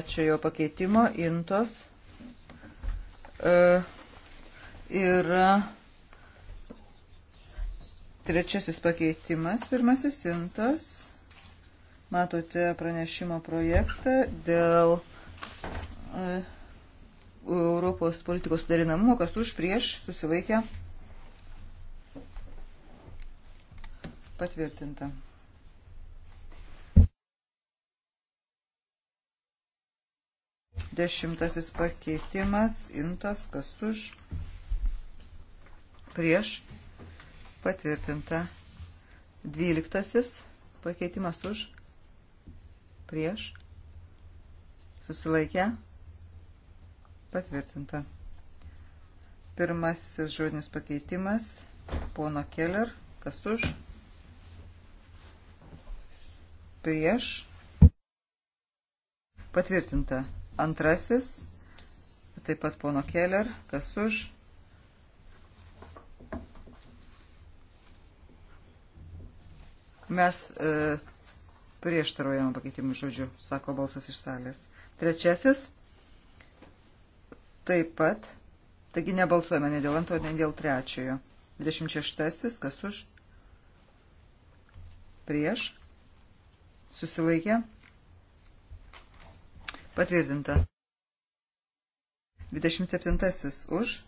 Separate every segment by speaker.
Speaker 1: Ačiū jo pakeitimo. Intos e, yra trečiasis pakeitimas. Pirmasis intos. Matote pranešimo projektą dėl e, Europos politikos sudarinamumo, kas už prieš susilaikė patvirtinta. Dešimtasis pakeitimas, intas, kas už, prieš, patvirtinta. Dvyliktasis pakeitimas už, prieš, susilaikę, patvirtinta. Pirmasis žodinis pakeitimas, pono Keller, kas už, prieš, patvirtinta. Antrasis, taip pat pono Keller, kas už. Mes e, prieštarojame pakeitimų žodžių, sako balsas iš salės. Trečiasis, taip pat, taigi nebalsuojame nei dėl antrojo, nei dėl trečiojo. 26, kas už. Prieš. Susilaikė. Patvirtinta. 27 už.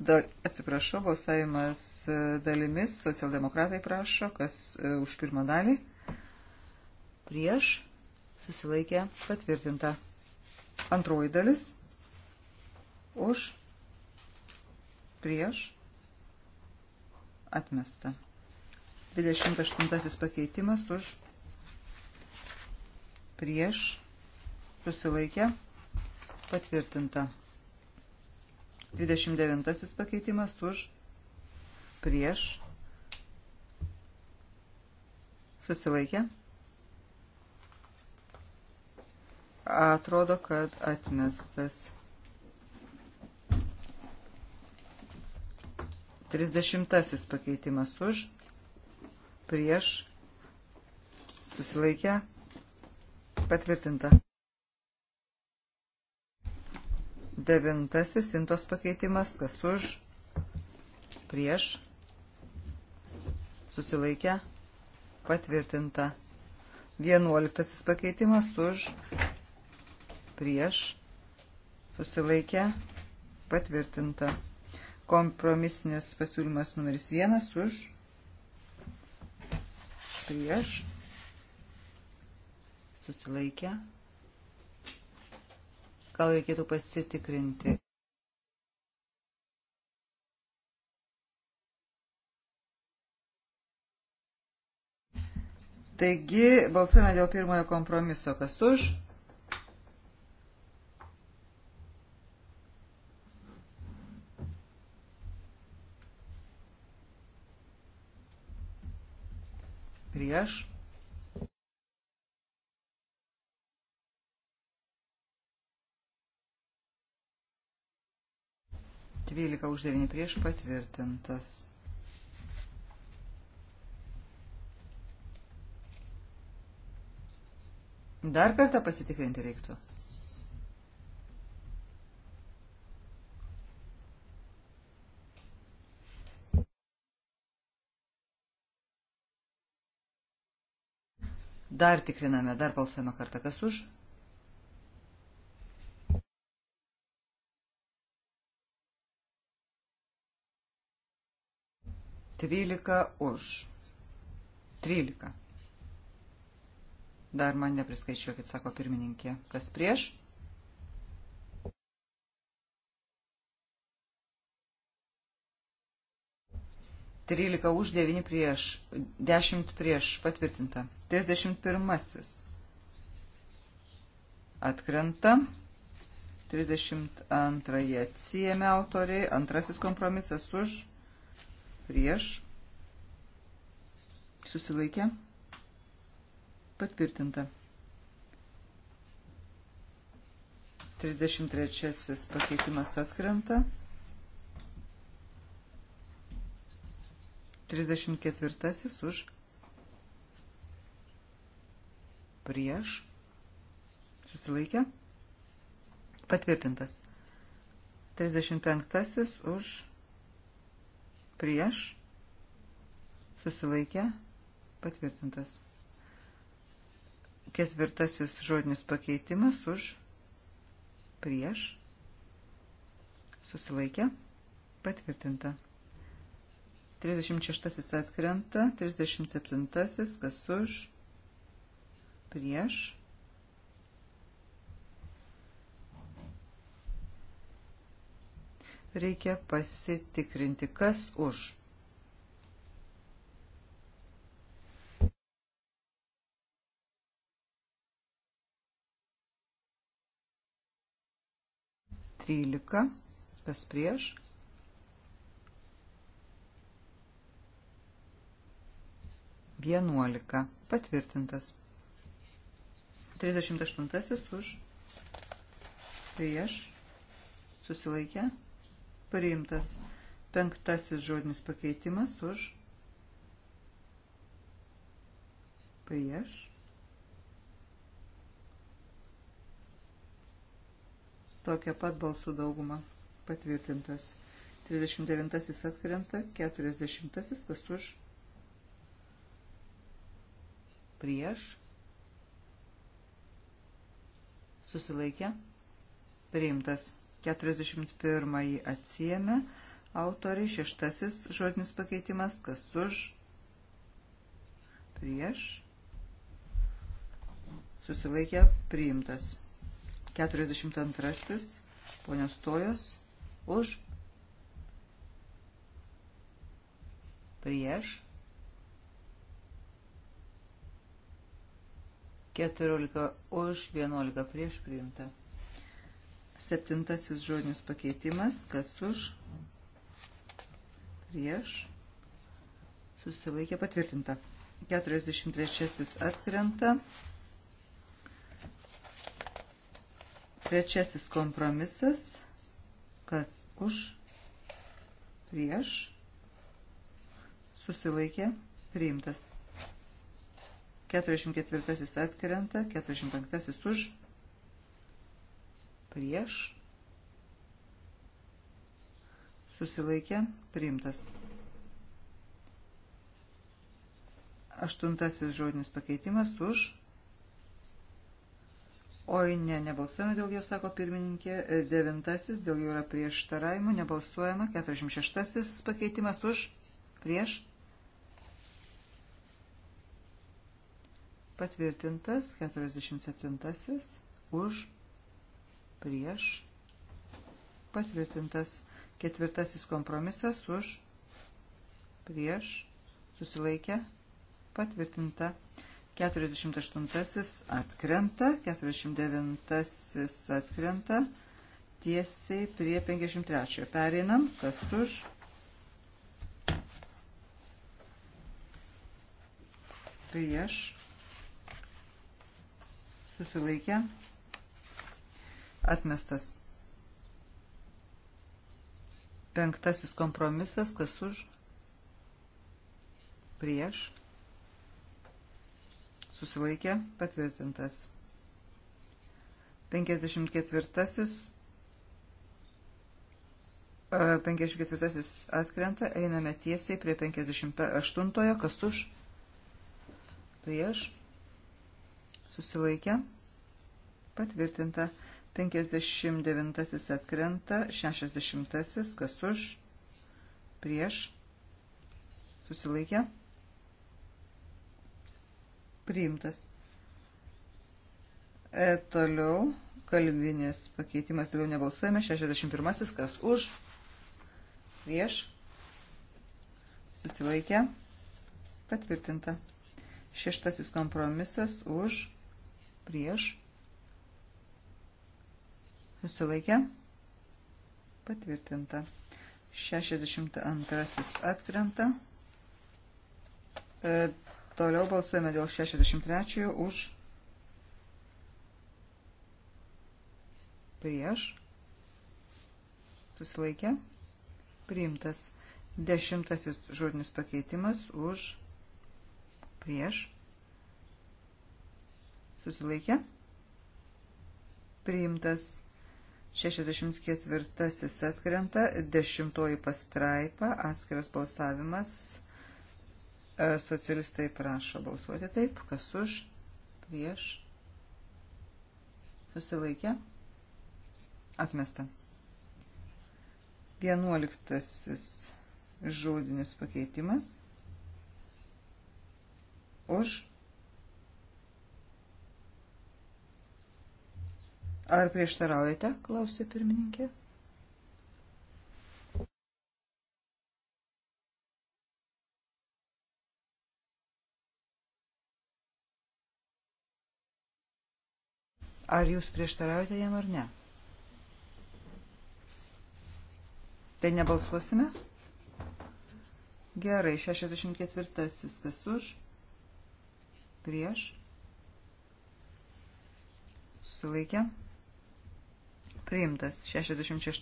Speaker 1: Da, atsiprašau, balsavimas e, dalimis. Socialdemokratai prašo, kas e, už pirmą dalį. Prieš. Susilaikė. Patvirtinta. Antroji dalis. Už. Prieš. Atmesta. 28 pakeitimas už. Prieš susilaikė, patvirtinta. 29 pakeitimas už, prieš, susilaikė. Atrodo, kad atmestas. 30 pakeitimas už, prieš, susilaikę, patvirtinta. Devintasis intos pakeitimas, kas už, prieš, susilaikę, patvirtinta. Vienuoliktasis pakeitimas už, prieš, susilaikę, patvirtinta. Kompromisinis pasiūlymas numeris vienas už, prieš, susilaikę, patvirtinta gal reikėtų pasitikrinti. Taigi, balsuojame dėl pirmojo kompromiso. Kas už? Prieš. 12 už 9 prieš patvirtintas. Dar kartą pasitikrinti reiktų. Dar tikriname, dar balsuojame kartą, kas už. 12 už. 13. Dar man nepriskaičiuokit, sako pirmininkė. Kas prieš? Trylika už, devini prieš, dešimt prieš, patvirtinta. Trisdešimt pirmasis. Atkrenta. 32 atsijėmė autoriai, antrasis kompromisas už prieš, susilaikė, patvirtinta. 33 pakeitimas atkrenta. 34 už prieš susilaikę patvirtintas 35 už prieš, susilaikė, patvirtintas. Ketvirtasis žodinis pakeitimas už, prieš, susilaikė, patvirtinta. 36 atkrenta, 37 kas už, prieš, reikia pasitikrinti, kas už. Trylika, kas prieš. Vienuolika, patvirtintas. 38 už prieš susilaikę priimtas. Penktasis žodinis pakeitimas už prieš. Tokia pat balsų dauguma patvirtintas. 39 atkrenta, 40 kas už prieš susilaikė priimtas. 41 atsijėmė, autoriai šeštasis žodinis pakeitimas, kas už, prieš, susilaikė priimtas. 42 ponios tojos, už, prieš, 14 už, 11 prieš priimta. Septintasis žodinis pakeitimas. Kas už? Prieš. Susilaikė patvirtinta. 43 atkrenta. Trečiasis kompromisas. Kas už? Prieš. Susilaikė. Priimtas. 44 atkrenta. 45 už prieš, susilaikė, priimtas. Aštuntasis žodinis pakeitimas už. Oi, ne, nebalsuojame dėl jo, sako pirmininkė. Devintasis, dėl jo yra prieštaravimų, nebalsuojama. 46 pakeitimas už, prieš. Patvirtintas, 47 už, prieš patvirtintas ketvirtasis kompromisas už prieš susilaikę patvirtinta 48 atkrenta 49 atkrenta tiesiai prie 53 pereinam kas už prieš susilaikę Atmestas. Penktasis kompromisas, kas už, prieš, susilaikė, patvirtintas. 54. 54 e, atkrenta, einame tiesiai prie 58, kas už, prieš, susilaikė, patvirtinta. 59 atkrenta, 60 kas už, prieš, susilaikė, priimtas. E, toliau kalbinis pakeitimas, daugiau nebalsuojame, 61 kas už, prieš, susilaikė, patvirtinta. Šeštasis kompromisas už, prieš, Susilaikė. Patvirtinta. 62 atkrenta. E, toliau balsuojame dėl 63 už prieš. Susilaikė. Priimtas. Dešimtasis žodinis pakeitimas už prieš. Susilaikė. Priimtas. 64 atkrenta, 10 pastraipa, atskiras balsavimas. E, socialistai prašo balsuoti taip, kas už, prieš, susilaikė, atmesta. 11 žodinis pakeitimas už Ar prieštaraujate, klausė pirmininkė. Ar jūs prieštaraujate jam ar ne? Tai nebalsuosime? Gerai, 64. Kas už? Prieš? Susilaikė? Priimtas 66.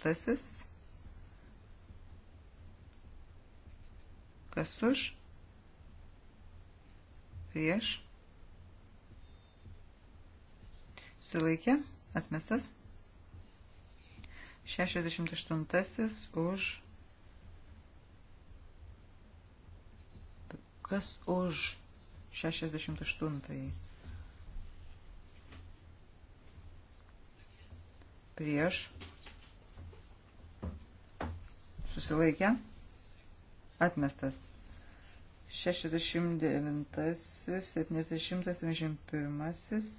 Speaker 1: Kas už? Prieš. Sulaikė. Atmestas. 68 už. Kas už 68? -ąjį? prieš, susilaikę, atmestas. 69, 70, 71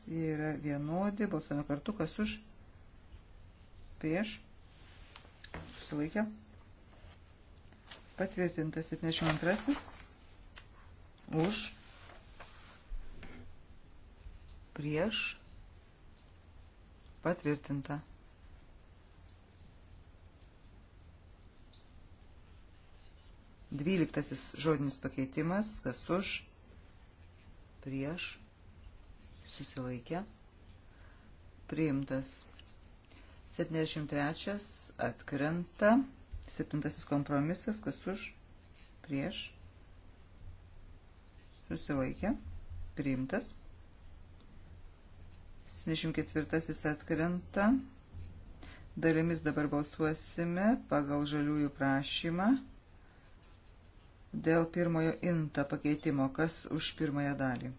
Speaker 1: jie yra vienodi, balsuojame kartu, kas už, prieš, susilaikę, patvirtintas 72, už, prieš, patvirtinta. Dvyliktasis žodinis pakeitimas, kas už, prieš, susilaikė, priimtas. 73 atkrenta, septintasis kompromisas, kas už, prieš, susilaikė, priimtas. 74 atkrenta, dalimis dabar balsuosime pagal žaliųjų prašymą dėl pirmojo inta pakeitimo. Kas už pirmąją dalį?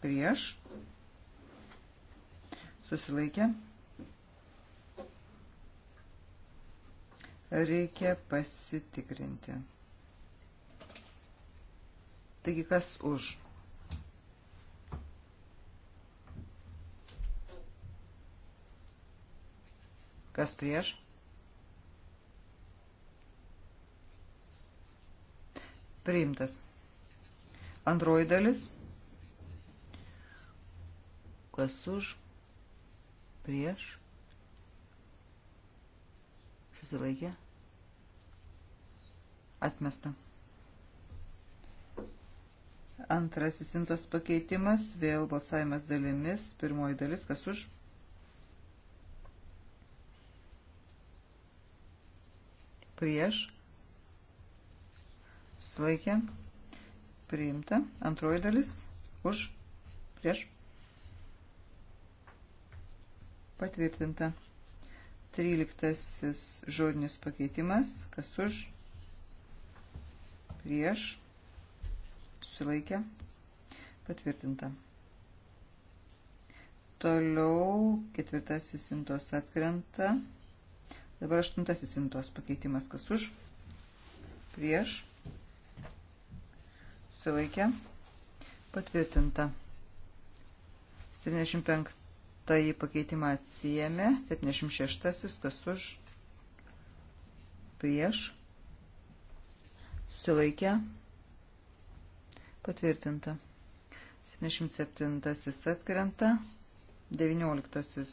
Speaker 1: Prieš. Susilaikė. Reikia pasitikrinti. Taigi kas už? Kas prieš? priimtas. Antroji dalis, kas už, prieš, susilaikė, atmesta. Antrasis simtos pakeitimas, vėl balsavimas dalimis, pirmoji dalis, kas už, prieš, susilaikė, priimta. Antroji dalis už, prieš, patvirtinta. Tryliktasis žodinis pakeitimas, kas už, prieš, susilaikė, patvirtinta. Toliau ketvirtasis sintos atkrenta. Dabar aštuntasis sintos pakeitimas, kas už, prieš, prieš susilaikė, patvirtinta. 75 pakeitimą atsijėmė, 76 kas už, prieš, susilaikė, patvirtinta. 77 atkrenta, 19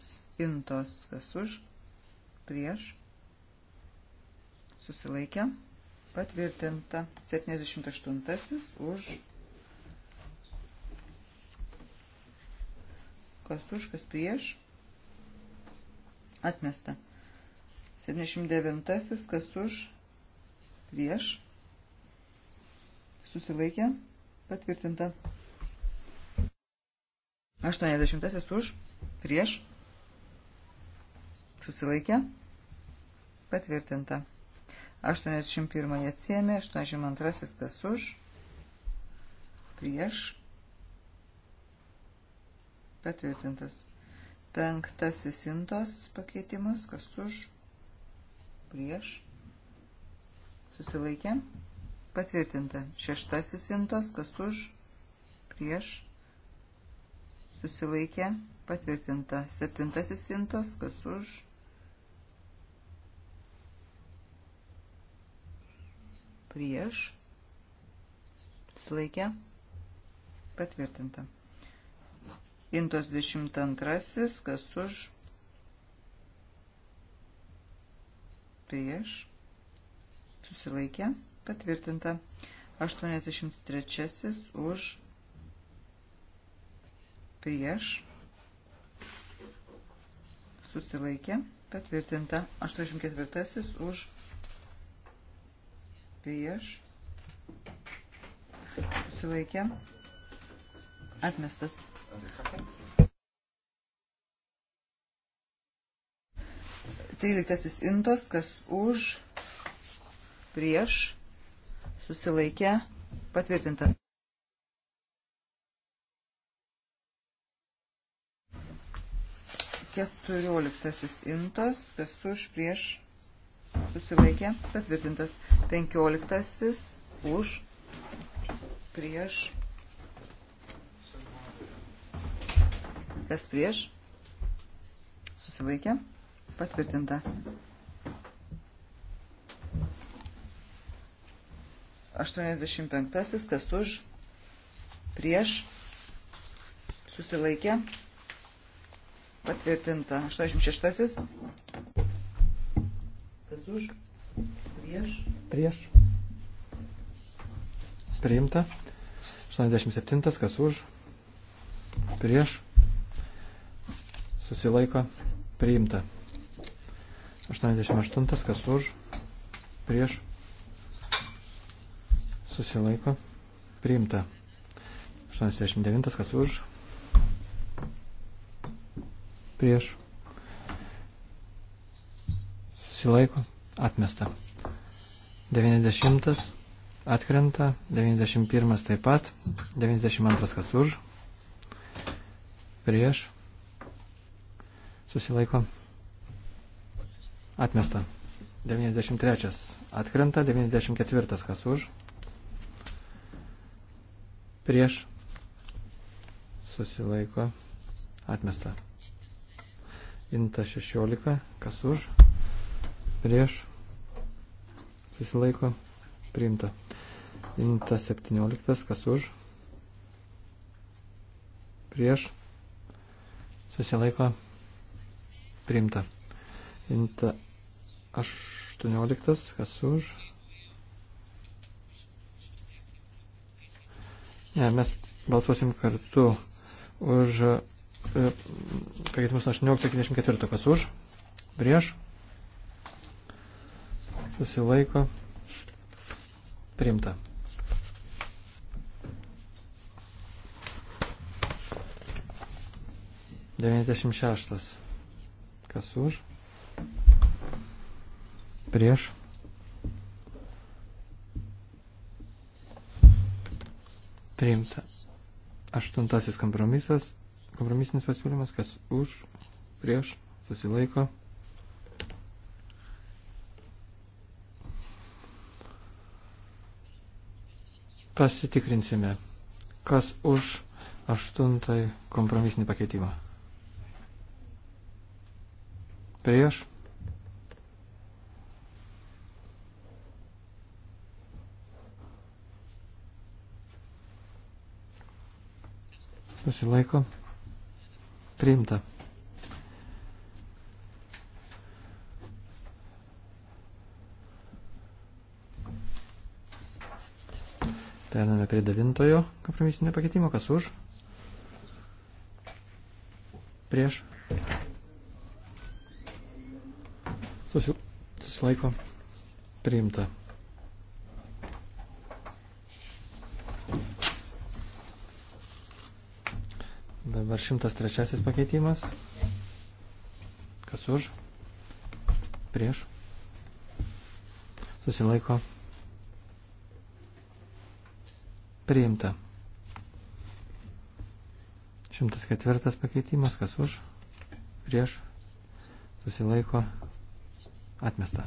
Speaker 1: intos kas už, prieš, susilaikė, patvirtinta patvirtinta. 78 už. Kas už, kas prieš. Atmesta. 79 kas už, prieš. Susilaikė. Patvirtinta. 80 už, prieš. Susilaikė. Patvirtinta. 81 atsiemė, 82 kas už, prieš, patvirtintas. Penktasis intos pakeitimas, kas už, prieš, susilaikė, patvirtinta. Šeštasis intos, kas už, prieš, susilaikė, patvirtinta. Septintasis intos, kas už, prieš prieš, slaikę, patvirtinta. Intos 22, kas už, prieš, susilaikę, patvirtinta. 83 už, prieš, susilaikę, patvirtinta. 84 už, prieš prieš, susilaikė, atmestas. Tryliktasis intos, kas už, prieš, susilaikė, patvirtinta. Keturioliktasis intos, kas už, prieš, susilaikė susilaikė, patvirtintas. Penkioliktasis už, prieš, kas prieš, susilaikė, patvirtinta. Aštuoniasdešimt penktasis, kas už, prieš, susilaikė, patvirtinta. Aštuoniasdešimt šeštasis, kas už, prieš.
Speaker 2: Prieš. Priimta. 87, kas už, prieš. Susilaiko. Priimta. 88, kas už, prieš. Susilaiko. Priimta. 89, kas už, prieš susilaiko, atmesta. 90 atkrenta, 91 taip pat, 92 kas už, prieš, susilaiko, atmesta. 93 atkrenta, 94 kas už, prieš, susilaiko, atmesta. Inta 16, kas už, prieš, susilaiko, priimta. Inta 17, kas už, prieš, susilaiko, priimta. Inta 18, kas už. Ne, mes balsuosim kartu už e, pakeitimus nuo 18 iki 24, kas už, prieš, susilaiko, primta. Devyniasdešimt šeštas. Kas už? Prieš. Priimta. Aštuntasis kompromisas. Kompromisinis pasiūlymas. Kas už? Prieš. Susilaiko. Pasitikrinsime, kas už aštuntąjį kompromisinį pakeitimą. Prieš. Pasilaiko. Priimta. Periname prie devintojo kompromisinio pakeitimo. Kas už? Prieš. Susil... Susilaiko. Priimta. Dabar 103 pakeitimas. Kas už? Prieš. Susilaiko. priimta. 104 pakeitimas, kas už, prieš, susilaiko, atmesta.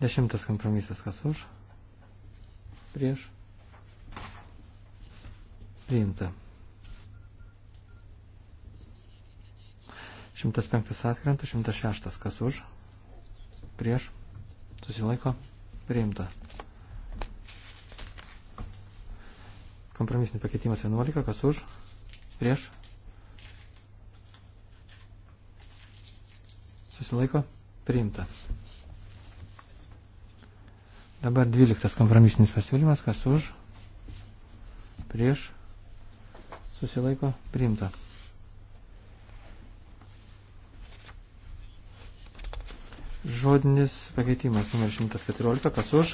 Speaker 2: Dešimtas kompromisas, kas už, prieš, priimta. 105 atkrenta, 106 kas už, prieš, susilaiko, priimta. Kompromisinis pakeitimas 11, kas už, prieš, susilaiko, priimta. Dabar 12 kompromisinis pasiūlymas, kas už, prieš, susilaiko, priimta. Žodinis pakeitimas numeris 114, kas už?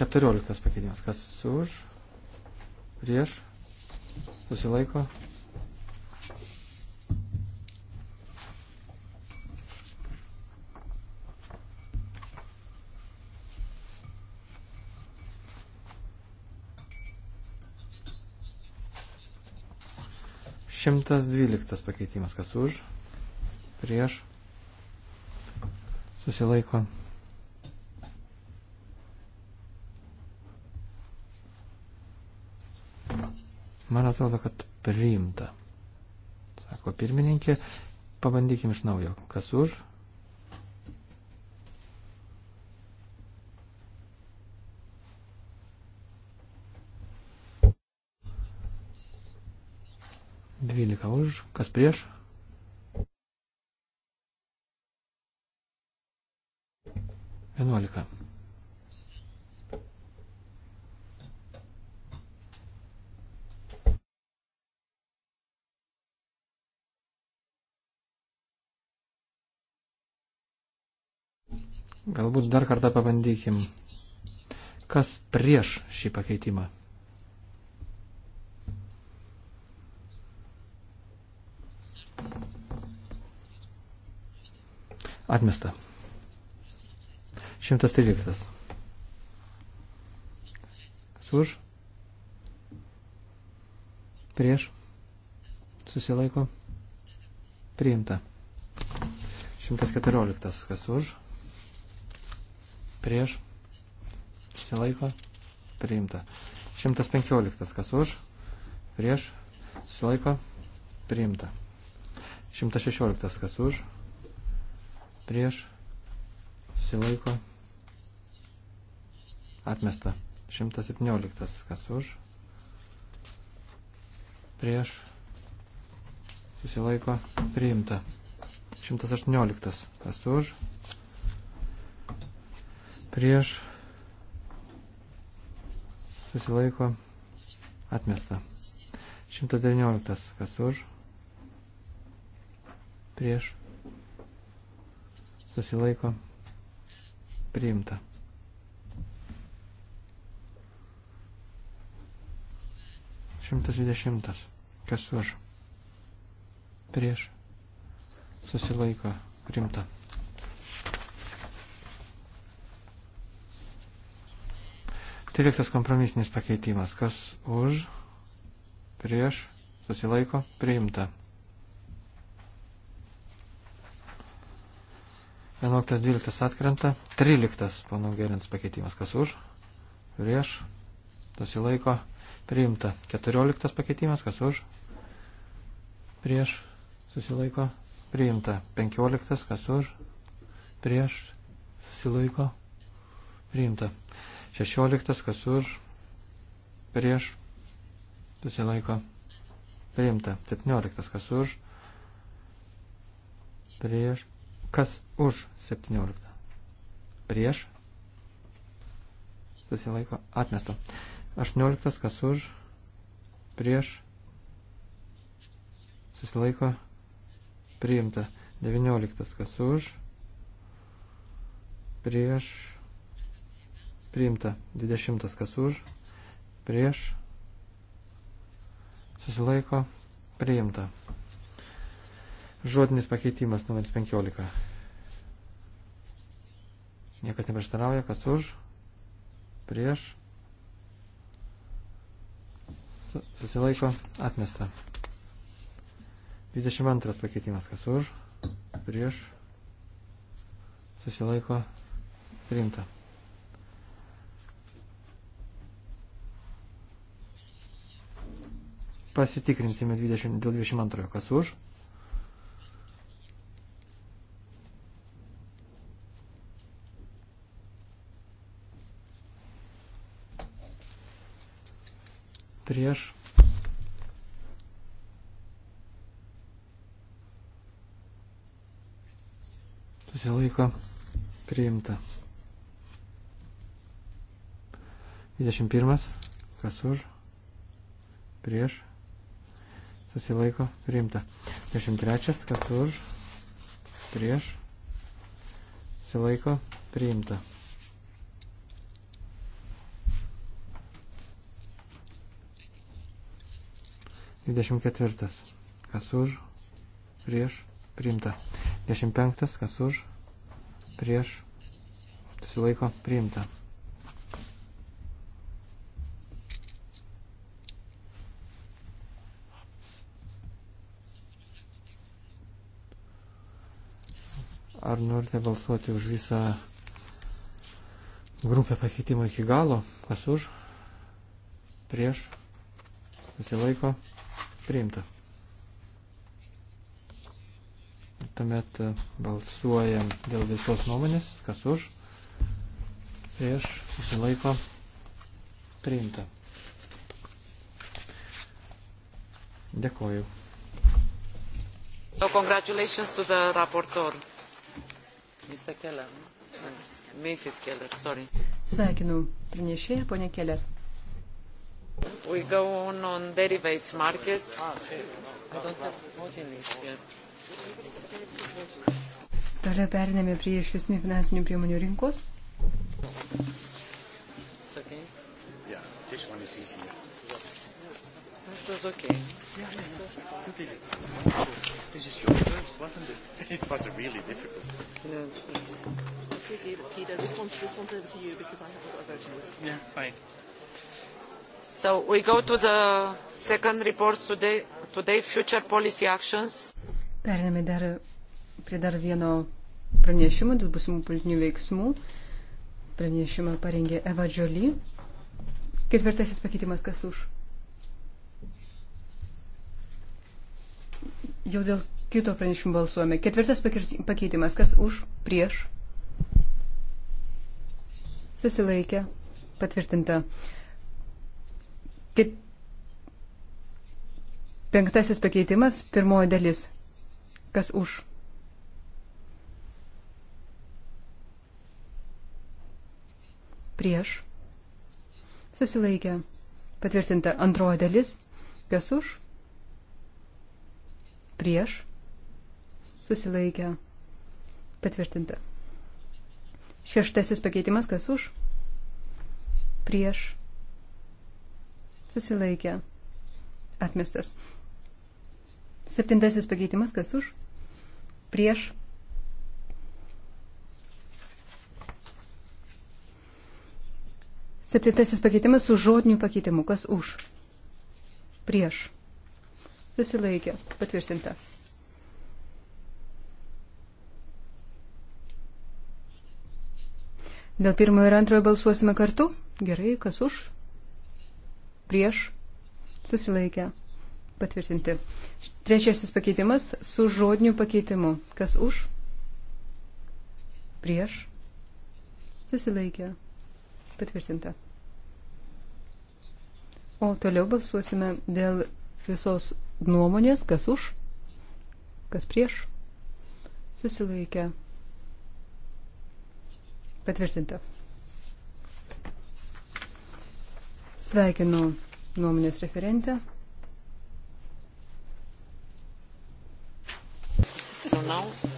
Speaker 2: 14 pakeitimas, kas už? Prieš? Susilaiko? Šimtas dvyliktas pakeitimas, kas už? Prieš? susilaiko. Man atrodo, kad priimta. Sako pirmininkė, pabandykim iš naujo. Kas už? Dvylika už. Kas prieš? 11. Galbūt dar kartą pabandykim. Kas prieš šį pakeitimą? Atmesta. 113. Kas už? Prieš? Susilaiko? Priimta. 114. Kas už? Prieš? Susilaiko? Priimta. 115. Kas už? Prieš? Susilaiko? Priimta. 116. Kas už? Prieš? Susilaiko? Priimta susilaiko Atmesta. 117. Kas už? Prieš. Susilaiko. Priimta. 118. Kas už? Prieš. Susilaiko. Atmesta. 119. Kas už? Prieš. Susilaiko. Priimta. 120. Kas už? Prieš. Susilaiko. Rimta. Tryliktas kompromisinis pakeitimas. Kas už? Prieš. Susilaiko. Priimta. 11, 12 atkrenta. 13 pano gerins pakeitimas. Kas už? Prieš. Susilaiko. Priimta priimta. 14 pakeitimas, kas už, prieš, susilaiko, priimta. 15, kas už, prieš, susilaiko, priimta. 16, kas už, prieš, susilaiko, priimta. 17, kas už, prieš, kas už 17, prieš, susilaiko, atmesta. 18 kas už, prieš, susilaiko, priimta. 19 kas už, prieš, priimta. 20 kas už, prieš, susilaiko, priimta. Žodinis pakeitimas numeris 15. Niekas neprieštarauja, kas už, prieš, prieš susilaiko atmesta. 22 pakeitimas, kas už, prieš, susilaiko priimta. Pasitikrinsime 20, dėl 22, kas už, prieš. Susilaiko priimta. 21. Kas už? Prieš. Susilaiko priimta. 23. Kas už? Prieš. Susilaiko priimta. 24. Kas už, prieš, priimta. 25. Kas už, prieš, susilaiko, priimta. Ar norite balsuoti už visą grupę pakeitimų iki galo? Kas už, prieš, susilaiko, priimta Priimta. Ir tuomet e, balsuojam dėl visos nuomonės, kas už, prieš, susilaiko, priimta. Dėkoju.
Speaker 3: So congratulations to the rapporteur, Mr. Keller. Mrs. Keller, sorry.
Speaker 4: Sveikinu pranešėją, ponė Keller
Speaker 3: we go on on derivatives markets. Ah, I don't have voting list yet.
Speaker 4: Toliau perinėme prie išvisnių finansinių priemonių rinkos.
Speaker 3: It's okay. Yeah, this one is easy. That was okay. Yeah, yeah, yeah. You did it. This is your first, wasn't it? It was really difficult. Yes. yes.
Speaker 1: This one's, this one's over to you because I haven't got a voting list. Yeah,
Speaker 3: fine. So we go to the second report today, today future policy actions.
Speaker 4: Perėmėme dar prie dar vieno pranešimo dėl būsimų politinių veiksmų. Pranešimą parengė Eva Džioly. Ketvirtasis pakeitimas kas už? Jau dėl kito pranešimo balsuojame. Ketvirtas pakeitimas kas už? Prieš? Susilaikė. Patvirtinta. Kaip penktasis pakeitimas, pirmoji dalis. Kas už? Prieš. Susilaikė. Patvirtinta antroji dalis. Kas už? Prieš. Susilaikė. Patvirtinta. Šeštasis pakeitimas. Kas už? Prieš susilaikė, atmestas. Septintasis pakeitimas, kas už, prieš. Septintasis pakeitimas su žodiniu pakeitimu, kas už, prieš, susilaikė, patvirtinta. Dėl pirmojo ir antrojo balsuosime kartu? Gerai, kas už? prieš, susilaikę, patvirtinti. Trečiasis pakeitimas su žodiniu pakeitimu. Kas už, prieš, susilaikę, patvirtinta. O toliau balsuosime dėl visos nuomonės, kas už, kas prieš, susilaikę, patvirtinta. Sveikinu nuomonės referentę.
Speaker 3: So now...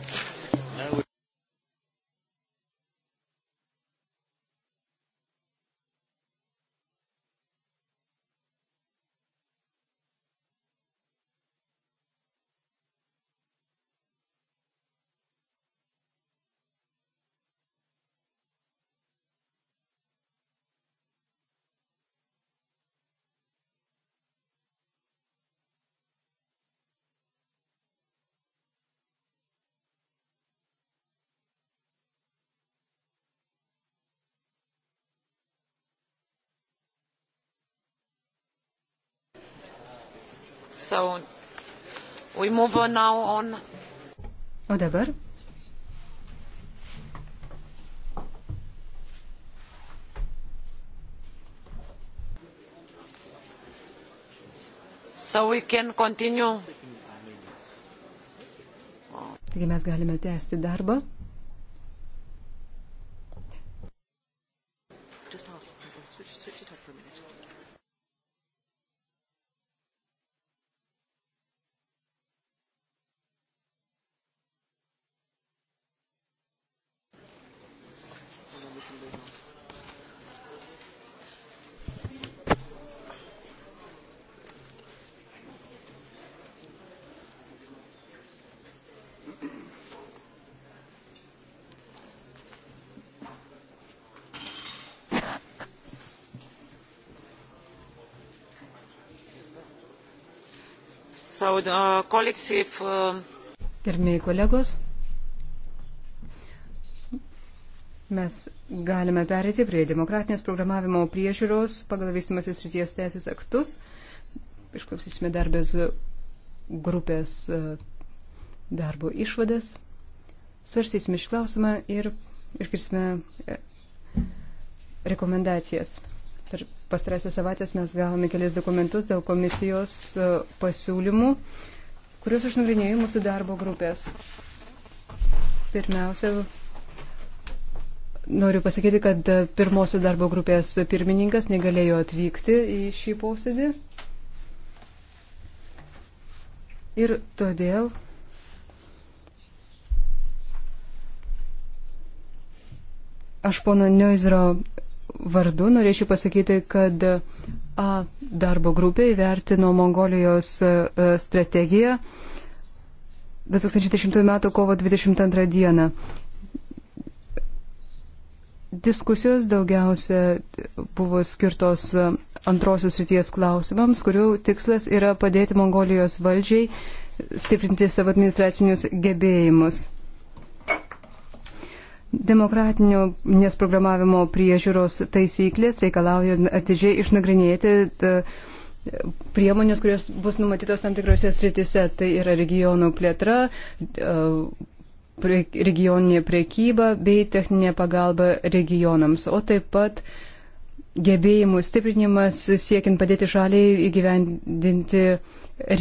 Speaker 3: So we move on now on. O dabar? So we can continue.
Speaker 4: Taigi mes galime tęsti darbą.
Speaker 3: So the uh, colleagues, if... Uh,
Speaker 4: Gerbėjai kolegos, mes galime perėti prie demokratinės programavimo priežiūros pagal vystimasis ryties teisės aktus. Išklausysime darbės grupės uh, darbo išvadas. Svarstysime šį klausimą ir išgirsime rekomendacijas. Per pastarąsias savaitės mes gavome kelias dokumentus dėl komisijos e, pasiūlymų, kuriuos išnagrinėjo mūsų darbo grupės. Pirmiausia, noriu pasakyti, kad e, pirmosios darbo grupės pirmininkas negalėjo atvykti į šį posėdį. Ir todėl aš pono Neuzero vardu norėčiau pasakyti, kad a, darbo grupė įvertino Mongolijos a, e, e, strategiją 2010 m. kovo 22 d. Diskusijos daugiausia buvo skirtos antrosios ryties klausimams, kurių tikslas yra padėti Mongolijos valdžiai stiprinti savo administracinius gebėjimus. Demokratinio nesprogramavimo priežiūros taisyklės reikalauja atidžiai išnagrinėti priemonės, kurios bus numatytos tam tikrose sritise. Tai yra regionų plėtra, regioninė priekyba bei techninė pagalba regionams, o taip pat gebėjimų stiprinimas siekiant padėti šaliai įgyvendinti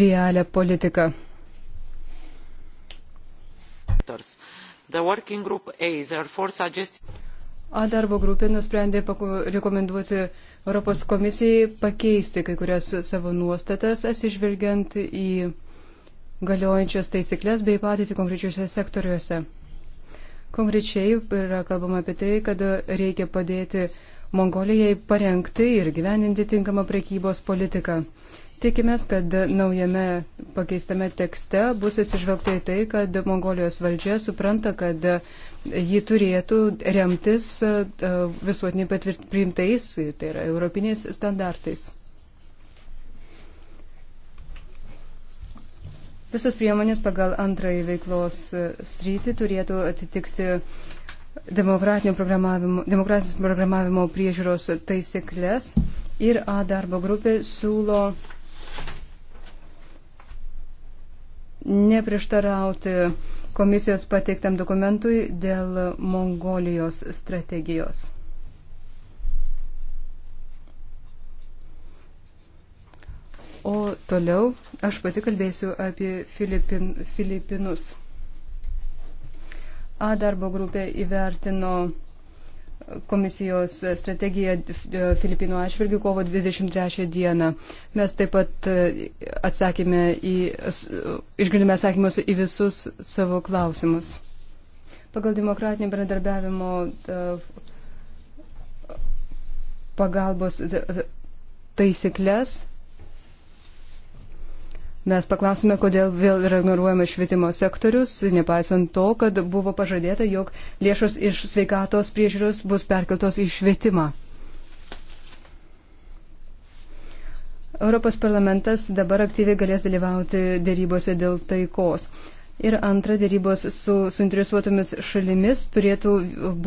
Speaker 4: realią
Speaker 3: politiką. Tars. Uh, A
Speaker 4: darbo grupė nusprendė rekomenduoti Europos komisijai pakeisti kai kurias savo nuostatas, atsižvelgiant į galiojančias taisyklės bei patyti konkrečiuose sektoriuose. Konkrečiai yra kalbama apie tai, kad reikia padėti Mongolijai parengti ir gyveninti tinkamą prekybos politiką. Tikimės, kad naujame pakeistame tekste bus atsižvelgta į tai, kad Mongolijos valdžia supranta, kad ji turėtų remtis e, visuotiniai patvirtintais, tai yra europiniais standartais. Visos priemonės pagal antrąjį veiklos sritį turėtų atitikti demokratinio programavimo, demokratinės programavimo priežiūros taisyklės ir A darbo grupė siūlo neprieštarauti komisijos pateiktam dokumentui dėl Mongolijos strategijos. O toliau aš pati kalbėsiu apie Filipin, Filipinus. A darbo grupė įvertino komisijos strategiją Filipinų atšvilgių kovo 23 dieną. Mes taip pat e, atsakėme į, išgirdome atsakymus į visus savo klausimus. Pagal demokratinį bendradarbiavimo e, pagalbos e, taisyklės Mes paklausime, kodėl vėl yra ignoruojamas švietimo sektorius, nepaisant to, kad buvo pažadėta, jog lėšos iš sveikatos priežiūros bus perkeltos į švietimą. Europos parlamentas dabar aktyviai galės dalyvauti dėrybose dėl taikos. Ir antra, dėrybos su suinteresuotomis šalimis turėtų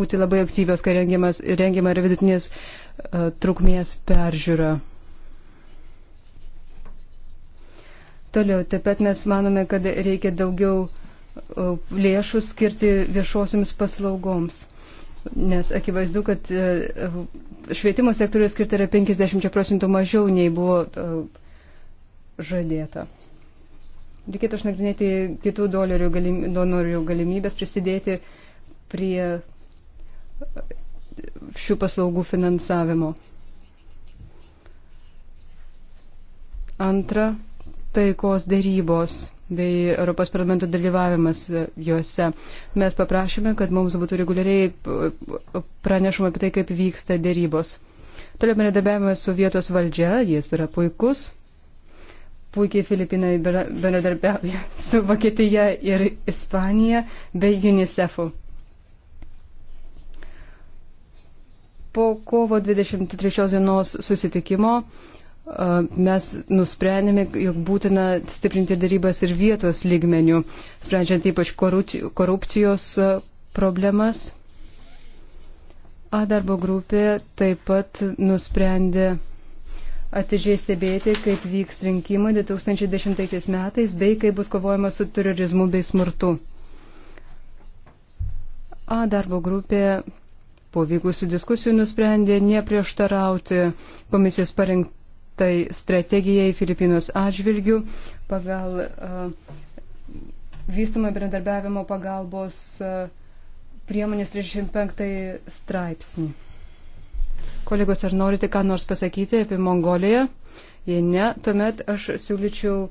Speaker 4: būti labai aktyvios, kai rengiama ir vidutinės uh, trukmės peržiūra. Toliau, taip pat mes manome, kad reikia daugiau lėšų skirti viešosiams paslaugoms. Nes akivaizdu, kad e, švietimo sektoriuje skirta yra 50 procentų mažiau nei buvo e, žadėta. Reikėtų išnagrinėti kitų dolerių galim, donorių galimybės prisidėti prie e, šių paslaugų finansavimo. Antra, taikos dėrybos bei Europos parlamento dalyvavimas juose. Mes paprašėme, kad mums būtų reguliariai pranešama apie tai, kaip vyksta dėrybos. Toliau bendradarbiavimas su vietos valdžia, jis yra puikus. Puikiai Filipinai bendradarbiauja su Vokietija ir Ispanija bei UNICEF'u. Po kovo 23 dienos susitikimo uh, mes nusprendėme, jog būtina stiprinti darybas ir vietos lygmenių, sprendžiant ypač korupcijos problemas. A darbo grupė taip pat nusprendė atidžiai stebėti, kaip vyks rinkimai 2010 metais bei kaip bus kovojama su terorizmu bei smurtu. A darbo grupė po vykusių diskusijų nusprendė neprieštarauti komisijos parengti tai strategijai Filipinos atžvilgių pagal uh, vystomą bendradarbiavimo pagalbos uh, priemonės 35 straipsnį. Kolegos, ar norite ką nors pasakyti apie Mongoliją? Jei ne, tuomet aš siūlyčiau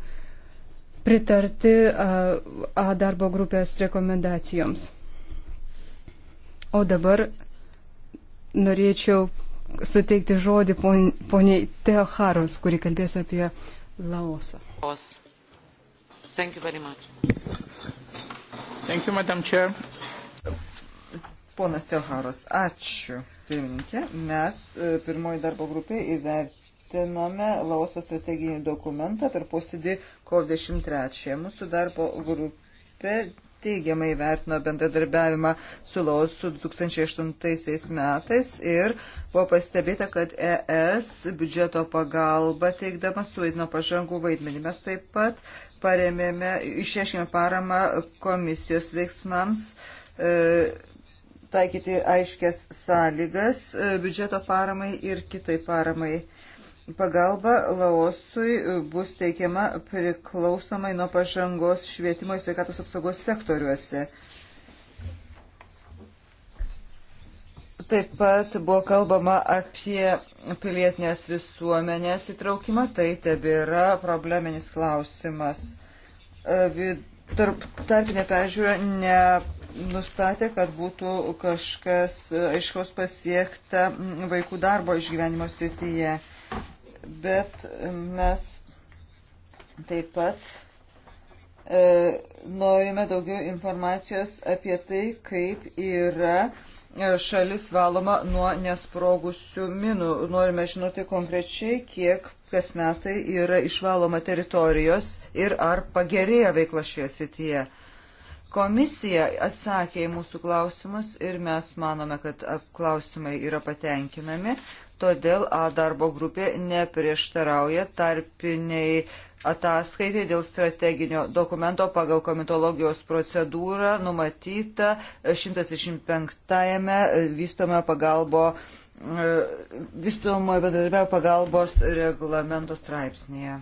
Speaker 4: pritarti uh, A darbo grupės rekomendacijoms. O dabar norėčiau suteikti žodį pon, poniai Teoharos, kuri kalbės apie Laosą.
Speaker 3: Thank you very much. Thank you, Madam Chair.
Speaker 1: Ponas Teoharos, ačiū. Pirmininkė, mes e, pirmoji darbo grupė įvertinome Laoso strateginį dokumentą per posėdį kovo 23. Mūsų darbo grupė teigiamai vertino bendradarbiavimą su Laos su 2008 metais ir buvo pastebėta, kad ES biudžeto pagalba teikdama suvaidino pažangų vaidmenį. Mes taip pat paremėme, išreiškėme paramą komisijos veiksmams. E, taikyti aiškias sąlygas e, biudžeto paramai ir kitai paramai. E, Pagalba Laosui bus teikiama priklausomai nuo pažangos švietimo ir sveikatos apsaugos sektoriuose. Taip pat buvo kalbama apie pilietinės visuomenės įtraukimą, tai tebėra probleminis klausimas. E, tarp, tarpinė peržiūra nenustatė, kad būtų kažkas e, aiškos pasiekta vaikų darbo išgyvenimo srityje bet mes taip pat e, norime daugiau informacijos apie tai, kaip yra e, šalis valoma nuo nesprogusių minų. Norime žinoti konkrečiai, kiek kas metai yra išvaloma teritorijos ir ar pagerėja veikla šioje srityje. Komisija atsakė į mūsų klausimus ir mes manome, kad klausimai yra patenkinami todėl A darbo grupė neprieštarauja tarpiniai ataskaitai dėl strateginio dokumento pagal komitologijos procedūrą numatyta 165-ame vystomojo pagalbo e, vystomojo bendradarbiavimo pagalbos reglamento straipsnėje.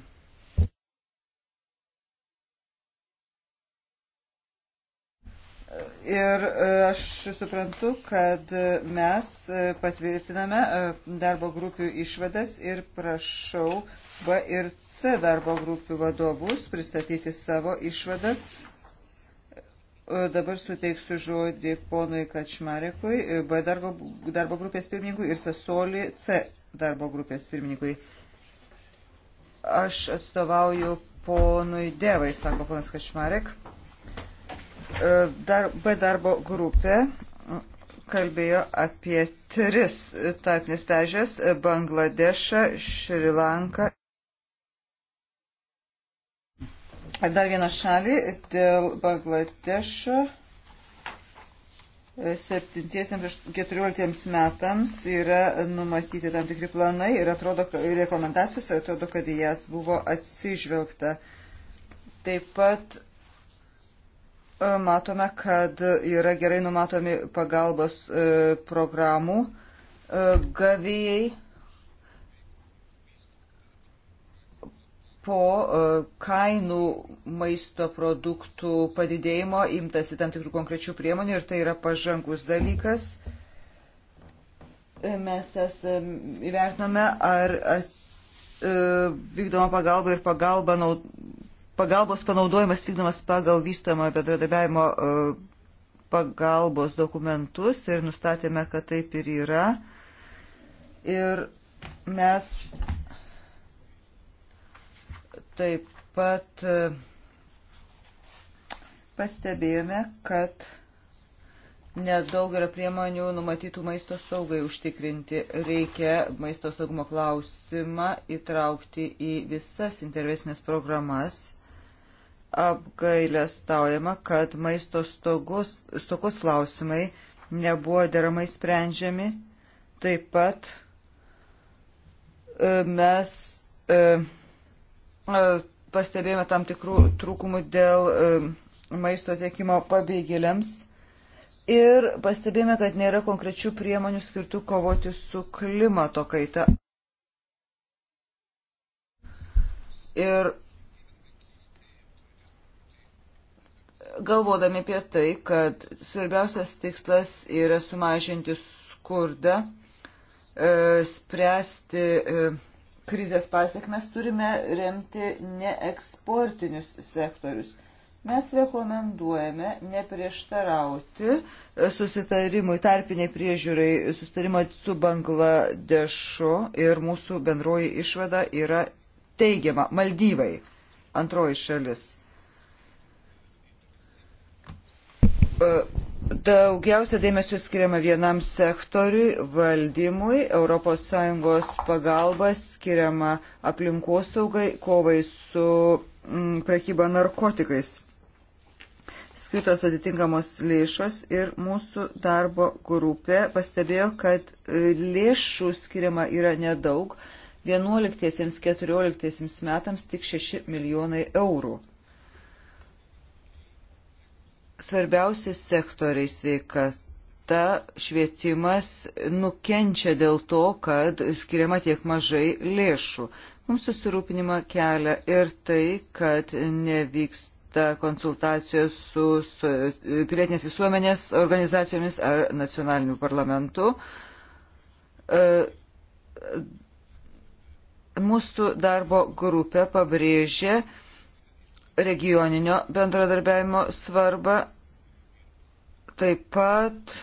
Speaker 1: Ir e, aš suprantu, kad mes e, patvirtiname e, darbo grupių išvadas ir prašau B ir C darbo grupių vadovus pristatyti savo išvadas. Dabar suteiksiu žodį ponui Kačmarekui, B darbo, darbo grupės pirmininkui ir Sasoli C darbo grupės pirmininkui. Aš atstovauju ponui Devai, sako ponas Kačmarek. E, dar, B darbo grupė kalbėjo apie tris tarpinės pežės - Bangladešą, Šrilanką. Ir dar vieną šalį dėl Bangladešo 7-14 metams yra numatyti tam tikri planai ir atrodo, rekomendacijos, atrodo, kad į jas buvo atsižvelgta. Taip pat matome, kad yra gerai numatomi pagalbos e, programų e, gavėjai po e, kainų maisto produktų padidėjimo imtasi tam tikrų konkrečių priemonių ir tai yra pažangus dalykas. Mes esam įvertiname, ar vykdoma pagalba ir pagalba naud, pagalbos panaudojimas vykdomas pagal vystomo bendradarbiavimo e, pagalbos dokumentus ir nustatėme, kad taip ir yra. Ir mes taip pat e, pastebėjome, kad nedaug yra priemonių numatytų maisto saugai užtikrinti. Reikia maisto saugumo klausimą įtraukti į visas intervesinės programas apgailestaujama, kad maisto stogus, stokus klausimai nebuvo deramai sprendžiami. Taip pat e, mes e, e, pastebėjome tam tikrų trūkumų dėl maisto tiekimo pabėgėliams ir pastebėjome, kad nėra konkrečių priemonių skirtų kovoti su klimato kaita. Ir galvodami apie tai, kad svarbiausias tikslas yra sumažinti skurdą, e, spręsti e, krizės pasiekmes, turime remti neeksportinius sektorius. Mes rekomenduojame neprieštarauti e, susitarimui, tarpiniai priežiūrai, susitarimo su Bangladešu ir mūsų bendroji išvada yra teigiama Maldyvai, antroji šalis. Daugiausia dėmesio skiriama vienam sektoriui - valdymui, ES pagalba skiriama aplinkosaugai, kovai su m, mm, prekyba narkotikais. Skirtos atitinkamos lėšos ir mūsų darbo grupė pastebėjo, kad e, lėšų skiriama yra nedaug - 11-14 metams tik 6 milijonai eurų. Svarbiausi sektoriai sveikata, švietimas nukenčia dėl to, kad skiriama tiek mažai lėšų. Mums susirūpinimą kelia ir tai, kad nevyksta konsultacijos su, su pilietinės visuomenės organizacijomis ar nacionaliniu parlamentu. E, mūsų darbo grupė pabrėžė, regioninio bendradarbiavimo svarbą. Taip pat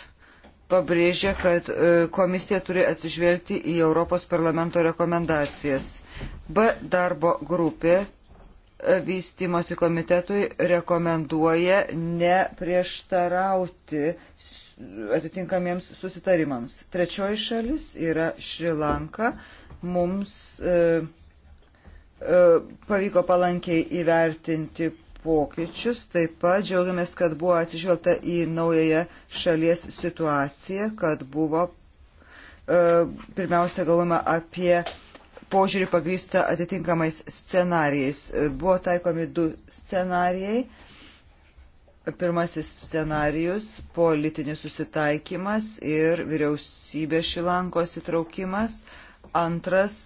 Speaker 1: pabrėžia, kad e, komisija turi atsižvelgti į Europos parlamento rekomendacijas. B darbo grupė e, vystimosi komitetui rekomenduoja neprieštarauti atitinkamiems susitarimams. Trečioji šalis yra Šrilanka. Mums e, E, pavyko palankiai įvertinti pokyčius. Taip pat džiaugiamės, kad buvo atsižvelgta į naująją šalies situaciją, kad buvo e, pirmiausia galvojama apie požiūrį pagrįstą atitinkamais scenarijais. E, buvo taikomi du scenarijai. Pirmasis scenarijus - politinis susitaikymas ir vyriausybės Šilankos įtraukimas. Antras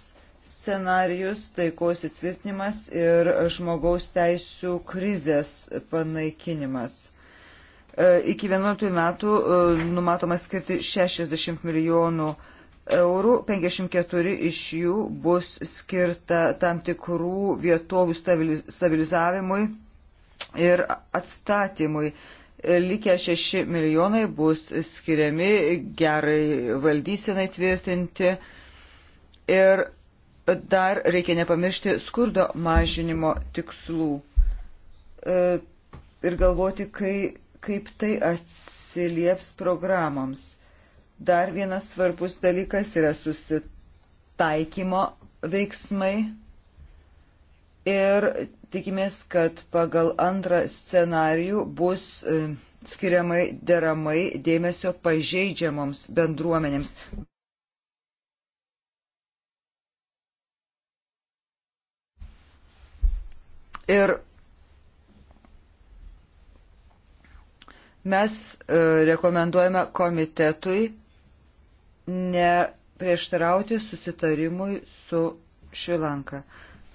Speaker 1: scenarius - taikos įtvirtinimas ir žmogaus teisų krizės panaikinimas. E, iki 11 metų e, numatoma skirti 60 milijonų eurų, 54 iš jų bus skirta tam tikrų vietovių stabilizavimui ir atstatymui e, likę 6 milijonai bus skiriami gerai valdysenai tvirtinti. Ir dar reikia nepamiršti skurdo mažinimo tikslų e, ir galvoti, kai, kaip tai atsilieps programoms. Dar vienas svarbus dalykas yra susitaikymo veiksmai ir tikimės, kad pagal antrą scenarijų bus e, skiriamai deramai dėmesio pažeidžiamoms bendruomenėms. Ir mes e, rekomenduojame komitetui neprieštarauti susitarimui su Šilanka.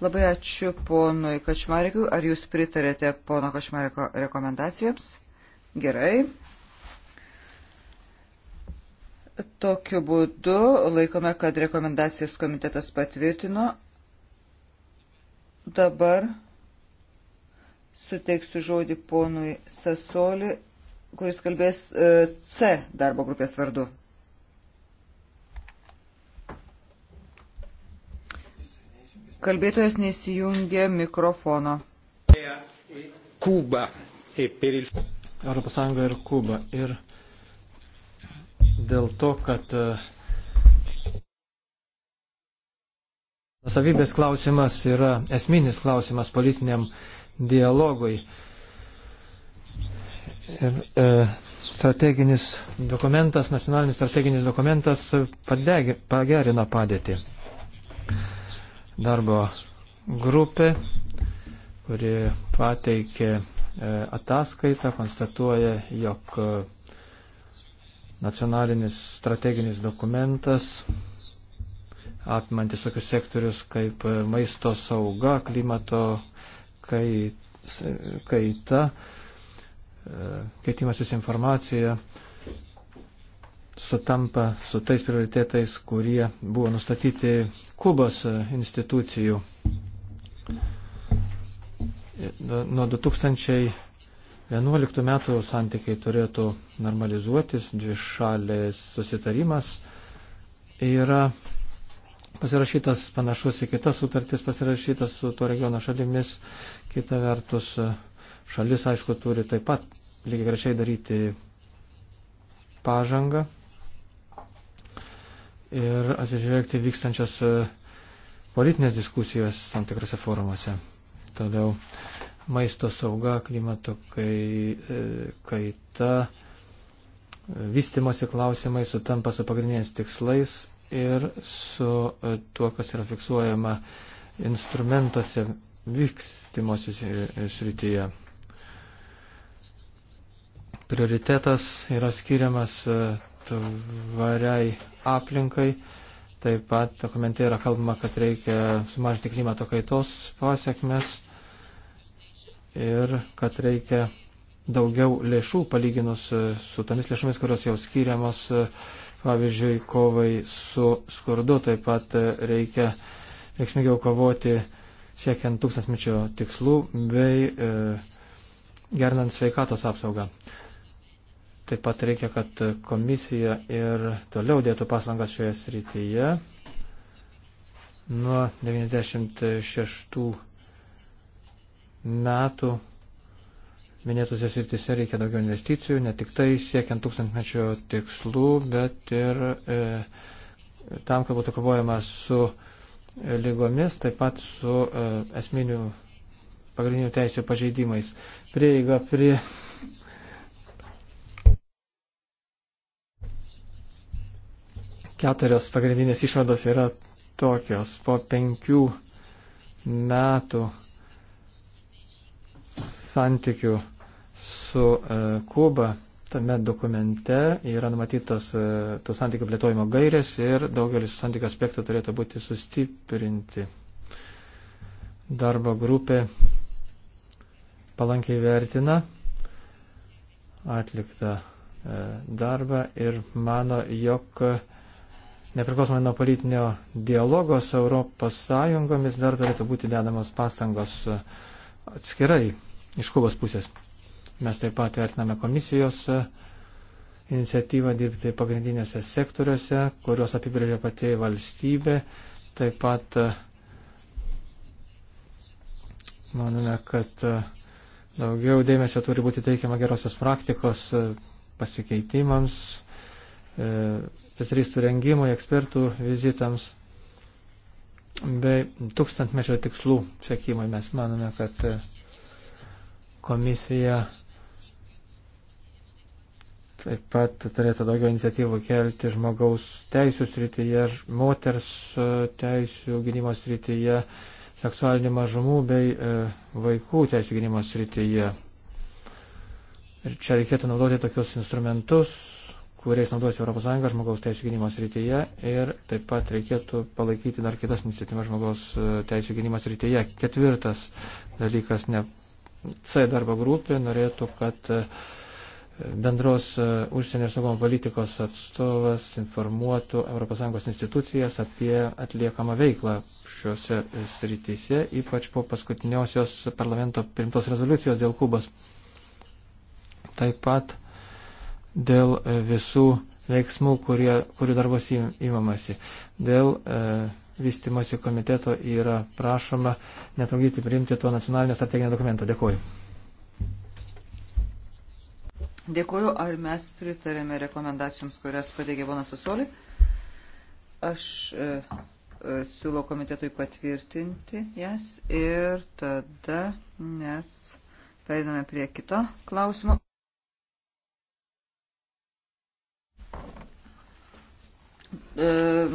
Speaker 1: Labai ačiū ponui Kačmarikui. Ar jūs pritarėte pono Kačmariko rekomendacijoms? Gerai. Tokiu būdu laikome, kad rekomendacijas komitetas patvirtino. Dabar suteiksiu žodį ponui Sasoli, kuris kalbės e, C darbo grupės vardu. Kalbėtojas neįsijungia mikrofono.
Speaker 4: Kuba. E,
Speaker 2: Europos Sąjunga ir Kuba. Ir dėl to, kad e, savybės klausimas yra esminis klausimas politiniam uh, dialogui. Ir e, strateginis dokumentas, nacionalinis strateginis dokumentas padegi, pagerina padėtį. Darbo grupė, kuri pateikė e, ataskaitą, konstatuoja, jog e, nacionalinis strateginis dokumentas, apimantis tokius sektorius kaip maisto sauga, klimato kai, kaita, e, keitimasis informacija sutampa su tais prioritetais, kurie buvo nustatyti Kubos e, institucijų. E, nuo 2011 metų santykiai turėtų normalizuotis, dvi šalės susitarimas yra pasirašytas panašus į kitas sutartis, pasirašytas su to regiono šalimis. Kita vertus, šalis, aišku, turi taip pat lygiai grečiai daryti pažangą ir atsižvelgti vykstančias e, politinės diskusijos tam tikrose forumuose. Toliau maisto sauga, klimato kai, e, kaita, vystimosi klausimai sutampa su pagrindiniais tikslais ir su e, tuo, kas yra fiksuojama instrumentuose vykstimosis e, srityje. Prioritetas yra skiriamas e, tvariai aplinkai. Taip pat dokumente yra kalbama, kad reikia sumažinti klimato kaitos pasiekmes ir kad reikia daugiau lėšų palyginus su tomis lėšomis, kurios jau skiriamos uh, Pavyzdžiui, kovai su skurdu taip pat reikia veiksmingiau kovoti siekiant tūkstantmečio tikslų bei e, gernant sveikatos apsaugą. Taip pat reikia, kad komisija ir toliau dėtų pastangas šioje srityje. Nuo 96 metų minėtose sritise reikia daugiau investicijų, ne tik tai siekiant tūkstantmečio tikslų, bet ir e, tam, kad būtų kovojama su e, lygomis, taip pat su e, esminių pagrindinių teisų pažeidimais. Prieiga prie. Keturios pagrindinės išvados yra tokios. Po penkių metų santykių su e, Kuba tame dokumente yra numatytas e, tų santykių plėtojimo gairės ir daugelis santykių aspektų turėtų būti sustiprinti. Darbo grupė palankiai vertina atliktą e, darbą ir mano, jog nepriklausomai nuo politinio dialogo su Europos Sąjungomis dar turėtų būti dedamos pastangos atskirai iš Kubos pusės. Mes taip pat vertiname komisijos e, iniciatyvą dirbti pagrindinėse sektoriuose, kuriuos apibrėžia pati valstybė. Taip pat e, manome, kad e, daugiau dėmesio turi būti teikiama gerosios praktikos pasikeitimams, specialistų rengimui, ekspertų vizitams bei tūkstantmečio tikslų sėkimui. Mes manome, kad Komisija taip pat turėtų daugiau iniciatyvų kelti žmogaus teisų srityje, moters e, teisų gynimo srityje, seksualinių mažumų bei e, vaikų teisų gynimo srityje. Ir čia reikėtų naudoti tokius instrumentus, kuriais naudojasi ES žmogaus teisų gynimo srityje ir taip pat reikėtų palaikyti dar kitas iniciatyvas žmogaus e, teisų gynimo srityje. Ketvirtas dalykas ne, C darbo grupė norėtų, kad e, bendros e, užsienio ir saugumo politikos atstovas informuotų ES institucijas apie atliekamą veiklą šiuose srityse, ypač po paskutiniosios parlamento primtos rezoliucijos dėl Kubos. Taip pat dėl e, visų veiksmų, kurie, kurių darbos įmamasi. Dėl e, vystimosi komiteto yra prašoma netrukdyti priimti to nacionalinio strateginio dokumento. Dėkuoju.
Speaker 1: Dėkuoju. Ar mes pritarėme rekomendacijoms, kurias pateikė Vonas Asoli? Aš e, e, siūlau komitetui patvirtinti jas ir tada mes periname prie kito klausimo. E,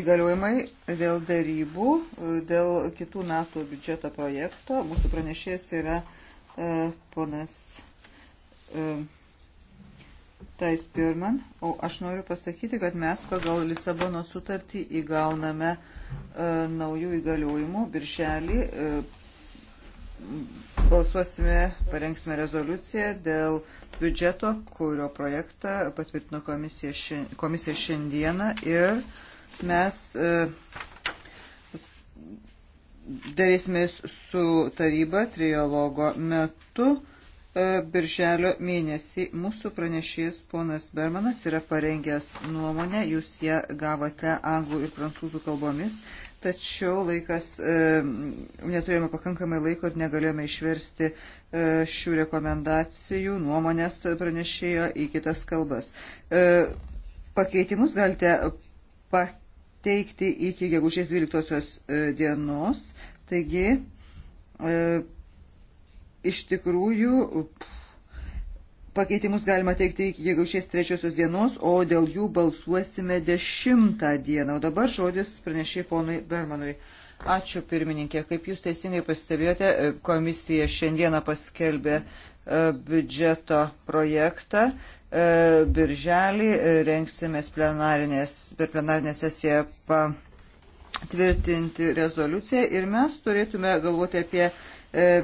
Speaker 1: įgaliojimai dėl darybų, e, dėl kitų metų biudžeto projekto. Mūsų pranešėjas yra e, ponas e, Tais Pirman. O aš noriu pasakyti, kad mes pagal Lisabono sutartį įgauname e, naujų įgaliojimų birželį. E, balsuosime, parengsime rezoliuciją dėl biudžeto, kurio projektą patvirtino komisija, ši, komisija šiandieną ir e, mes e, darėsimės su taryba triologo metu. E, birželio mėnesį mūsų pranešėjas ponas Bermanas yra parengęs nuomonę, jūs ją gavote anglų ir prancūzų kalbomis, tačiau laikas, e, neturėjome pakankamai laiko ir negalėjome išversti šių rekomendacijų nuomonės pranešėjo į kitas kalbas. Pakeitimus galite pakeisti pateikti iki gegužės 12 e, dienos. Taigi, e, iš tikrųjų, pakeitimus galima teikti iki gegužės 3 dienos, o dėl jų balsuosime 10 dieną. O dabar žodis pranešė ponui Bermanui. Ačiū pirmininkė. Kaip jūs teisingai pastebėjote, e, komisija šiandieną paskelbė biudžeto projektą. Uh, E, birželį, e, renksimės per plenarinę sesiją patvirtinti rezoliuciją ir mes turėtume galvoti apie e,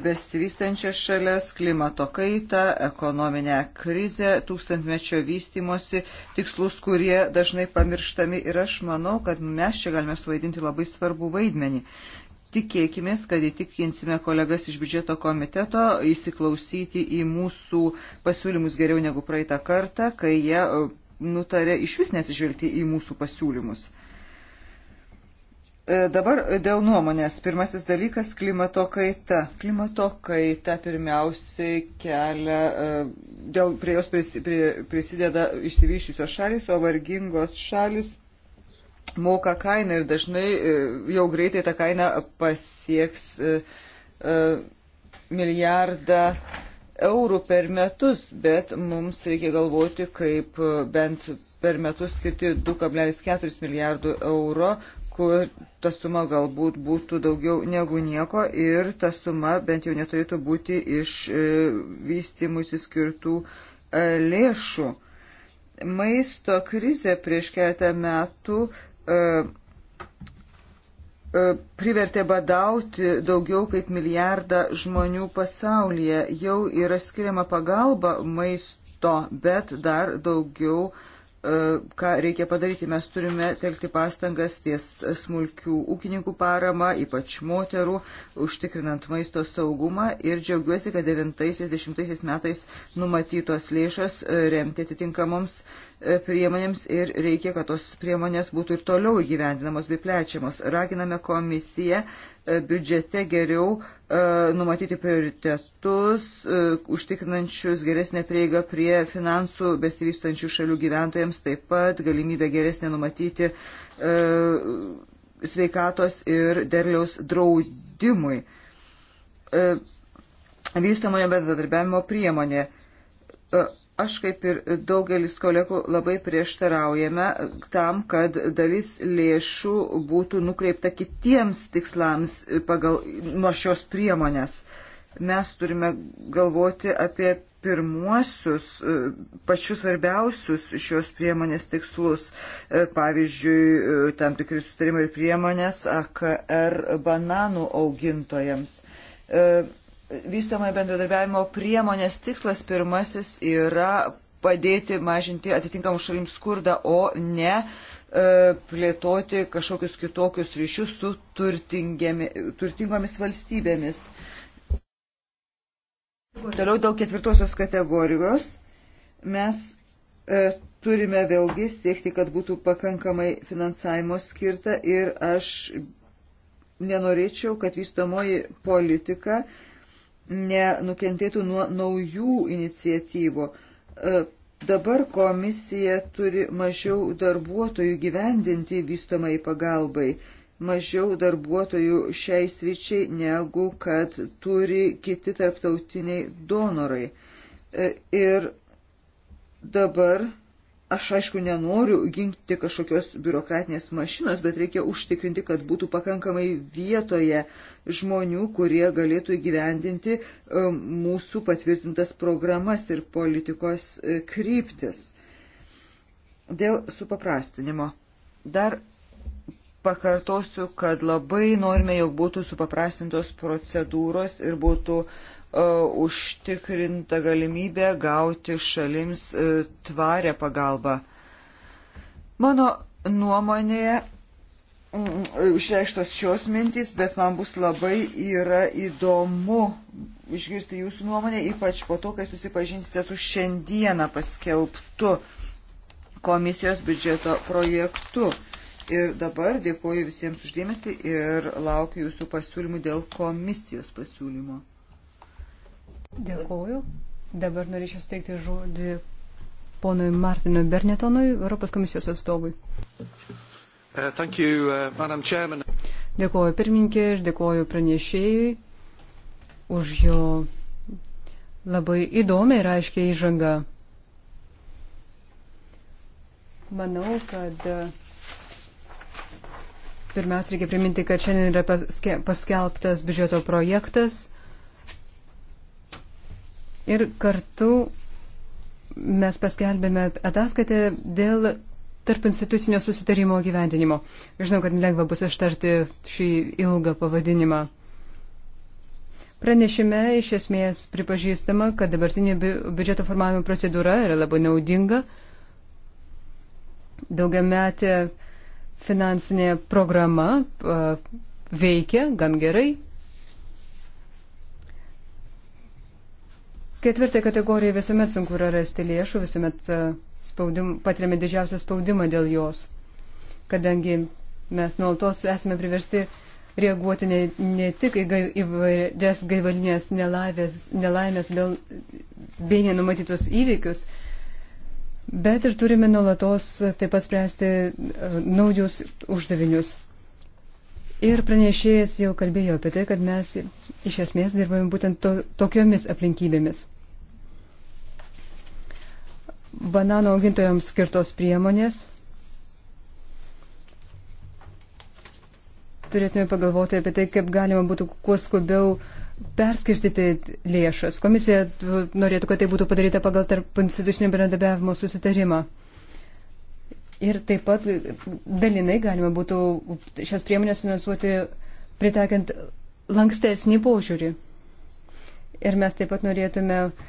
Speaker 1: besivystančias šalias, klimato kaitą, ekonominę krizę, tūkstantmečio vystimosi, tikslus, kurie dažnai pamirštami. Ir aš manau, kad mes čia galime suvaidinti labai svarbų vaidmenį. Tikėkime, kad įtikinsime kolegas iš biudžeto komiteto įsiklausyti į mūsų pasiūlymus geriau negu praeitą kartą, kai jie e, nutarė iš vis nesižvelgti į mūsų pasiūlymus. E, dabar dėl nuomonės. Pirmasis dalykas - klimato kaita. Klimato kaita pirmiausiai kelia, e, dėl prie jos prisideda išsivyščiusios šalis, o vargingos šalis moka kainą ir dažnai e, jau greitai ta kaina pasieks e, e, milijardą eurų per metus, bet mums reikia galvoti, kaip bent per metus skirti 2,4 milijardų euro, kur ta suma galbūt būtų daugiau negu nieko ir ta suma bent jau neturėtų būti iš vystimusi skirtų lėšų. Maisto krizė prieš keletą metų E, e, privertė badauti daugiau kaip milijardą žmonių pasaulyje. Jau yra skiriama pagalba maisto, bet dar daugiau, e, ką reikia padaryti. Mes turime telkti pastangas ties smulkių ūkininkų parama, ypač moterų, užtikrinant maisto saugumą ir džiaugiuosi, kad 90-10 metais numatytos lėšos remti atitinkamoms E, priemonėms ir reikia, kad tos priemonės būtų ir toliau įgyvendinamos bei plečiamos. Raginame komisiją e, biudžete geriau e, numatyti prioritetus, užtikrinančius geresnę prieigą prie finansų besivystančių šalių gyventojams, taip pat galimybę geresnę numatyti sveikatos ir derliaus draudimui. Vystamojo bendradarbiavimo priemonė Aš kaip ir daugelis kolegų labai prieštaraujame tam, kad dalis lėšų būtų nukreipta kitiems tikslams pagal nuo šios priemonės. Mes turime galvoti apie pirmuosius, e, pačius svarbiausius šios priemonės tikslus, e, pavyzdžiui, e, tam tikri sustarimai ir priemonės AKR bananų augintojams. Vystamojo bendradarbiavimo priemonės tikslas pirmasis yra padėti mažinti atitinkamų šalim skurdą, o ne e, plėtoti kažkokius kitokius ryšius su turtingomis valstybėmis. Toliau dėl ketvirtosios kategorijos mes e, turime vėlgi siekti, kad būtų pakankamai finansavimo skirta ir aš nenorėčiau, kad vystomoji politika e, nenukentėtų nuo naujų iniciatyvų. E, dabar komisija turi mažiau darbuotojų gyvendinti vystomai pagalbai, mažiau darbuotojų šiai sričiai negu kad turi kiti tarptautiniai donorai. E, ir dabar Aš aišku nenoriu ginti kažkokios biurokratinės mašinos, bet reikia užtikrinti, kad būtų pakankamai vietoje žmonių, kurie galėtų įgyvendinti e, mūsų patvirtintas programas ir politikos e, kryptis. Dėl supaprastinimo. Dar pakartosiu, kad labai norime, jog būtų supaprastintos procedūros ir būtų uh, E, užtikrinta galimybė gauti šalims e, tvarę pagalbą. Mano nuomonėje mm, išreikštos šios mintys, bet man bus labai yra įdomu išgirsti jūsų nuomonę, ypač po to, kai susipažinsite su šiandieną paskelbtu komisijos biudžeto projektu. Ir dabar dėkoju visiems uždėmesi ir laukiu jūsų pasiūlymų dėl komisijos pasiūlymo.
Speaker 4: Dėkuoju. Dabar norėčiau steigti žodį ponui Martinui Bernetonui, Europos komisijos atstovui.
Speaker 2: Uh, you, uh,
Speaker 4: dėkuoju pirmininkė ir dėkuoju pranešėjui už jo labai įdomią ir aiškiai įžangą. Manau, kad uh, pirmiausia reikia priminti, kad šiandien yra paskelbtas biudžeto projektas Ir kartu mes paskelbėme ataskaitę dėl tarp institucinio susitarimo gyvendinimo. Žinau, kad lengva bus ištarti šį ilgą pavadinimą. Pranešime iš esmės pripažįstama, kad dabartinė biudžeto formavimo procedūra yra labai naudinga. Daugiametė finansinė programa veikia gan gerai, Ketvirtą kategoriją visuomet sunku yra rasti lėšų, visuomet e, spaudim, patiriame didžiausią spaudimą dėl jos, kadangi mes nuolatos esame priversti reaguoti ne, ne tik į įvairias gaivalinės nelaimės, nelaimės bei nenumatytus įvykius, bet ir turime nuolatos taip pat spręsti e, naujus uždavinius. Ir pranešėjas jau kalbėjo apie tai, kad mes iš esmės dirbame būtent to, tokiomis aplinkybėmis bananų augintojams skirtos priemonės. Turėtume pagalvoti apie tai, kaip galima būtų kuo skubiau perskirstyti lėšas. Komisija norėtų, kad tai būtų padaryta pagal tarp institucinio bendradarbiavimo susitarimą. Ir taip pat dalinai galima būtų šias priemonės finansuoti pritaikant lankstesnį požiūrį. Ir mes taip pat norėtume uh,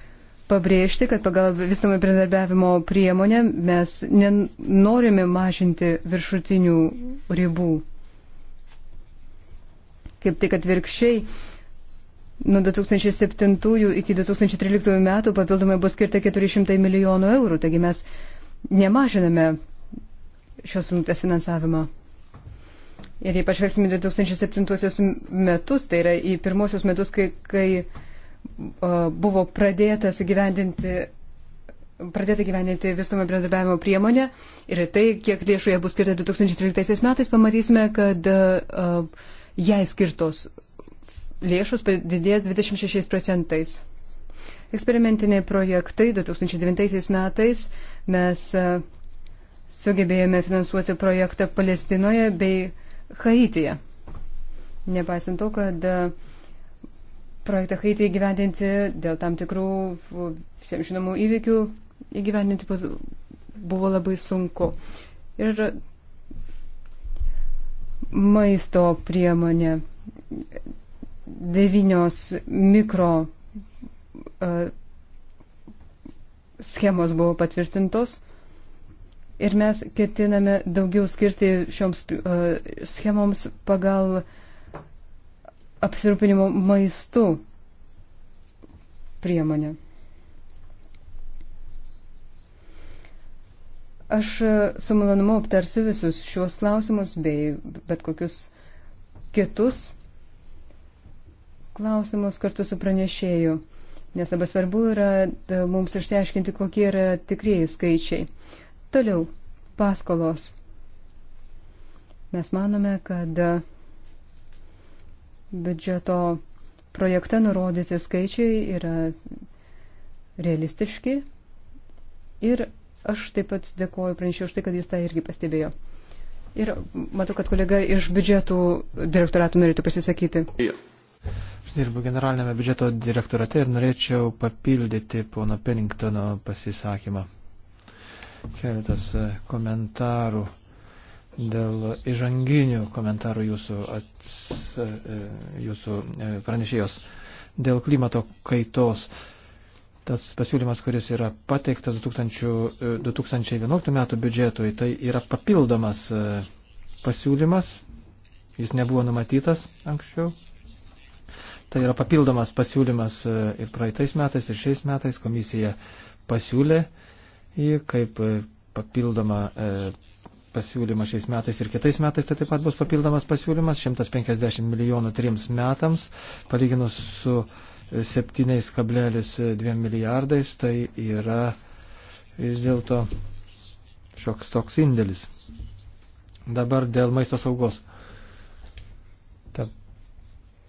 Speaker 4: pabrėžti, kad pagal visumo bendradarbiavimo priemonę mes norime mažinti viršutinių ribų. Kaip tik atvirkščiai, nuo 2007 iki 2013 metų papildomai bus skirta 400 milijonų eurų, taigi mes nemažiname šios sumutės finansavimo. Ir jei pažvelgsime 2007 metus, tai yra į pirmosius metus, kai, kai buvo pradėtas gyvendinti pradėta gyveninti visumo bendradarbiavimo priemonė ir tai, kiek lėšų jai bus skirta 2013 metais, pamatysime, kad uh, jai skirtos lėšos padidės 26 procentais. Eksperimentiniai projektai 2009 metais mes uh, sugebėjome finansuoti projektą Palestinoje bei Haityje. Nepaisant to, kad uh, projektą Haitį įgyvendinti dėl tam tikrų visiems žinomų įvykių įgyvendinti buvo labai sunku. Ir maisto priemonė, devynios mikro uh, schemos buvo patvirtintos. Ir mes ketiname daugiau skirti šioms uh, schemoms pagal uh, apsirūpinimo maistu priemonė. Aš su malonumu aptarsiu visus šios klausimus bei bet kokius kitus klausimus kartu su pranešėju, nes labai svarbu yra e, mums išsiaiškinti, kokie yra tikrieji skaičiai. Toliau, paskolos. Mes manome, kad biudžeto projekte nurodyti skaičiai yra realistiški. Ir aš taip pat dėkoju pranešiu už tai, kad jis tą irgi pastebėjo. Ir matau, kad kolega iš biudžetų direktoratų norėtų pasisakyti.
Speaker 2: Aš dirbu generalinėme biudžeto direktorate ir norėčiau papildyti pono Penningtono pasisakymą. Keletas komentarų dėl įžanginių komentarų jūsų, ats, e, jūsų e, pranešėjos dėl klimato kaitos. Tas pasiūlymas, kuris yra pateiktas 2000, 2011 e, metų biudžetui, tai yra papildomas pasiūlymas, jis nebuvo numatytas anksčiau. Tai yra papildomas pasiūlymas ir praeitais metais, ir šiais metais komisija pasiūlė jį kaip papildomą pasiūlymą šiais metais ir kitais metais, tai taip pat bus papildomas pasiūlymas 150 milijonų trims metams, palyginus su 7,2 milijardais, tai yra vis dėlto šioks toks indėlis. Dabar dėl maisto saugos. Ta,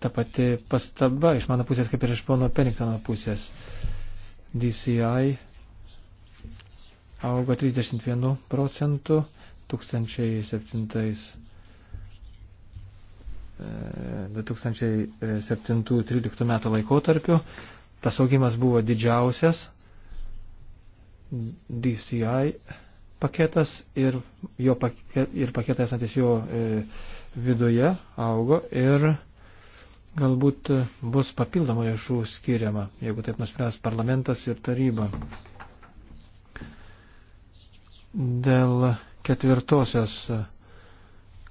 Speaker 2: ta pati pastaba iš mano pusės kaip ir iš pono Penningtono pusės. DCI auga 31 procentų 2007-2013 e, metų laikotarpiu. Tas augimas buvo didžiausias DCI paketas ir, jo paket, ir paketas esantis jo e, viduje augo ir galbūt bus papildomų lėšų skiriama, jeigu taip nuspręs parlamentas ir taryba. Dėl ketvirtosios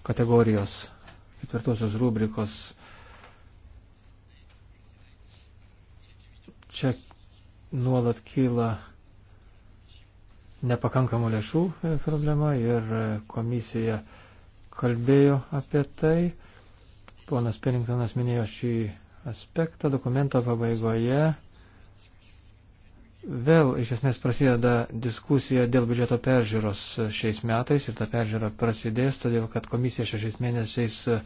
Speaker 2: kategorijos, ketvirtosios rubrikos. Čia nuolat kyla nepakankamų lėšų e, problema ir e, komisija kalbėjo apie tai. Ponas Penningtonas minėjo šį aspektą dokumento pabaigoje vėl iš esmės prasideda diskusija dėl biudžeto peržiūros šiais metais ir ta peržiūra prasidės, todėl kad komisija šešiais mėnesiais e,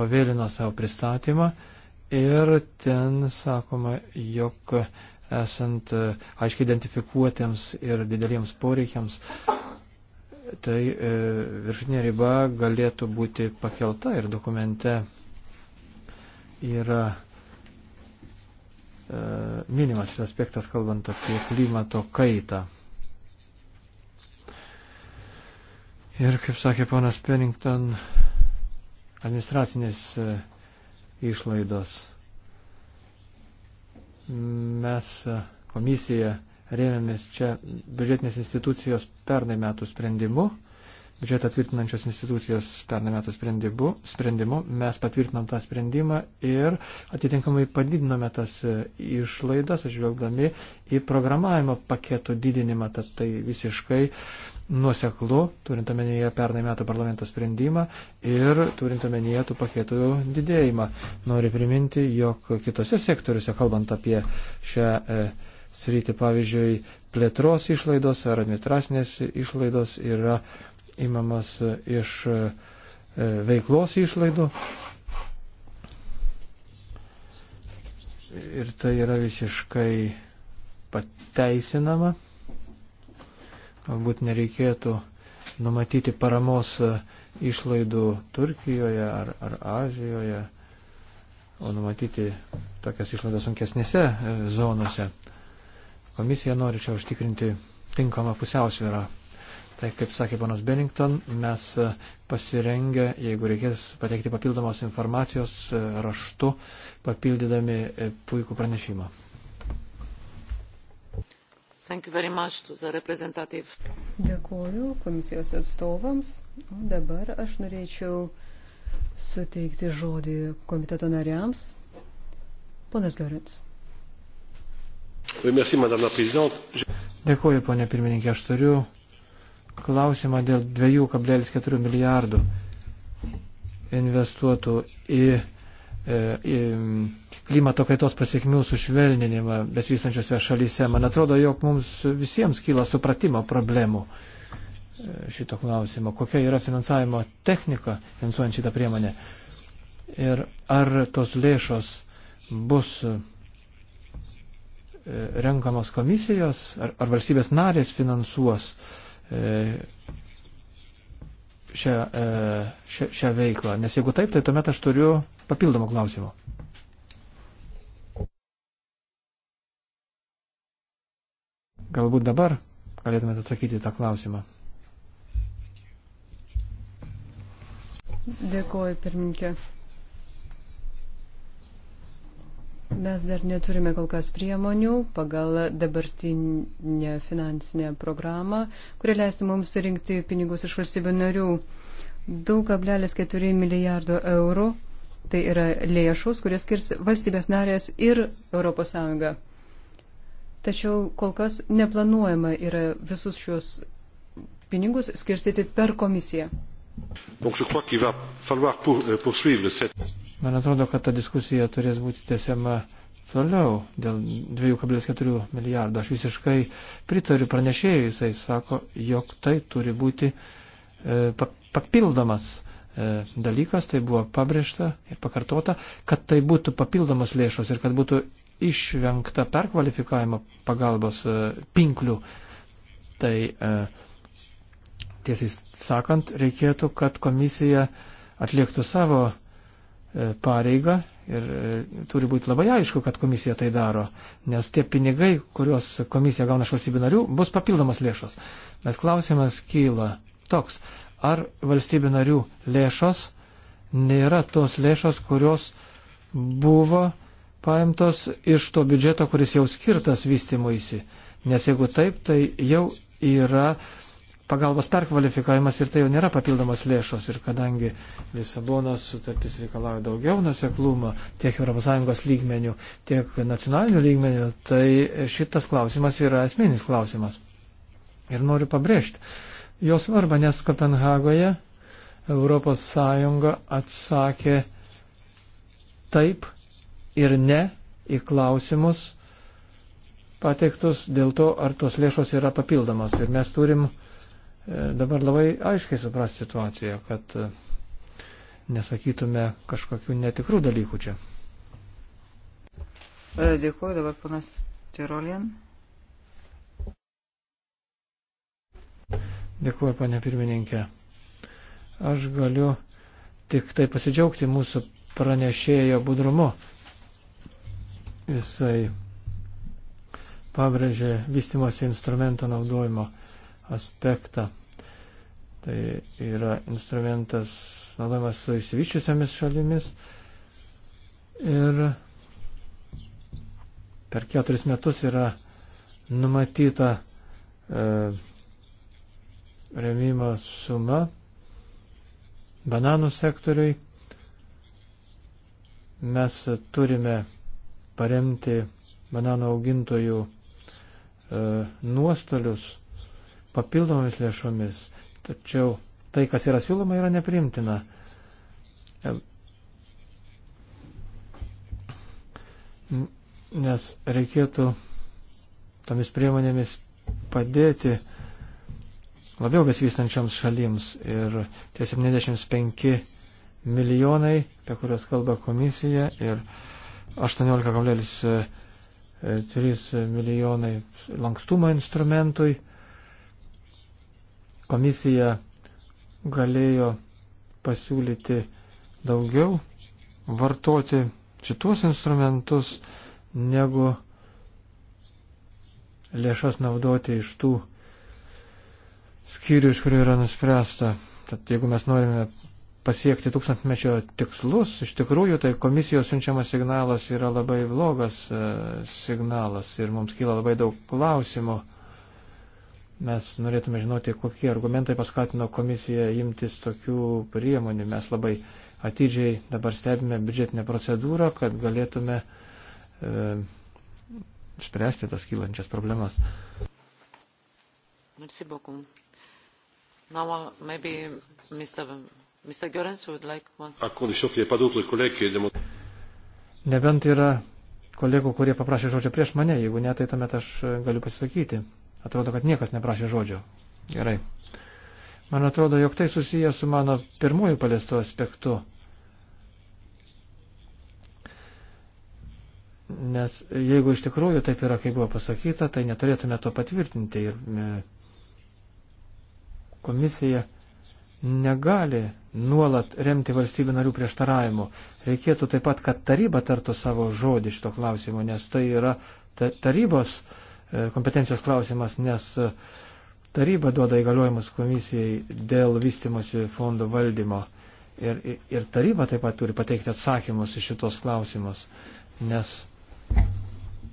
Speaker 2: pavėlino savo pristatymą ir ten sakoma, jog esant e, aiškiai identifikuotiems ir dideliems poreikiams, tai e, viršutinė riba galėtų būti pakelta ir dokumente yra E, minimas šis aspektas, kalbant apie klimato kaitą. Ir, kaip sakė ponas Pennington, administracinės e, išlaidos. Mes e, komisija rėmėmės čia biudžetinės institucijos pernai metų sprendimu biudžetą tvirtinančios institucijos pernai metų sprendimu, sprendimu. Mes patvirtinom tą sprendimą ir atitinkamai padidinome tas e, išlaidas, ažvelgdami į programavimo paketų didinimą. Tad tai visiškai nuoseklu, turint omenyje pernai metų parlamento sprendimą ir turint omenyje tų paketų didėjimą. Noriu priminti, jog kitose sektoriuose, kalbant apie šią e, sritį, pavyzdžiui, plėtros išlaidos ar administracinės išlaidos yra imamas iš e, veiklos išlaidų. Ir tai yra visiškai pateisinama. Galbūt nereikėtų numatyti paramos e, išlaidų Turkijoje ar, ar Azijoje, o numatyti tokias išlaidas sunkesnėse e, zonose. Komisija nori čia užtikrinti tinkamą pusiausvyrą Tai kaip sakė ponas Bennington, mes e, pasirengę, jeigu reikės pateikti papildomos informacijos e, raštu, papildydami e, puikų pranešimą.
Speaker 4: Dėkuoju komisijos atstovams. O dabar aš norėčiau suteikti žodį komiteto nariams. Ponas Gerets.
Speaker 2: Dėkuoju, ponė pirmininkė, aš turiu klausimą dėl 2,4 milijardų investuotų į, e, į klimato kaitos pasiekmių sušvelninimą besvystančiose šalyse. Man atrodo, jog mums visiems kyla supratimo problemų e, šito klausimo. Kokia yra finansavimo technika finansuojant šitą priemonę? Ir ar tos lėšos bus e, renkamos komisijos, ar, ar valstybės narės finansuos uh, E, šią, e, šią, šią veiklą? Nes jeigu taip, tai tuomet aš turiu papildomų klausimų. Galbūt dabar galėtumėte atsakyti tą klausimą.
Speaker 4: Dėkuoju, pirminkė. Mes dar neturime kol kas priemonių pagal dabartinę finansinę programą, kuri leistų mums rinkti pinigus iš valstybių narių. 2,4 milijardo eurų tai yra lėšus, kurias skirs valstybės narės ir ES. Tačiau kol kas neplanuojama yra visus šios pinigus skirstyti per komisiją.
Speaker 3: Donc, je crois qu'il va falloir pour, euh, poursuivre cette.
Speaker 2: Man atrodo, kad ta diskusija turės būti tiesiama toliau dėl 2,4 milijardo. Aš visiškai pritariu pranešėjui, jisai sako, jog tai turi būti e, papildomas e, dalykas, tai buvo pabrėžta ir pakartota, kad tai būtų papildomos lėšos ir kad būtų išvengta perkvalifikavimo pagalbos e, pinklių. Tai e, tiesiai sakant, reikėtų, kad komisija atliektų savo E, pareigą ir e, turi būti labai aišku, kad komisija tai daro, nes tie pinigai, kuriuos komisija gauna iš valstybių narių, bus papildomas lėšos. Bet klausimas kyla toks, ar valstybių narių lėšos nėra tos lėšos, kurios buvo paimtos iš to biudžeto, kuris jau skirtas vystimuisi. Nes jeigu taip, tai jau yra pagalbos perkvalifikavimas ir tai jau nėra papildomos lėšos. Ir kadangi Lisabonos sutartis reikalauja daugiau nuseklumo tiek ES lygmenių, tiek nacionalinių lygmenių, tai šitas klausimas yra esminis klausimas. Ir noriu pabrėžti jos svarbą, nes Kopenhagoje ES atsakė taip ir ne į klausimus pateiktus dėl to, ar tos lėšos yra papildomos. Ir mes turim uh, E, dabar labai aiškiai suprasti situaciją, kad e, nesakytume kažkokių netikrų dalykų čia.
Speaker 1: E, dėkuoju dabar panas Tirolien.
Speaker 2: Dėkuoju, panė pirmininkė. Aš galiu tik tai pasidžiaugti mūsų pranešėjo budrumu. Jisai pabrėžė vystimosi instrumento naudojimo uh, aspektą. Tai yra instrumentas naudojamas su išsivyščiusiamis šalimis. Ir per keturis metus yra numatyta e, remimo suma bananų sektoriui. Mes turime paremti bananų augintojų e, nuostolius papildomomis lėšomis, tačiau tai, kas yra siūloma, yra neprimtina. Nes reikėtų tomis priemonėmis padėti labiau besivystančioms šalims ir tie 75 milijonai, apie kuriuos kalba komisija, ir 18,3 milijonai lankstumo instrumentui komisija galėjo pasiūlyti daugiau vartoti šitos instrumentus, negu lėšas naudoti iš tų skyrių, iš kurių yra nuspręsta. Tad jeigu mes norime pasiekti tūkstantmečio tikslus, iš tikrųjų tai komisijos siunčiamas signalas yra labai blogas e, signalas ir mums kyla labai daug klausimų. Mes norėtume žinoti, kokie argumentai paskatino komisiją imtis tokių priemonių. Mes labai atidžiai dabar stebime biudžetinę procedūrą, kad galėtume e, spręsti tas kylančias problemas.
Speaker 3: Merci beaucoup. Now, uh, maybe Mr. Mr. Görens would like once.
Speaker 2: Nebent yra kolegų, kurie paprašė žodžio prieš mane, jeigu ne, tai tuomet aš e, galiu pasisakyti. Atrodo, kad niekas neprašė žodžio. Gerai. Man atrodo, jog tai susiję su mano pirmuoju paliestu aspektu. Nes jeigu iš tikrųjų taip yra, kaip buvo pasakyta, tai neturėtume to patvirtinti. Ir e, komisija negali nuolat remti valstybių narių prieštaravimu. Reikėtų taip pat, kad taryba tartų savo žodį šito klausimu, nes tai yra tarybos uh, E, kompetencijos klausimas, nes e, taryba duoda įgaliojimus komisijai dėl vystimosi fondų valdymo. Ir, ir taryba taip pat turi pateikti atsakymus į šitos klausimus, nes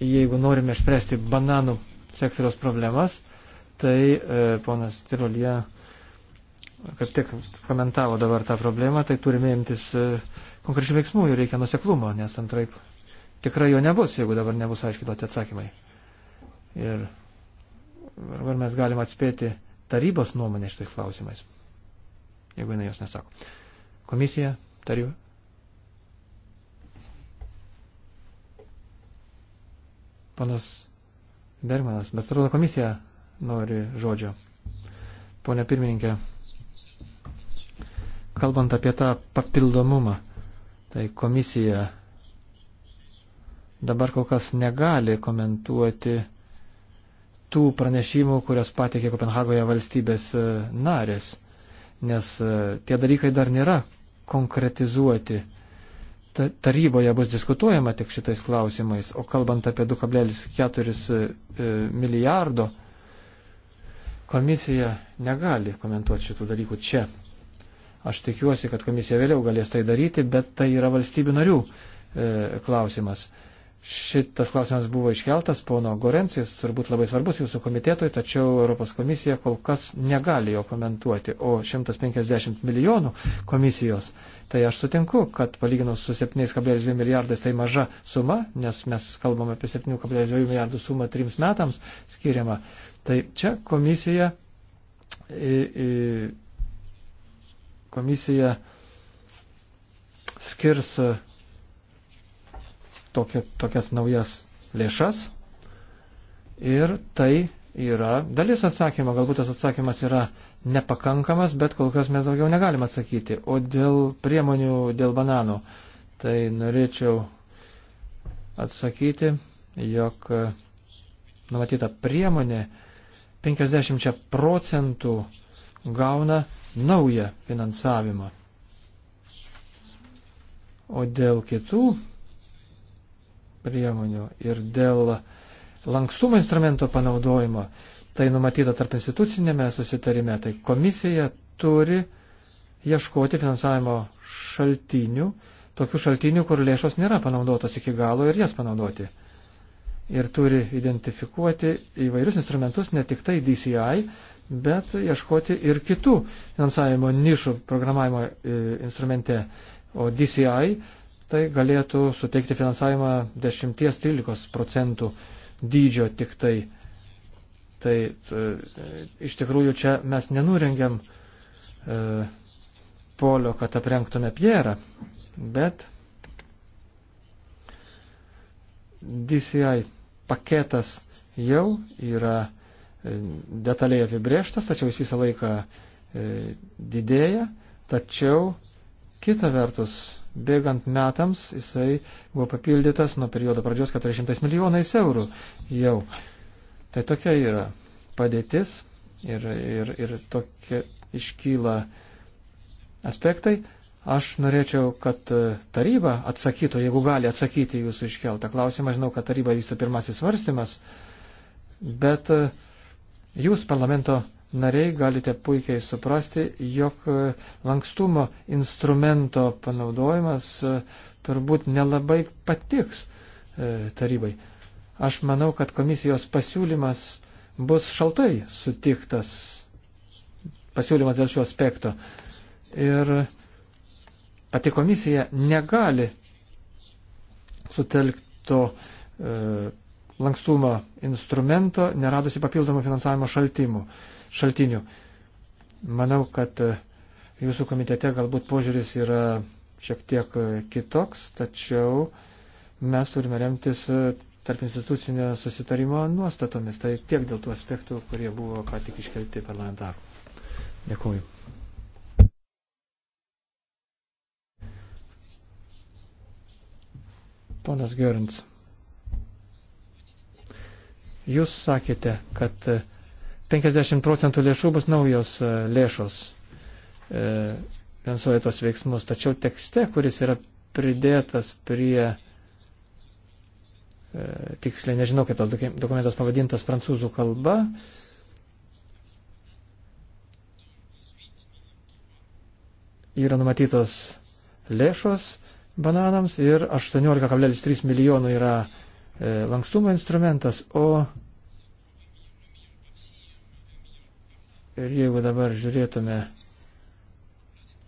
Speaker 2: jeigu norime išspręsti bananų sektoriaus problemas, tai e, ponas Tirolija kaip tik komentavo dabar tą problemą, tai turime imtis e, konkrečių veiksmų ir reikia nuseklumo, nes antraip tikrai jo nebus, jeigu dabar nebus aiškiai duoti atsakymai. Ir ar mes galim atspėti tarybos nuomonę šitais klausimais, jeigu jinai jos nesako. Komisija, taryba. Panas Bergmanas, bet atrodo komisija nori žodžio. Pone pirmininkė, kalbant apie tą papildomumą, tai komisija dabar kol kas negali komentuoti tų pranešimų, kurias patikė Kopenhagoje valstybės e, narės, nes e, tie dalykai dar nėra konkretizuoti. Ta, taryboje bus diskutuojama tik šitais klausimais, o kalbant apie 2,4 e, milijardo, komisija negali komentuoti šitų dalykų čia. Aš tikiuosi, kad komisija vėliau galės tai daryti, bet tai yra valstybių narių e, klausimas. E, Šitas klausimas buvo iškeltas pono Gorencijus, turbūt labai svarbus jūsų komitetui, tačiau Europos komisija kol kas negali jo komentuoti, o 150 milijonų komisijos, tai aš sutinku, kad palyginus su 7,2 milijardais tai maža suma, nes mes kalbame apie 7,2 milijardų sumą trims metams skiriamą, tai čia komisija, komisija skirs tokia, tokias naujas lėšas. Ir tai yra dalis atsakymo. Galbūt tas atsakymas yra nepakankamas, bet kol kas mes daugiau negalim atsakyti. O dėl priemonių, dėl bananų, tai norėčiau atsakyti, jog e, numatyta priemonė 50 procentų gauna naują finansavimą. O dėl kitų priemonių ir dėl lankstumo instrumento panaudojimo, tai numatyta tarp institucinėme susitarime, tai komisija turi ieškoti finansavimo šaltinių, tokių šaltinių, kur lėšos nėra panaudotos iki galo ir jas panaudoti. Ir turi identifikuoti įvairius instrumentus, ne tik tai DCI, bet ieškoti ir kitų finansavimo nišų programavimo e, instrumente. O DCI tai galėtų suteikti finansavimą 10-13 procentų dydžio tik tai. Tai t, iš tikrųjų čia mes nenurengiam e, polio, kad aprengtume Pierą, bet DCI paketas jau yra e, detaliai apibrėžtas, tačiau jis visą laiką e, didėja, tačiau kita vertus bėgant metams jisai buvo papildytas nuo periodo pradžios 400 milijonais eurų jau. Tai tokia yra padėtis ir, ir, ir tokie iškyla aspektai. Aš norėčiau, kad e, taryba atsakytų, jeigu gali atsakyti jūsų iškeltą klausimą. Žinau, kad taryba vyksta pirmasis svarstymas, bet e, jūs parlamento nariai galite puikiai suprasti, jog e, lankstumo instrumento panaudojimas e, turbūt nelabai patiks e, tarybai. Aš manau, kad komisijos pasiūlymas bus šaltai sutiktas pasiūlymas dėl šio aspekto. Ir pati komisija negali sutelkto e, lankstumo instrumento, neradusi papildomų finansavimo šaltimų, šaltinių. Manau, kad e, jūsų komitete galbūt požiūris yra šiek tiek e, kitoks, tačiau mes turime remtis e, tarp institucinio susitarimo nuostatomis. Tai tiek dėl tų aspektų, kurie buvo ką tik iškelti parlamentarų. Dėkuoju. Ponas Görins. Jūs sakėte, kad 50 e, procentų lėšų bus naujos e, lėšos e, finansuoja tos veiksmus, tačiau tekste, kuris yra pridėtas prie, tiksliai nežinau, kaip tas dokumentas pavadintas prancūzų kalba, yra numatytos lėšos bananams ir 18,3 milijonų yra E, lankstumo instrumentas, o ir jeigu dabar žiūrėtume,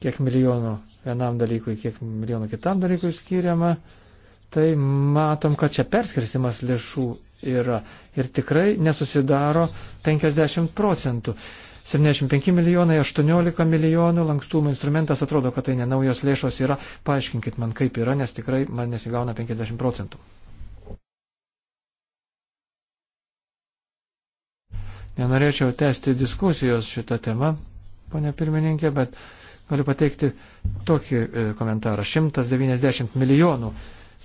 Speaker 2: kiek milijonų vienam dalykui, kiek milijonų kitam dalykui skiriama, tai matom, kad čia perskirstimas lėšų yra ir tikrai nesusidaro 50 procentų. 75 milijonai, 18 milijonų lankstumo instrumentas atrodo, kad tai nenaujos lėšos yra. Paaiškinkit man, kaip yra, nes tikrai man nesigauna 50 procentų. Nenorėčiau tęsti diskusijos šitą temą, ponia pirmininkė, bet galiu pateikti tokį e, komentarą. 190 milijonų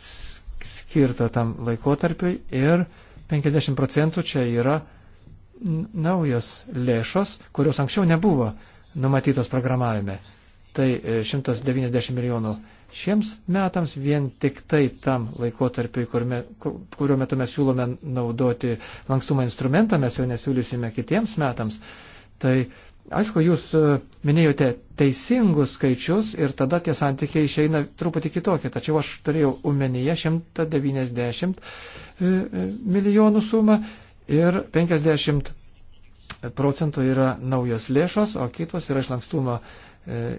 Speaker 2: skirta tam laikotarpiui ir 50 procentų čia yra naujas lėšos, kurios anksčiau nebuvo numatytos programavime. Tai 190 e, milijonų šiems metams, vien tik tai tam laikotarpiui, kurio metu mes siūlome naudoti lankstumą instrumentą, mes jo nesiūlysime kitiems metams. Tai aišku, jūs e, minėjote teisingus skaičius ir tada tie santykiai išeina truputį kitokie, tačiau aš turėjau omenyje 190 e, e, milijonų sumą ir 50 procentų yra naujos lėšos, o kitos yra iš lankstumo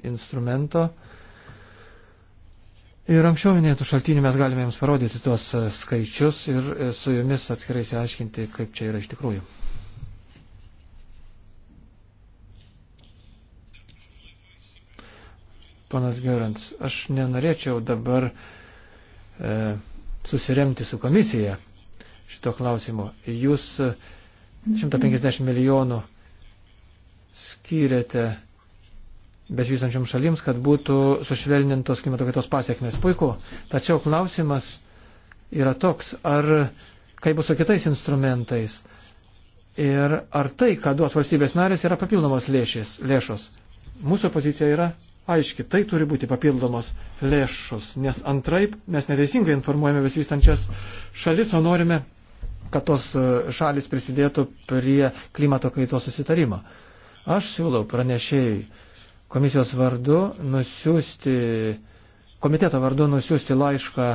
Speaker 2: instrumento uh, Ir anksčiau minėtų šaltinių mes galime jums parodyti tuos e, skaičius ir e, su jumis atskirai įsiaiškinti, kaip čia yra iš tikrųjų. Panas Gerants, aš nenorėčiau dabar e, susiremti su komisija šito klausimo. Jūs 150 e, milijonų skyrėte besivysančiom šalims, kad būtų sušvelnintos klimato kaitos pasiekmes. Puiku. Tačiau klausimas yra toks, ar kaip bus su kitais instrumentais ir ar tai, ką duos valstybės narės, yra papildomos lėšis, lėšos. Mūsų pozicija yra aiški, tai turi būti papildomos lėšos, nes antraip mes neteisingai informuojame besivystančias šalis, o norime, kad tos e, šalis prisidėtų prie klimato kaitos susitarimo. Aš siūlau pranešėjai komisijos vardu nusiųsti, komiteto vardu nusiųsti laišką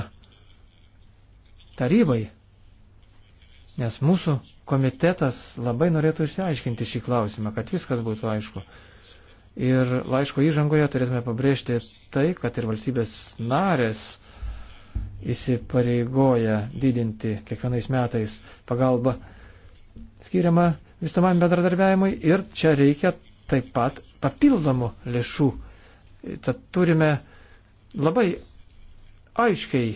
Speaker 2: tarybai, nes mūsų komitetas labai norėtų išsiaiškinti šį klausimą, kad viskas būtų aišku. Ir laiško įžangoje turėtume pabrėžti tai, kad ir valstybės narės įsipareigoja didinti kiekvienais metais pagalbą skiriamą visuomam bendradarbiavimui ir čia reikia taip pat papildomų lėšų. Tad turime labai aiškiai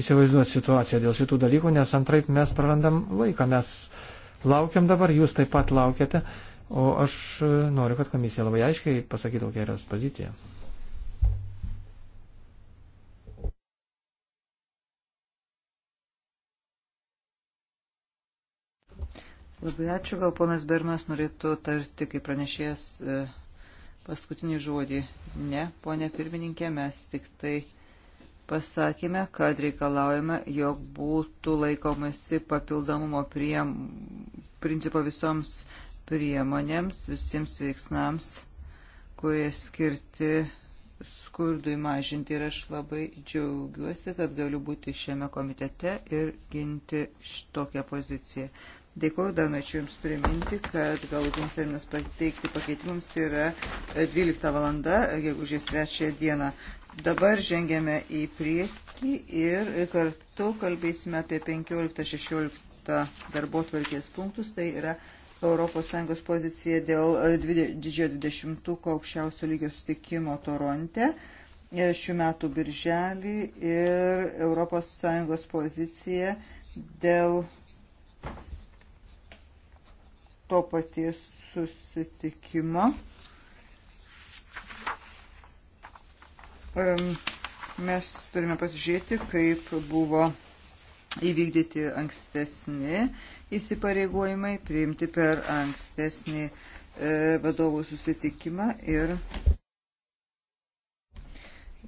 Speaker 2: įsivaizduoti situaciją dėl šitų dalykų, nes antraip mes prarandam laiką, mes laukiam dabar, jūs taip pat laukiate, o aš noriu, kad komisija labai aiškiai pasakytų, kokia yra pozicija.
Speaker 1: Labai ačiū, gal ponas Bermas norėtų tarti, kaip pranešėjas. E paskutinį žodį. Ne, ponė pirmininkė, mes tik tai pasakėme, kad reikalaujame, jog būtų laikomasi papildomumo prie principo visoms priemonėms, visiems veiksmams, kurie skirti skurdui mažinti. Ir aš labai džiaugiuosi, kad galiu būti šiame komitete ir ginti šitokią poziciją. Dėkuoju, dar norėčiau Jums priminti, kad galutinis terminas pateikti pakeitimams yra 12 e, valanda, e, gegužės 3 dieną. Dabar žengėme į priekį ir kartu kalbėsime apie 15-16 darbo tvarkės punktus. Tai yra ES pozicija dėl e, didžiojo 20-ko aukščiausio lygio sustikimo Toronte šių metų birželį ir ES pozicija dėl to paties susitikimo. Mes turime pasižiūrėti, kaip buvo įvykdyti ankstesni įsipareigojimai, priimti per ankstesnį e, vadovų susitikimą ir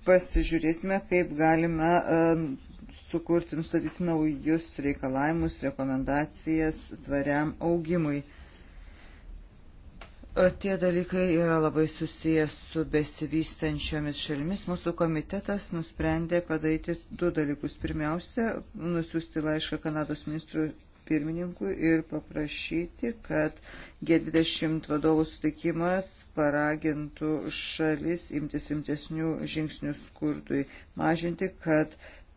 Speaker 1: pasižiūrėsime, kaip galime sukurti, nustatyti naujus reikalavimus, rekomendacijas tvariam augimui. E, tie dalykai yra labai susijęs su besivystančiomis šalimis. Mūsų komitetas nusprendė padaryti du dalykus. Pirmiausia, nusiųsti laišką Kanados ministrų pirmininkui ir paprašyti, kad G20 vadovų sutikimas paragintų šalis imtis imtesnių žingsnių skurdui mažinti, kad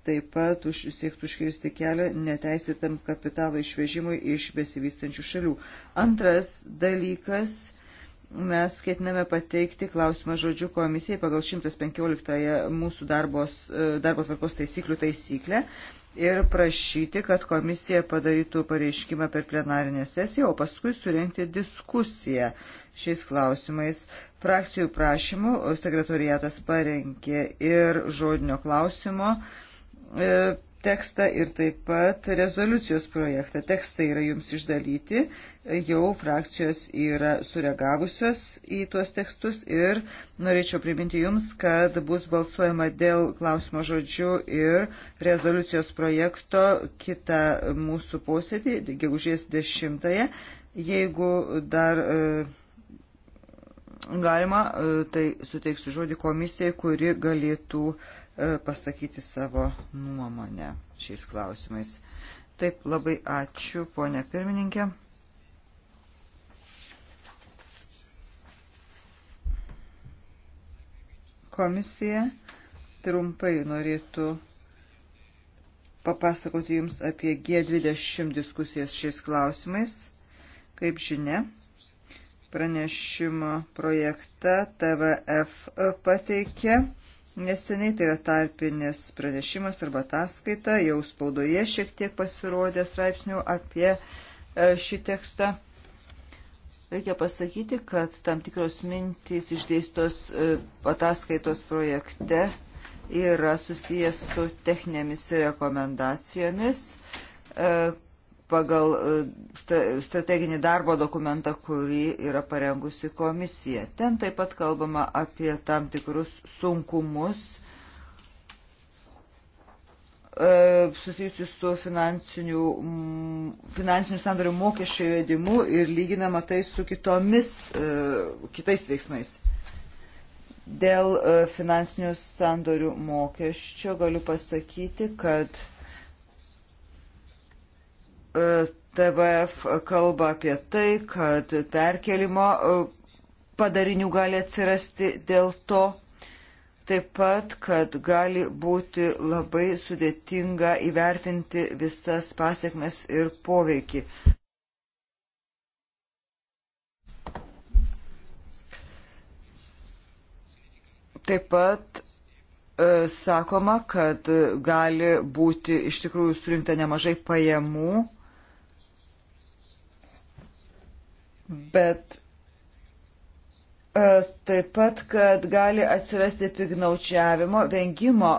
Speaker 1: taip pat už, siektų užkirsti kelią neteisėtam kapitalo išvežimui iš besivystančių šalių. Antras dalykas Mes ketiname pateikti klausimą žodžiu komisijai pagal 115 mūsų darbos, e, darbo tvarkos taisyklių taisyklę ir prašyti, kad komisija padarytų pareiškimą per plenarinę sesiją, o paskui surenkti diskusiją šiais klausimais. Frakcijų prašymų sekretoriatas parengė ir žodinio klausimo e, tekstą ir taip pat rezoliucijos projektą. Tekstai yra jums išdalyti, jau frakcijos yra sureagavusios į tuos tekstus ir norėčiau priminti jums, kad bus balsuojama dėl klausimo žodžių ir rezoliucijos projekto kitą mūsų posėdį, gegužės 10. Jeigu dar. E, galima, e, tai suteiksiu žodį komisijai, kuri galėtų E, pasakyti savo nuomonę šiais klausimais. Taip, labai ačiū, ponė pirmininkė. Komisija trumpai norėtų papasakoti Jums apie G20 diskusijas šiais klausimais. Kaip žinia, pranešimo projektą TVF pateikė Neseniai tai yra tarpinis pranešimas arba ataskaita, jau spaudoje šiek tiek pasirodė straipsnių apie e, šį tekstą. Reikia pasakyti, kad tam tikros mintys išdėstos e, ataskaitos projekte yra susijęs su techninėmis rekomendacijomis, e, pagal e, strateginį darbo dokumentą, kurį yra parengusi komisija. Ten taip pat kalbama apie tam tikrus sunkumus e, susijusius su finansinių, finansinių sandorių mokesčio įvedimu ir lyginama tai su kitomis, e, kitais veiksmais. Dėl finansinių sandorių mokesčio galiu pasakyti, kad E, TVF kalba apie tai, kad perkelimo e, padarinių gali atsirasti dėl to, taip pat, kad gali būti labai sudėtinga įvertinti visas pasiekmes ir poveikį. Taip pat e, sakoma, kad gali būti iš tikrųjų surinkta nemažai pajamų bet e, taip pat, kad gali atsirasti pignaučiavimo, vengimo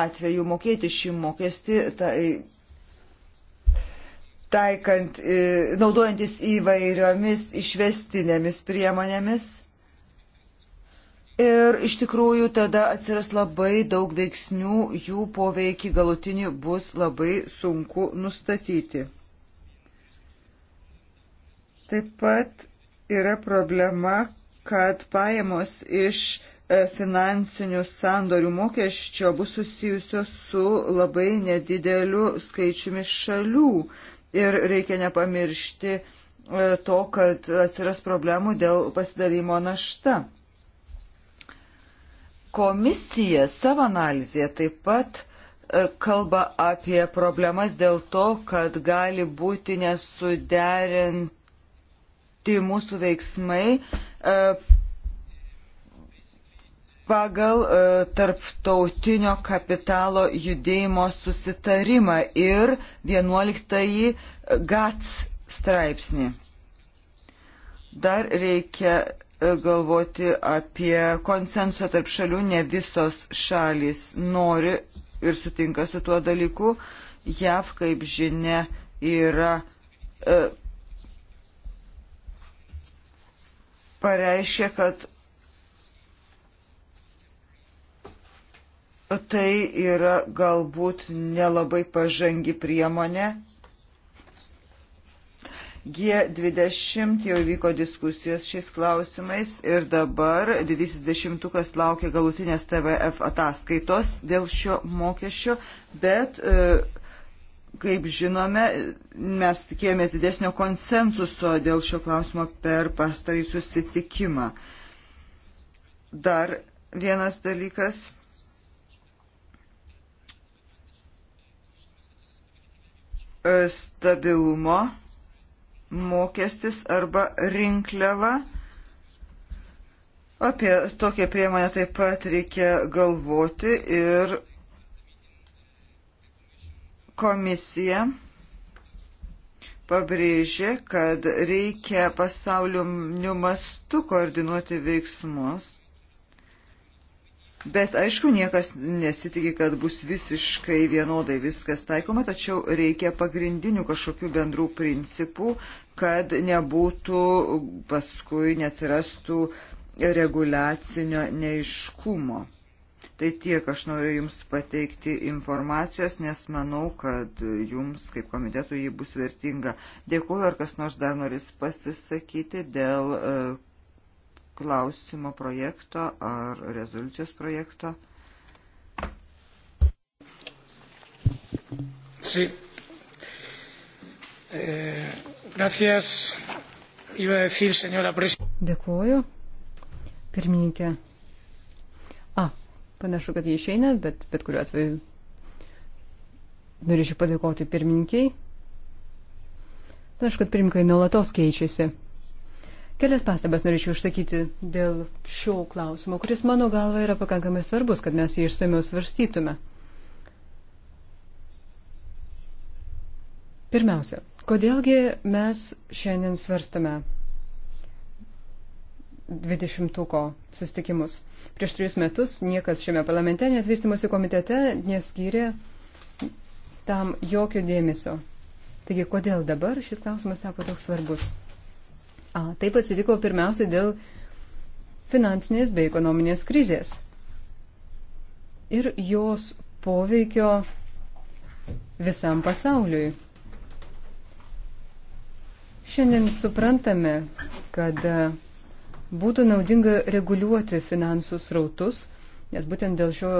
Speaker 1: atveju mokėti šį mokestį, tai, taikant, e, naudojantis įvairiomis išvestinėmis priemonėmis. Ir iš tikrųjų tada atsiras labai daug veiksnių, jų poveikį galutinį bus labai sunku nustatyti. Taip pat yra problema, kad pajamos iš e, finansinių sandorių mokesčio bus susijusios su labai nedideliu skaičiumi šalių. Ir reikia nepamiršti e, to, kad atsiras problemų dėl pasidalymo našta. Komisija savo analizėje taip pat e, kalba apie problemas dėl to, kad gali būti nesuderint paremti mūsų veiksmai e, pagal e, tarptautinio kapitalo judėjimo susitarimą ir 11 GATS straipsnį. Dar reikia e, galvoti apie konsensusą tarp šalių, ne visos šalys nori ir sutinka su tuo dalyku. JAV, kaip žinia, yra pareiškė, kad tai yra galbūt nelabai pažangi priemonė. G20 jau vyko diskusijos šiais klausimais ir dabar didysis dešimtukas laukia galutinės TVF ataskaitos dėl šio mokesčio, bet e, Kaip žinome, mes tikėjomės didesnio konsensuso dėl šio klausimo per pastarį susitikimą. Dar vienas dalykas. Stabilumo mokestis arba rinkliava. Apie tokią priemonę taip pat reikia galvoti ir Komisija pabrėžė, kad reikia pasauliu mastu koordinuoti veiksmus, bet aišku, niekas nesitikė, kad bus visiškai vienodai viskas taikoma, tačiau reikia pagrindinių kažkokių bendrų principų, kad nebūtų paskui neatsirastų reguliacinio neiškumo. Tai tiek aš noriu Jums pateikti informacijos, nes manau, kad Jums kaip komitetų jį bus vertinga. Dėkuoju, ar kas nors dar noris pasisakyti dėl e, klausimo projekto ar rezoliucijos projekto.
Speaker 3: Sí. Eh, gracias. Iba a decir, señora presidenta.
Speaker 4: Dėkuoju. Pirmininkė. A, Panašu, kad jie išeina, bet bet kuriuo atveju norėčiau padėkoti pirmininkiai. Panašu, kad pirmininkai nuolatos keičiasi. Kelias pastabas norėčiau užsakyti dėl šio klausimo, kuris mano galva yra pakankamai svarbus, kad mes jį išsamiau svarstytume. Pirmiausia, kodėlgi mes šiandien svarstame dvidešimtuko sustikimus. Prieš trijus metus niekas šiame parlamente, net vystimosi komitete, neskyrė tam jokio dėmesio. Taigi, kodėl dabar šis klausimas tapo toks svarbus? A, taip atsitiko pirmiausia dėl finansinės bei ekonominės krizės ir jos poveikio visam pasauliui. Šiandien suprantame, kad būtų naudinga reguliuoti finansų srautus, nes būtent dėl šio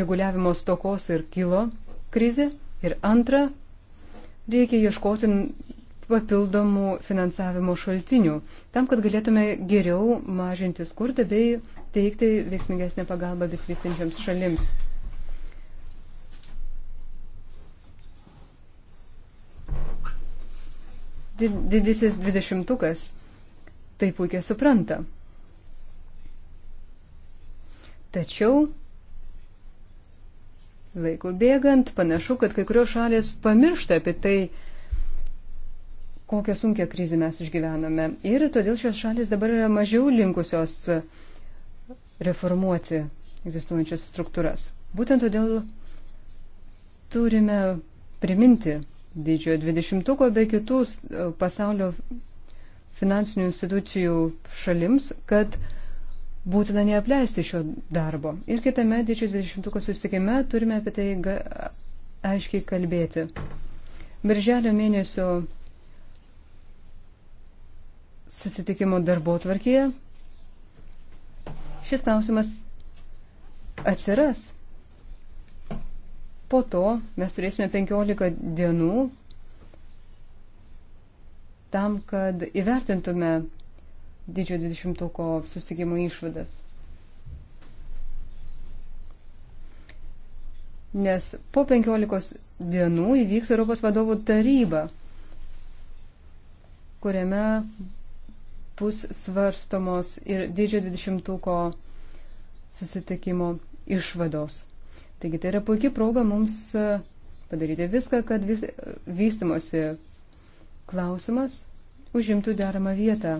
Speaker 4: reguliavimo stokos ir kilo krizė. Ir antra, reikia ieškoti papildomų finansavimo šaltinių, tam, kad galėtume geriau mažinti skurdą bei teikti veiksmingesnę pagalbą besivystančiams šalims. Didysis dvidešimtukas 20 tai puikiai supranta. Tačiau laikų bėgant panašu, kad kai kurios šalės pamiršta apie tai, kokią sunkę krizę mes išgyvename. Ir todėl šios šalis dabar yra mažiau linkusios reformuoti egzistuojančias struktūras. Būtent todėl turime priminti didžiojo dvidešimtuko bei kitus pasaulio finansinių institucijų šalims, kad būtina neapleisti šio darbo. Ir kitame didžiojo 20-ko susitikime turime apie tai aiškiai kalbėti. Birželio mėnesio susitikimo darbo tvarkėje šis klausimas atsiras. Po to mes turėsime 15 dienų, tam, kad įvertintume didžiojo dvidešimtuko susitikimo išvadas. Nes po 15 dienų įvyks Europos vadovų taryba, kuriame bus svarstomos ir didžiojo dvidešimtuko susitikimo išvados. Taigi tai yra puikia proga mums e, padaryti viską, kad vis, e, vystimosi klausimas užimtų deramą vietą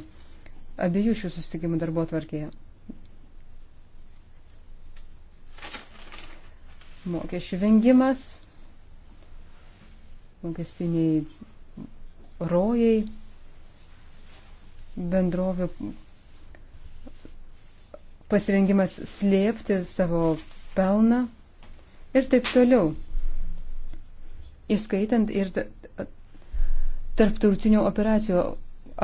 Speaker 4: abiejų šių susitikimų darbo tvarkėje. Mokesčių vengimas, mokestiniai rojai, bendrovių pasirengimas slėpti savo pelną ir taip toliau, įskaitant ir tarptautinių operacijų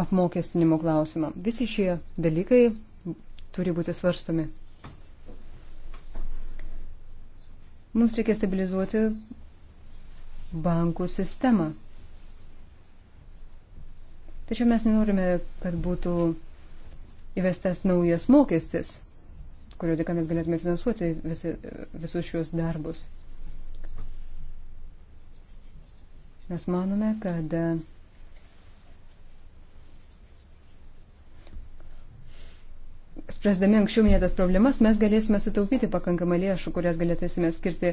Speaker 4: apmokestinimo klausimą. Visi šie dalykai turi būti svarstomi. Mums reikia stabilizuoti bankų sistemą. Tačiau mes nenorime, kad būtų įvestas naujas mokestis, kurio dėka mes galėtume finansuoti visi, visus šios darbus. Mes manome, kad spręsdami anksčiau minėtas problemas, mes galėsime sutaupyti pakankamą lėšų, kurias galėtume skirti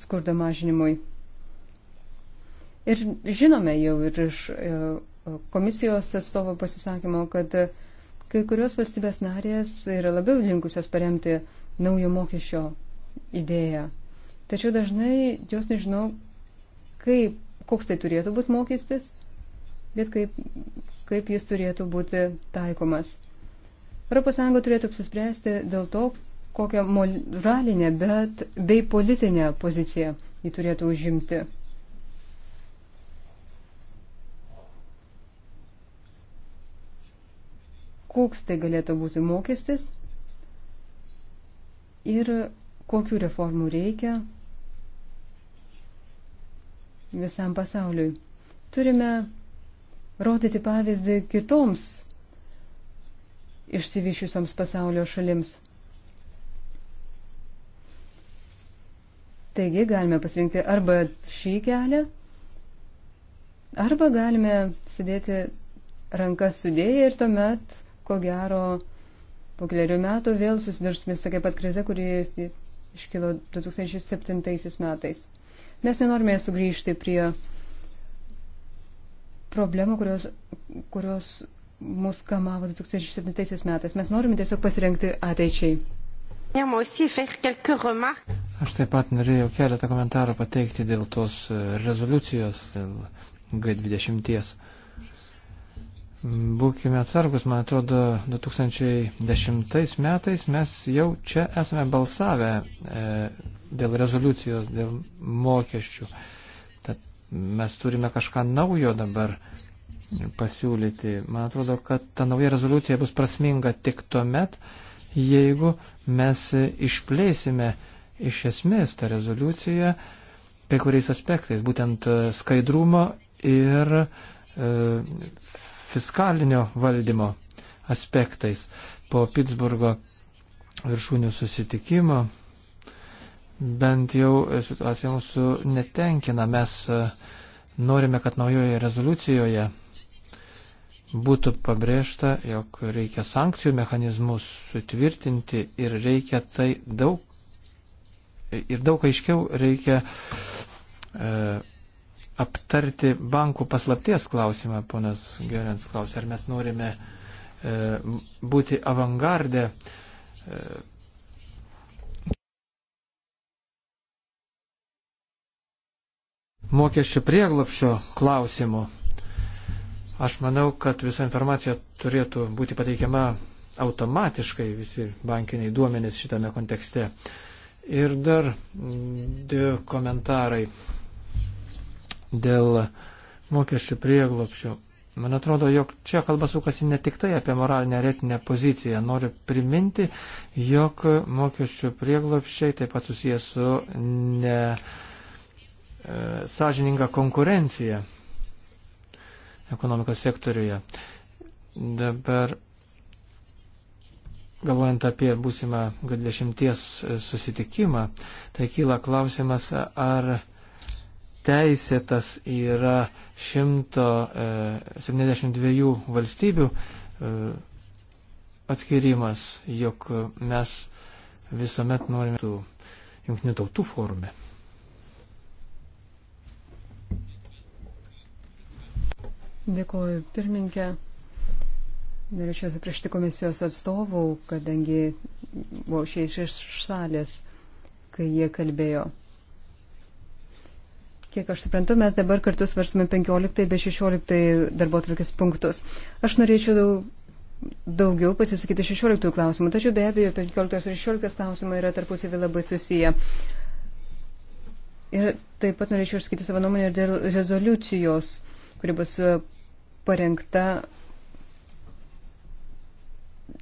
Speaker 4: skurdo mažinimui. Ir žinome jau ir iš e, komisijos atstovo pasisakymo, kad kai kurios valstybės narės yra labiau linkusios paremti naujo mokesčio idėją. Tačiau dažnai jos nežino, kaip, koks tai turėtų būti mokestis, bet kaip, kaip jis turėtų būti taikomas. ES turėtų apsispręsti dėl to, kokią moralinę, bet bei politinę poziciją jį turėtų užimti. Koks tai galėtų būti mokestis ir kokiu reformų reikia visam pasauliui. Turime rodyti pavyzdį kitoms išsivyšiusioms pasaulio šalims. Taigi galime pasirinkti arba šį kelią, arba galime sėdėti rankas sudėję ir tuomet, ko gero, po keliarių metų vėl susidursime su tokia pat krize, kuri iškilo 2007 metais. Mes nenorime sugrįžti prie problemų, kurios, kurios mus kamavo 2007 metais. Mes norime tiesiog pasirengti ateičiai.
Speaker 2: Aš taip pat norėjau keletą komentarų pateikti dėl tos e, rezoliucijos, dėl G20. -ties. Būkime atsargus, man atrodo, 2010 metais mes jau čia esame balsavę e, dėl rezoliucijos, dėl mokesčių. Tad mes turime kažką naujo dabar pasiūlyti. Man atrodo, kad ta nauja rezoliucija bus prasminga tik tuo met, jeigu mes išplėsime iš esmės tą rezoliuciją kai kuriais aspektais, būtent e, skaidrumo ir e, fiskalinio valdymo aspektais. Po Pittsburgo viršūnių susitikimo bent jau situacija mūsų netenkina. Mes e, norime, kad naujoje rezoliucijoje būtų pabrėžta, jog reikia sankcijų mechanizmus sutvirtinti ir reikia tai daug ir daug aiškiau reikia e, aptarti bankų paslapties klausimą, ponas Gerens klausė, ar mes norime e, būti avangardę. E, Mokesčių prieglopšio klausimų Aš manau, kad visa informacija turėtų būti pateikiama automatiškai visi bankiniai duomenys šitame kontekste. Ir dar mm, du komentarai dėl mokesčių prieglopščių. Man atrodo, jog čia kalba sukasi ne tik tai apie moralinę ir etinę poziciją. Noriu priminti, jog mokesčių prieglopščiai taip pat susijęs su ne e, sąžininga konkurencija ekonomikos sektoriuje. Dabar galvojant apie būsimą G20 susitikimą, tai kyla klausimas, ar teisėtas yra 172 e, valstybių e, atskirimas, jog mes visuomet norime jungtinių tautų forume.
Speaker 4: Dėkuoju, pirmininkė. Norėčiau atsiprašyti komisijos atstovų, kadangi buvau šiais iš šalės, kai jie kalbėjo. Kiek aš suprantu, mes dabar kartu svarstame 15 bei 16 darbo atvarkės punktus. Aš norėčiau daugiau pasisakyti 16 klausimų, tačiau be abejo 15 ir 16 klausimai yra tarpusavį labai susiję. Ir taip pat norėčiau išskirti savo nuomonę ir dėl rezoliucijos, kuri bus parengta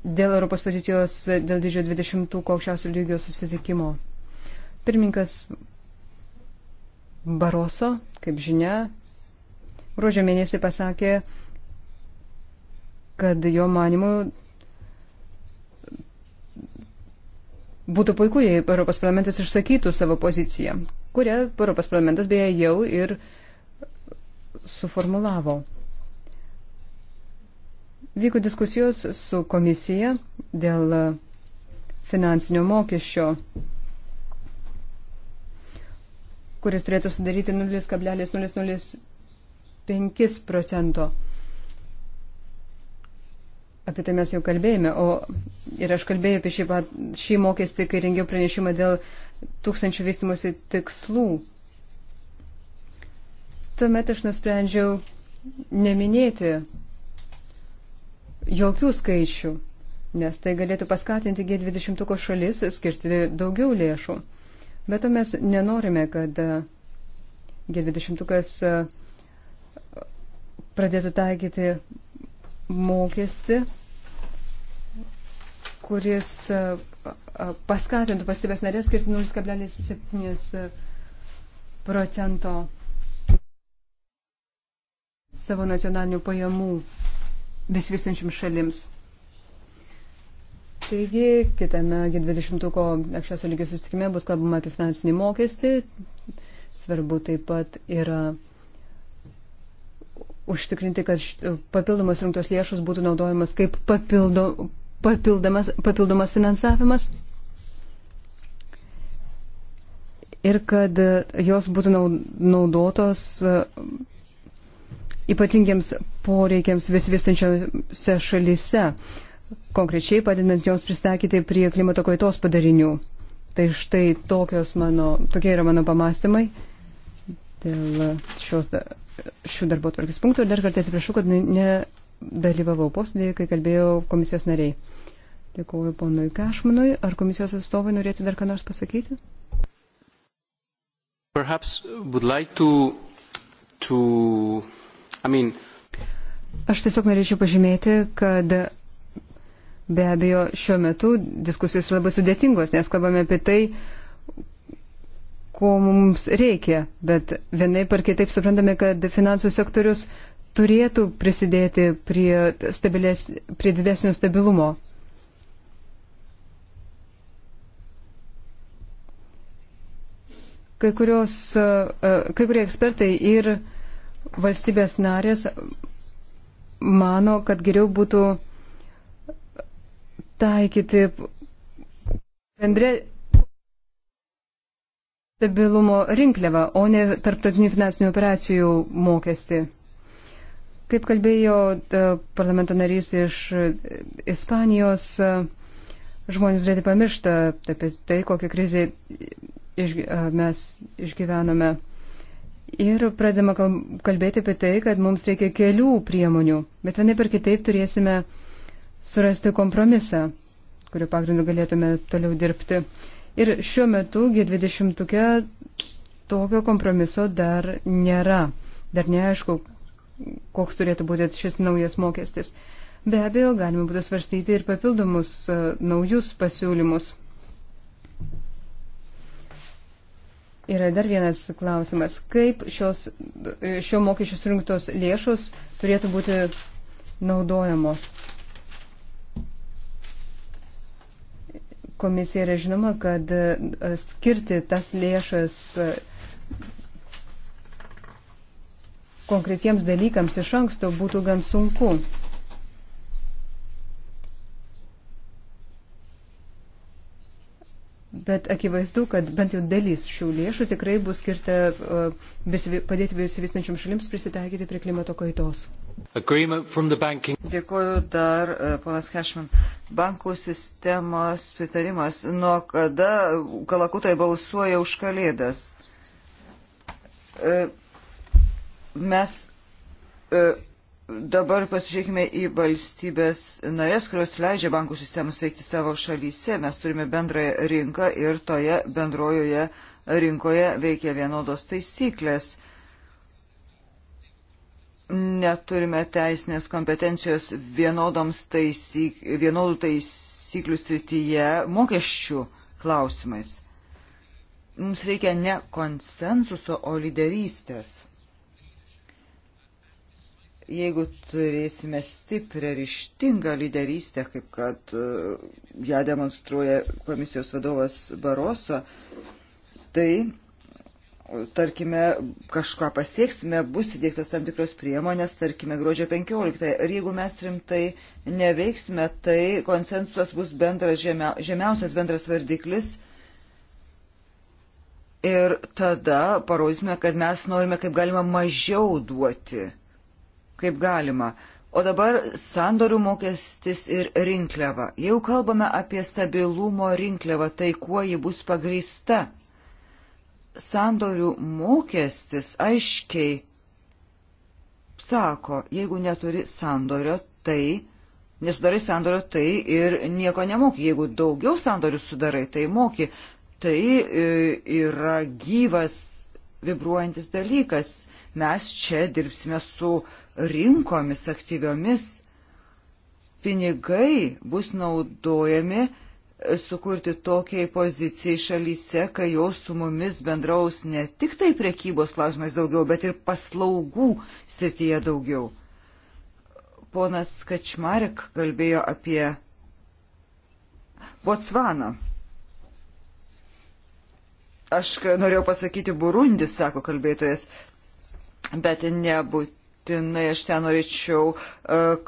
Speaker 4: dėl Europos pozicijos dėl didžiojo 20-ko aukščiausio lygio susitikimo. Pirmininkas Baroso, kaip žinia, gruodžio mėnesį pasakė, kad jo manimu būtų puiku, jei Europos parlamentas išsakytų savo poziciją, kurią Europos parlamentas beje jau ir suformulavo. Vyko diskusijos su komisija dėl finansinio mokesčio, kuris turėtų sudaryti 0,005 procento. Apie tai mes jau kalbėjome, o ir aš kalbėjau apie šį, šį mokestį, kai rengiau pranešimą dėl tūkstančių vystimosi tikslų. Tuomet aš nusprendžiau neminėti jokių skaičių, nes tai galėtų paskatinti G20 šalis skirti daugiau lėšų. Bet to mes nenorime, kad e, G20 e, pradėtų taikyti mokestį, kuris e, paskatintų pastibės narės skirti 0,7 procento savo nacionalinių pajamų besivystančiam šalims. Taigi, kitame G20-ko apšiausio lygio sustikime bus kalbama apie finansinį mokestį. Svarbu taip pat yra užtikrinti, kad papildomas rinktos lėšos būtų naudojamas kaip papildo, papildomas, papildomas finansavimas ir kad jos būtų naudotos ypatingiems poreikiams besivystančiose šalyse, konkrečiai padedant joms pristatyti prie klimato kaitos padarinių. Tai štai tokios mano, tokie yra mano pamastymai dėl šios, šių darbo tvarkės punktų ir dar kartą atsiprašau, kad nedalyvavau posėdėje, kai kalbėjau komisijos nariai. Dėkuoju ponui Kašmanui. Ar komisijos atstovai norėtų dar ką nors pasakyti?
Speaker 2: Perhaps would like to, to I mean...
Speaker 4: Aš tiesiog norėčiau pažymėti, kad be abejo šiuo metu diskusijos labai sudėtingos, nes kalbame apie tai, ko mums reikia, bet vienai par kitaip suprantame, kad finansų sektorius turėtų prisidėti prie, stabilės, prie didesnio stabilumo. Kai, kurios, e, kai kurie ekspertai ir uh, valstybės narės mano, kad geriau būtų taikyti bendrė stabilumo rinkliavą, o ne tarptautinių finansinių operacijų mokestį. Kaip kalbėjo e, parlamento narys iš e, Ispanijos, e, žmonės greitai pamiršta apie tai, kokią krizę iš, mes išgyvenome. Ir pradedama kalbėti apie tai, kad mums reikia kelių priemonių, bet vienai per kitaip turėsime surasti kompromisą, kurio pagrindu galėtume toliau dirbti. Ir šiuo metu G20 tokio kompromiso dar nėra. Dar neaišku, koks turėtų būti šis naujas mokestis. Be abejo, galima būtų svarstyti ir papildomus uh, naujus pasiūlymus. Yra dar vienas klausimas. Kaip šios, šio mokesčio surinktos lėšos turėtų būti naudojamos? Komisija yra žinoma, kad e, skirti tas lėšas e, konkretiems dalykams iš anksto būtų gan sunku. bet akivaizdu, kad bent jau dalis šių lėšų tikrai bus skirta e, padėti besivystančiam šalims prisitaikyti prie klimato kaitos.
Speaker 1: Dėkuoju dar, e, ponas Kešman. Bankų sistemos pritarimas. Nuo kada kalakutai balsuoja už kalėdas? E, mes Dabar pasižiūrėkime į valstybės narės, kurios leidžia bankų sistemas veikti savo šalyse. Mes turime bendrąją rinką ir toje bendrojoje rinkoje veikia vienodos taisyklės. Neturime teisinės kompetencijos vienodoms taisyk, vienodų taisyklių srityje mokesčių klausimais. Mums reikia ne konsensuso, o lyderystės. Jeigu turėsime stiprią ryštingą lyderystę, kaip kad e, ją demonstruoja komisijos vadovas Baroso, tai, tarkime, kažką pasieksime, bus įdėktos tam tikros priemonės, tarkime, gruodžio 15. Ir jeigu mes rimtai neveiksime, tai konsensusas bus bendras žemia, žemiausias bendras vardiklis ir tada parodysime, kad mes norime kaip galima mažiau duoti kaip galima. O dabar sandorių mokestis ir rinkliava. Jau kalbame apie stabilumo rinkliavą, tai kuo ji bus pagrįsta. Sandorių mokestis aiškiai sako, jeigu neturi sandorio, tai nesudarai sandorio, tai ir nieko nemoki. Jeigu daugiau sandorių sudarai, tai moki. Tai e, yra gyvas, vibruojantis dalykas Mes čia dirbsime su rinkomis aktyviomis. Pinigai bus naudojami e, sukurti tokiai pozicijai šalyse, kai jos su mumis bendraus ne tik tai prekybos klausimais daugiau, bet ir paslaugų srityje daugiau. Ponas Kačmarek kalbėjo apie Botsvaną. Aš norėjau pasakyti Burundis, sako kalbėtojas bet nebūtinai aš ten norėčiau e,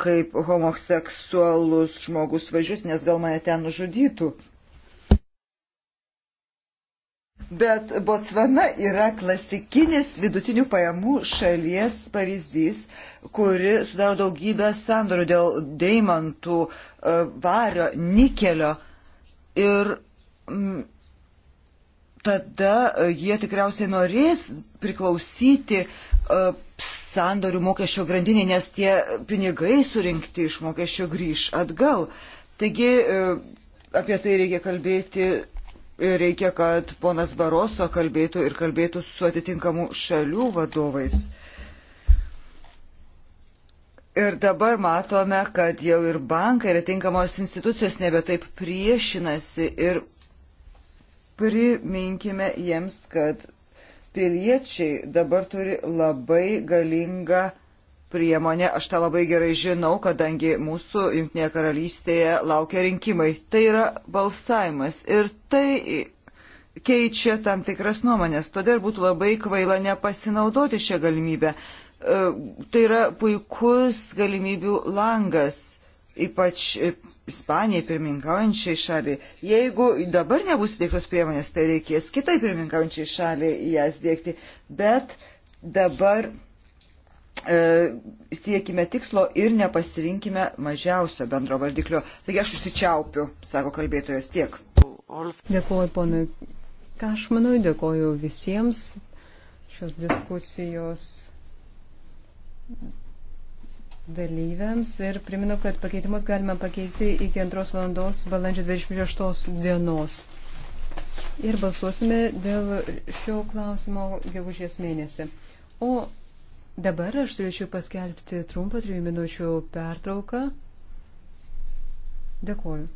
Speaker 1: kaip homoseksualus žmogus važiuoti, nes gal mane ten nužudytų. Bet Botsvana yra klasikinis vidutinių pajamų šalies pavyzdys, kuri sudaro daugybę sandorių dėl deimantų, e, vario, nikelio. Ir mm, tada e, jie tikriausiai norės priklausyti e, sandorių mokesčio grandinį, nes tie pinigai surinkti iš mokesčio grįž atgal. Taigi e, apie tai reikia kalbėti ir reikia, kad ponas Baroso kalbėtų ir kalbėtų su atitinkamų šalių vadovais. Ir dabar matome, kad jau ir bankai ir atitinkamos institucijos nebetaip priešinasi ir priminkime jiems, kad piliečiai dabar turi labai galingą priemonę. Aš tą labai gerai žinau, kadangi mūsų Junktinėje karalystėje laukia rinkimai. Tai yra balsavimas ir tai keičia tam tikras nuomonės. Todėl būtų labai kvaila nepasinaudoti šią galimybę. E, tai yra puikus galimybių langas, ypač Ispanijai pirmininkaujančiai šaliai. Jeigu dabar nebus dėktos priemonės, tai reikės kitai pirmininkaujančiai šaliai jas dėkti. Bet dabar e, siekime tikslo ir nepasirinkime mažiausio bendro vardiklio. Taigi aš užsičiaupiu, sako kalbėtojas tiek.
Speaker 4: Dėkuoju ponui Kašmanui, dėkuoju visiems šios diskusijos dalyviams ir priminu, kad pakeitimus galima pakeiti iki 2 valandos balandžio 26 dienos. Ir balsuosime dėl šio klausimo gegužės mėnesį. O dabar aš turėčiau paskelbti trumpą 3 minučių pertrauką. Dėkuoju.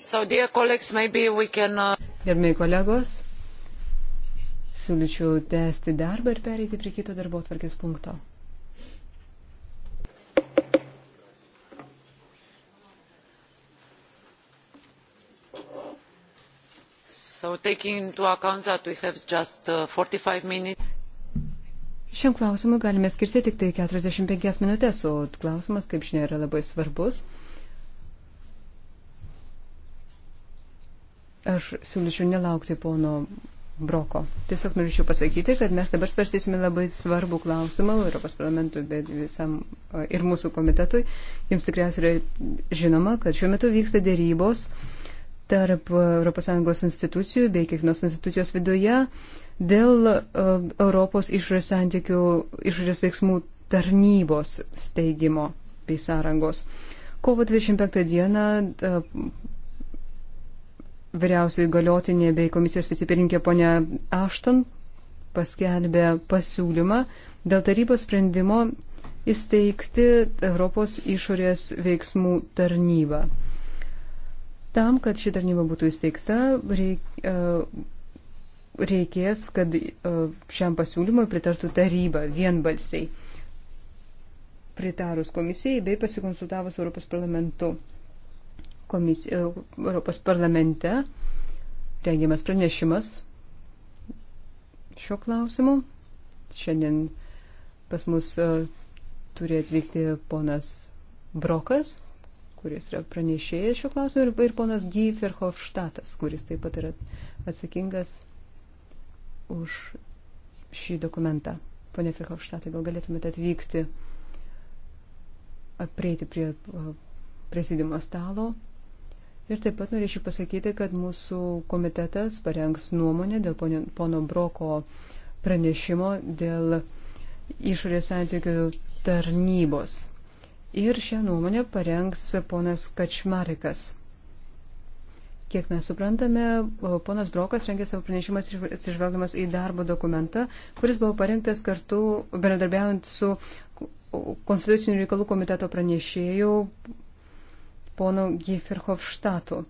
Speaker 3: So, dear colleagues, maybe we can. Uh,
Speaker 4: Gerbėjai kolegos, siūlyčiau tęsti darbą ir pereiti prie kito darbo atvarkės punkto.
Speaker 3: So, taking into account that we have just uh, 45 minutes.
Speaker 4: Šiam klausimui galime skirti tik tai 45 minutės, o klausimas, kaip žinia, yra labai svarbus. Uh, Aš siūlyčiau nelaukti pono Broko. Tiesiog norėčiau pasakyti, kad mes dabar svarstysime labai svarbų klausimą Europos parlamentui, bet visam ir mūsų komitetui. Jums tikriausiai yra žinoma, kad šiuo metu vyksta dėrybos tarp ES institucijų bei kiekvienos institucijos viduje dėl Europos išorės santykių, išorės veiksmų tarnybos steigimo bei sąrangos. Kovo 25 dieną vyriausiai galiotinė bei komisijos vicepirinkė ponia Ašton paskelbė pasiūlymą dėl tarybos sprendimo įsteigti Europos išorės veiksmų tarnybą. Tam, kad ši tarnyba būtų įsteigta, e, reikės, kad e, šiam pasiūlymui pritartų taryba vienbalsiai, pritarus komisijai bei pasikonsultavus Europos parlamentu komisijo, e, Europos parlamente rengiamas pranešimas šiuo klausimu. Šiandien pas mus e, turi atvykti ponas Brokas, kuris yra pranešėjęs šiuo klausimu, ir, ir ponas Gyferhofštatas, kuris taip pat yra atsakingas už šį dokumentą. Pone Ferhofštatai, gal galėtumėte atvykti, prieiti prie prezidimo stalo Ir taip pat norėčiau pasakyti, kad mūsų komitetas parengs nuomonę dėl pono Broko pranešimo dėl išorės santykių tarnybos. Ir šią nuomonę parengs ponas Kačmarikas. Kiek mes suprantame, ponas Brokas rengė savo pranešimas atsižvelgdamas į darbo dokumentą, kuris buvo parengtas kartu bendradarbiaujant su Konstitucinių reikalų komiteto pranešėjų ponu Giferhofštatu.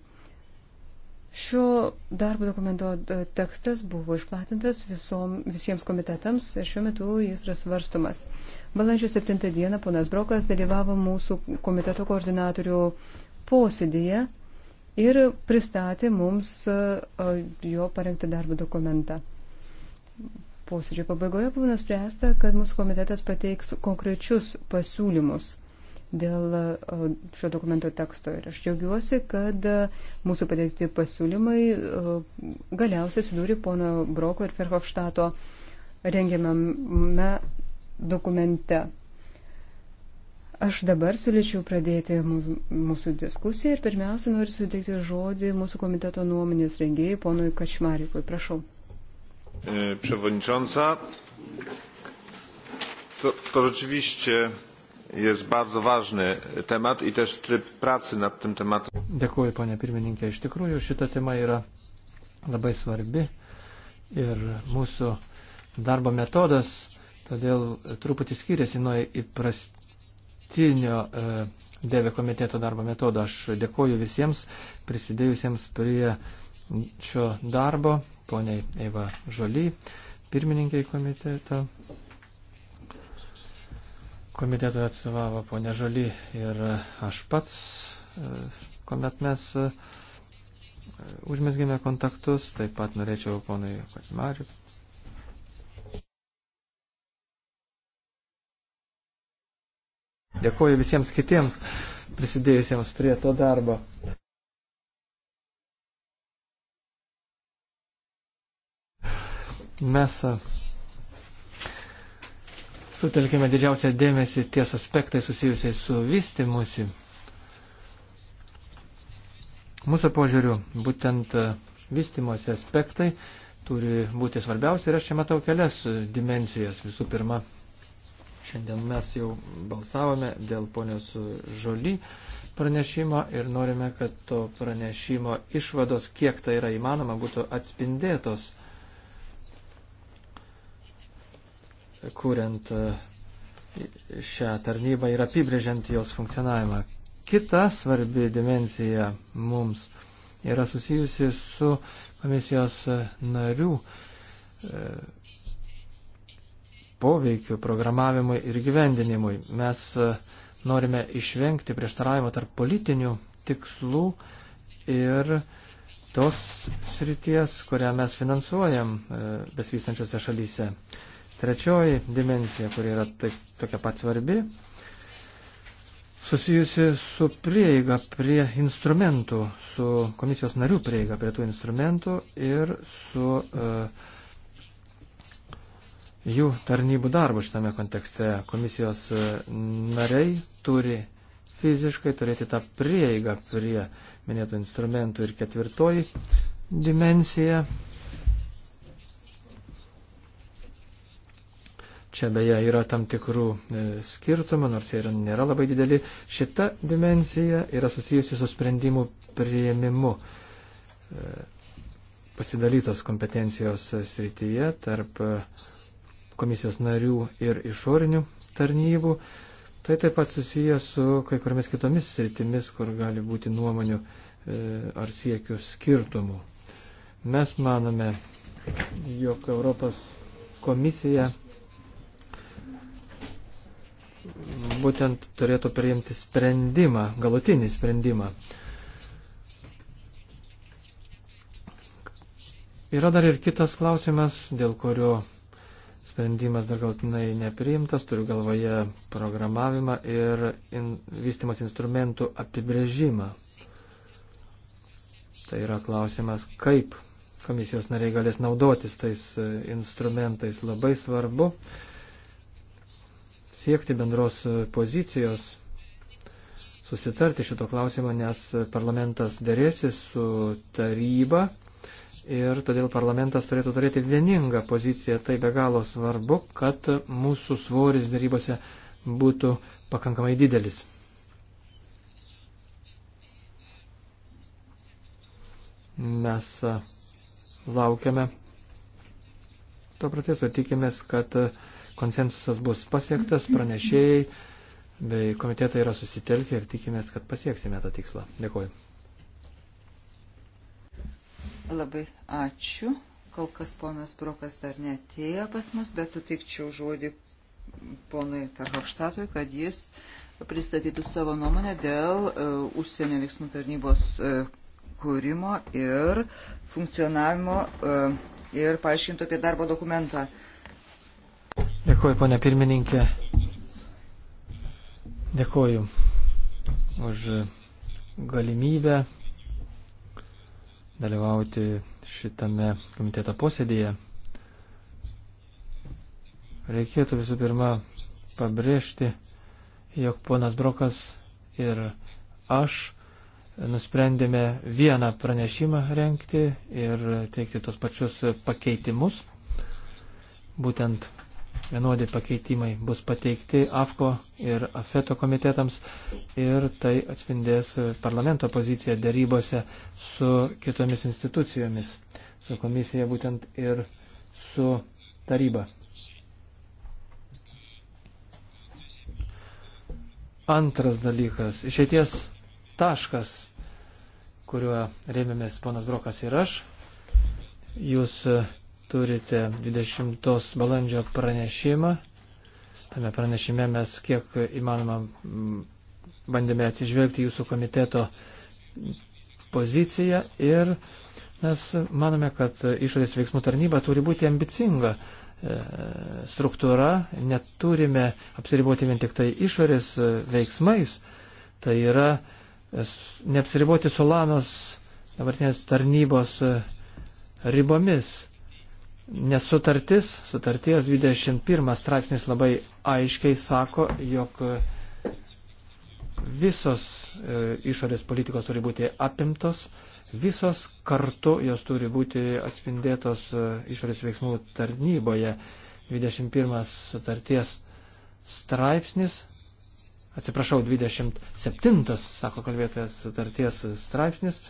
Speaker 4: Šio darbo dokumento tekstas buvo išplatintas visom, visiems komitetams ir šiuo metu jis yra svarstomas. Balandžio 7 dieną ponas Brokas dalyvavo mūsų komiteto koordinatorių posėdėje ir pristatė mums e, jo parengtą darbo dokumentą. Posėdžio pabaigoje buvo nuspręsta, kad mūsų komitetas pateiks konkrečius pasiūlymus dėl šio dokumento teksto. Ir aš džiaugiuosi, kad e, mūsų pateikti pasiūlymai galiausiai sudūri pono Broko ir Ferhofštato rengiamame dokumente. Aš dabar siūlyčiau pradėti mūsų diskusiją ir pirmiausia noriu suteikti žodį mūsų komiteto nuomonės rengėjai ponui Kačmarikui. Prašau.
Speaker 2: E, przewodnicząca, to, to rzeczywiście Jest bardzo ważny temat i też tryb pracy nad tym tematem. Dėkuoju, ponė pirmininkė. Iš tikrųjų, šita tema yra labai svarbi ir mūsų darbo metodas todėl truputį skiriasi nuo įprastinio e, Dėvė komiteto darbo metodo. Aš dėkoju visiems prisidėjusiems prie šio darbo, poniai Eiva Žoly, pirmininkiai komiteto komitetui atstovavo ponė Žali ir aš pats, e, kuomet mes e, užmesgėme kontaktus, taip pat norėčiau ponui Kotimariu. Dėkuoju visiems kitiems prisidėjusiems prie to darbo. Mes sutelkime didžiausią dėmesį ties aspektai susijusiai su vystimusi. Mūsų požiūriu, būtent e, vystimosi aspektai turi būti svarbiausi ir aš čia matau kelias dimensijas. Visų pirma, šiandien mes jau balsavome dėl ponios Žoly pranešimo ir norime, kad to pranešimo išvados, kiek tai yra įmanoma, būtų atspindėtos uh, kuriant e, šią tarnybą ir apibrėžiant jos funkcionavimą. Kita svarbi dimensija mums yra susijusi su komisijos narių e, poveikiu programavimui ir gyvendinimui. Mes e, norime išvengti prieštaravimo tarp politinių tikslų ir tos srities, kurią mes finansuojam besvystančiose šalyse. Trečioji dimensija, kuri yra taip, tokia pat svarbi, susijusi su prieiga prie instrumentų, su komisijos narių prieiga prie tų instrumentų ir su uh, jų tarnybų darbu šitame kontekste. Komisijos e, nariai turi fiziškai turėti tą prieigą prie minėtų instrumentų ir ketvirtoji dimensija Čia beje yra tam tikrų e, skirtumų, nors jie nėra labai dideli. Šita dimensija yra susijusi su sprendimų prieimimu e, pasidalytos kompetencijos srityje tarp e, komisijos narių ir išorinių tarnybų. Tai taip pat susiję su kai kuriamis kitomis sritimis, kur gali būti nuomonių ar siekių skirtumų. Mes manome, jog Europos komisija būtent turėtų priimti sprendimą, galutinį sprendimą. Yra dar ir kitas klausimas, dėl kurio sprendimas dar galtinai nepriimtas, turiu galvoje programavimą ir in, vystimas instrumentų apibrėžimą. Tai yra klausimas, kaip komisijos nariai galės naudotis tais e, instrumentais. Labai svarbu, siekti bendros pozicijos, susitarti šito klausimo, nes parlamentas dėrėsis su taryba ir todėl parlamentas turėtų turėti vieningą poziciją. Tai be galo svarbu, kad mūsų svoris dėrybose būtų pakankamai didelis. Mes laukiame to proceso, tikimės, kad uh, konsensusas bus pasiektas, pranešėjai bei komitetai yra susitelkę ir tikimės, kad pasieksime tą tikslą. Dėkuoju.
Speaker 1: Labai ačiū. Kol kas ponas Brokas dar netėjo pas mus, bet sutikčiau žodį ponui Perhofštatui, kad jis pristatytų savo nuomonę dėl uh, užsienio veiksmų tarnybos uh, kūrimo ir funkcionavimo uh, ir paaiškintų apie darbo dokumentą. Uh,
Speaker 2: Dėkuoju, ponė pirmininkė. Dėkuoju už galimybę dalyvauti šitame komiteto posėdėje. Reikėtų visų pirma pabrėžti, jog ponas Brokas ir aš nusprendėme vieną pranešimą renkti ir teikti tos pačius pakeitimus. Būtent vienodi pakeitimai bus pateikti AFKO ir AFETO komitetams ir tai atspindės parlamento poziciją darybose su kitomis institucijomis, su komisija būtent ir su taryba. Antras dalykas, išeities taškas, kuriuo rėmėmės ponas Brokas ir aš. Jūs turite 20 balandžio pranešimą. Tame pranešime mes kiek įmanoma bandėme atsižvelgti jūsų komiteto poziciją ir mes manome, kad išorės veiksmų tarnyba turi būti ambicinga e, struktūra, neturime apsiriboti vien tik tai išorės e, veiksmais, tai yra e, neapsiriboti Solanos dabartinės tarnybos ribomis. Nes sutartis, sutarties 21 straipsnis labai aiškiai sako, jog visos e, išorės politikos turi būti apimtos, visos kartu jos turi būti atspindėtos e, išorės veiksmų tarnyboje. 21 sutarties straipsnis, atsiprašau, 27 sako kalbėtojas sutarties straipsnis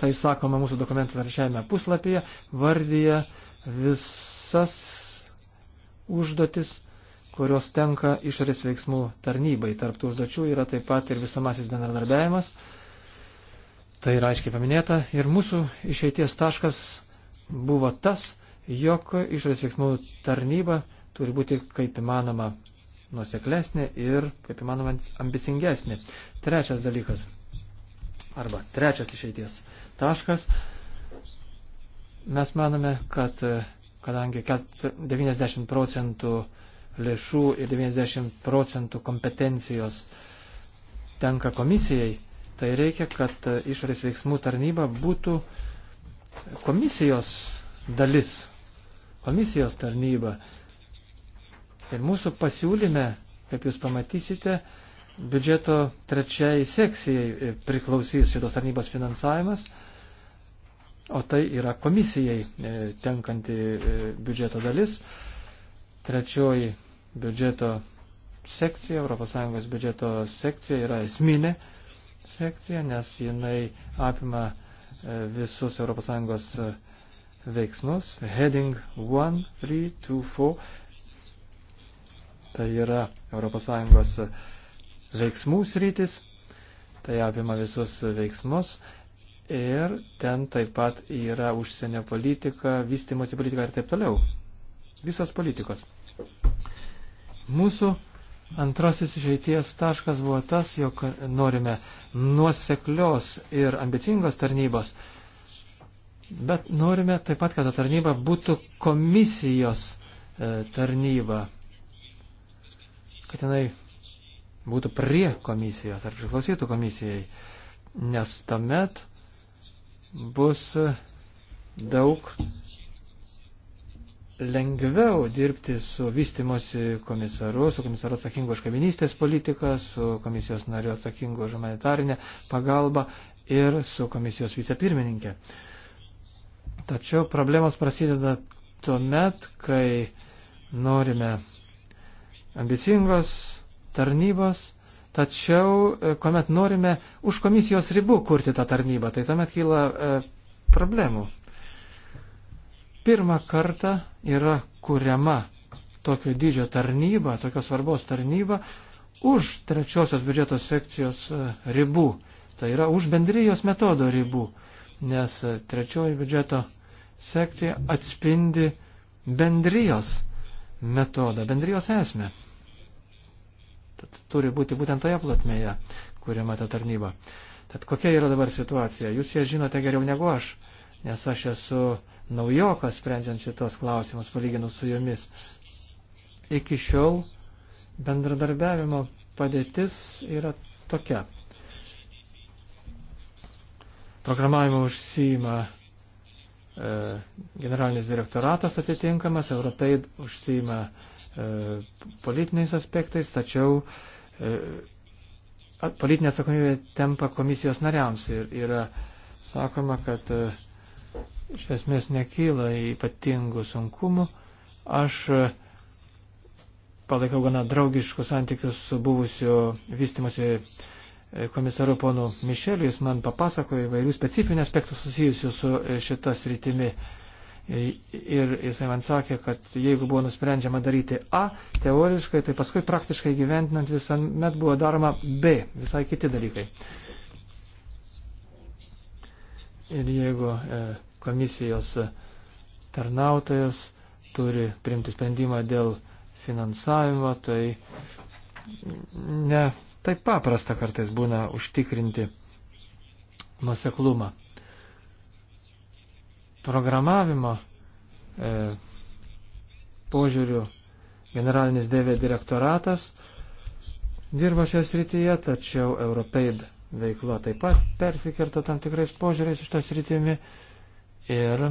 Speaker 2: tai sakoma mūsų dokumentų trečiajame puslapyje, vardyje visas užduotis, kurios tenka išorės veiksmų tarnybai. Tarptų užduočių yra taip pat ir visuomasis bendradarbiavimas. Tai yra aiškiai paminėta. Ir mūsų išeities taškas buvo tas, jog išorės veiksmų tarnyba turi būti kaip įmanoma nuseklesnė ir kaip įmanoma ambicingesnė. Trečias dalykas arba trečias išeities taškas. Mes manome, kad e, kadangi 90 procentų lėšų ir 90 procentų kompetencijos tenka komisijai, tai reikia, kad e, išorės veiksmų tarnyba būtų komisijos dalis, komisijos tarnyba. Ir mūsų pasiūlyme, kaip jūs pamatysite, Biudžeto trečiai sekcijai priklausys šitos tarnybos finansavimas, o tai yra komisijai e, tenkanti e, biudžeto dalis. Trečioji biudžeto sekcija, ES biudžeto sekcija yra esminė sekcija, nes jinai apima e, visus ES veiksmus. Heading 1, 3, 2, 4. Tai yra ES veiksmų sritis, tai apima visus veiksmus ir ten taip pat yra užsienio politika, vystimosi politika ir taip toliau. Visos politikos. Mūsų antrasis išeities taškas buvo tas, jog norime nuoseklios ir ambicingos tarnybos, bet norime taip pat, kad ta tarnyba būtų komisijos e, tarnyba, kad jinai būtų prie komisijos ar priklausytų komisijai, nes tuomet bus daug lengviau dirbti su vystimosi komisaru, su komisaru atsakingu už kaiminystės politiką, su komisijos nariu atsakingu už humanitarinę pagalbą ir su komisijos vicepirmininkė. Tačiau problemos prasideda tuomet, kai norime ambicingos tarnybos, tačiau, e, kuomet norime už komisijos ribų kurti tą tarnybą, tai tuomet kyla e, problemų. Pirmą kartą yra kuriama tokio dydžio tarnyba, tokios svarbos tarnyba už trečiosios biudžeto sekcijos e, ribų, tai yra už bendrijos metodo ribų, nes e, trečioji biudžeto sekcija atspindi bendrijos metodą, bendrijos esmę. Tad turi būti būtent toje plotmėje kuriama ta tarnyba. Tad kokia yra dabar situacija? Jūs ją žinote geriau negu aš, nes aš esu naujokas sprendžiant šitos klausimus palyginus su jumis. Iki šiol bendradarbiavimo padėtis yra tokia. Programavimo užsijima e, generalinis direktoratas atitinkamas, Europai užsijima e, E, politiniais aspektais, tačiau e, politinė atsakomybė tempa komisijos nariams ir yra sakoma, kad e, iš esmės nekyla ypatingų sunkumų. Aš palaikau gana draugiškus santykius su buvusiu vystimosi komisaru ponu Mišeliu, jis man papasakojo įvairių specifinių aspektų susijusių su šitas rytimi. Ir jisai man sakė, kad jeigu buvo nusprendžiama daryti A teoriškai, tai paskui praktiškai gyventinant visuomet buvo daroma B, visai kiti dalykai. Ir jeigu e, komisijos tarnautojas turi priimti sprendimą dėl finansavimo, tai ne taip paprasta kartais būna užtikrinti nuseklumą programavimo e, požiūrių generalinis dėvė direktoratas dirba šios rytyje, tačiau Europeid veikla taip pat persikerta tam tikrais požiūriais iš tas rytimi ir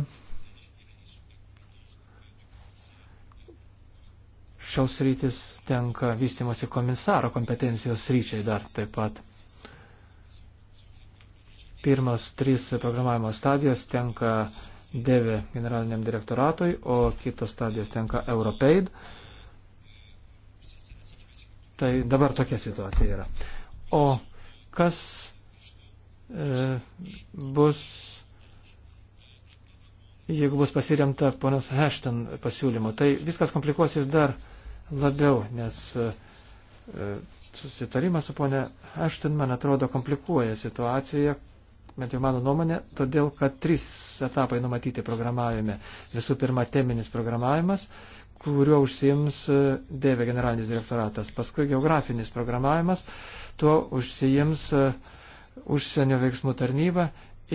Speaker 2: šios rytis tenka vystimosi komisaro kompetencijos ryčiai dar taip pat pirmas trys programavimo stadijos tenka dėvė generaliniam direktoratui, o kitos stadijos tenka Europeid. Tai dabar tokia situacija yra. O kas e, bus, jeigu bus pasiremta ponas Hešton pasiūlymu, tai viskas komplikuosis dar labiau, nes e, e susitarimas su ponė Hešton, man atrodo, komplikuoja situaciją, bent jau mano nuomonė, todėl kad trys etapai numatyti programavime. Visų pirma, teminis programavimas, kuriuo užsiims e, DV generalinis direktoratas. Paskui geografinis programavimas, tuo užsiims e, užsienio veiksmų tarnyba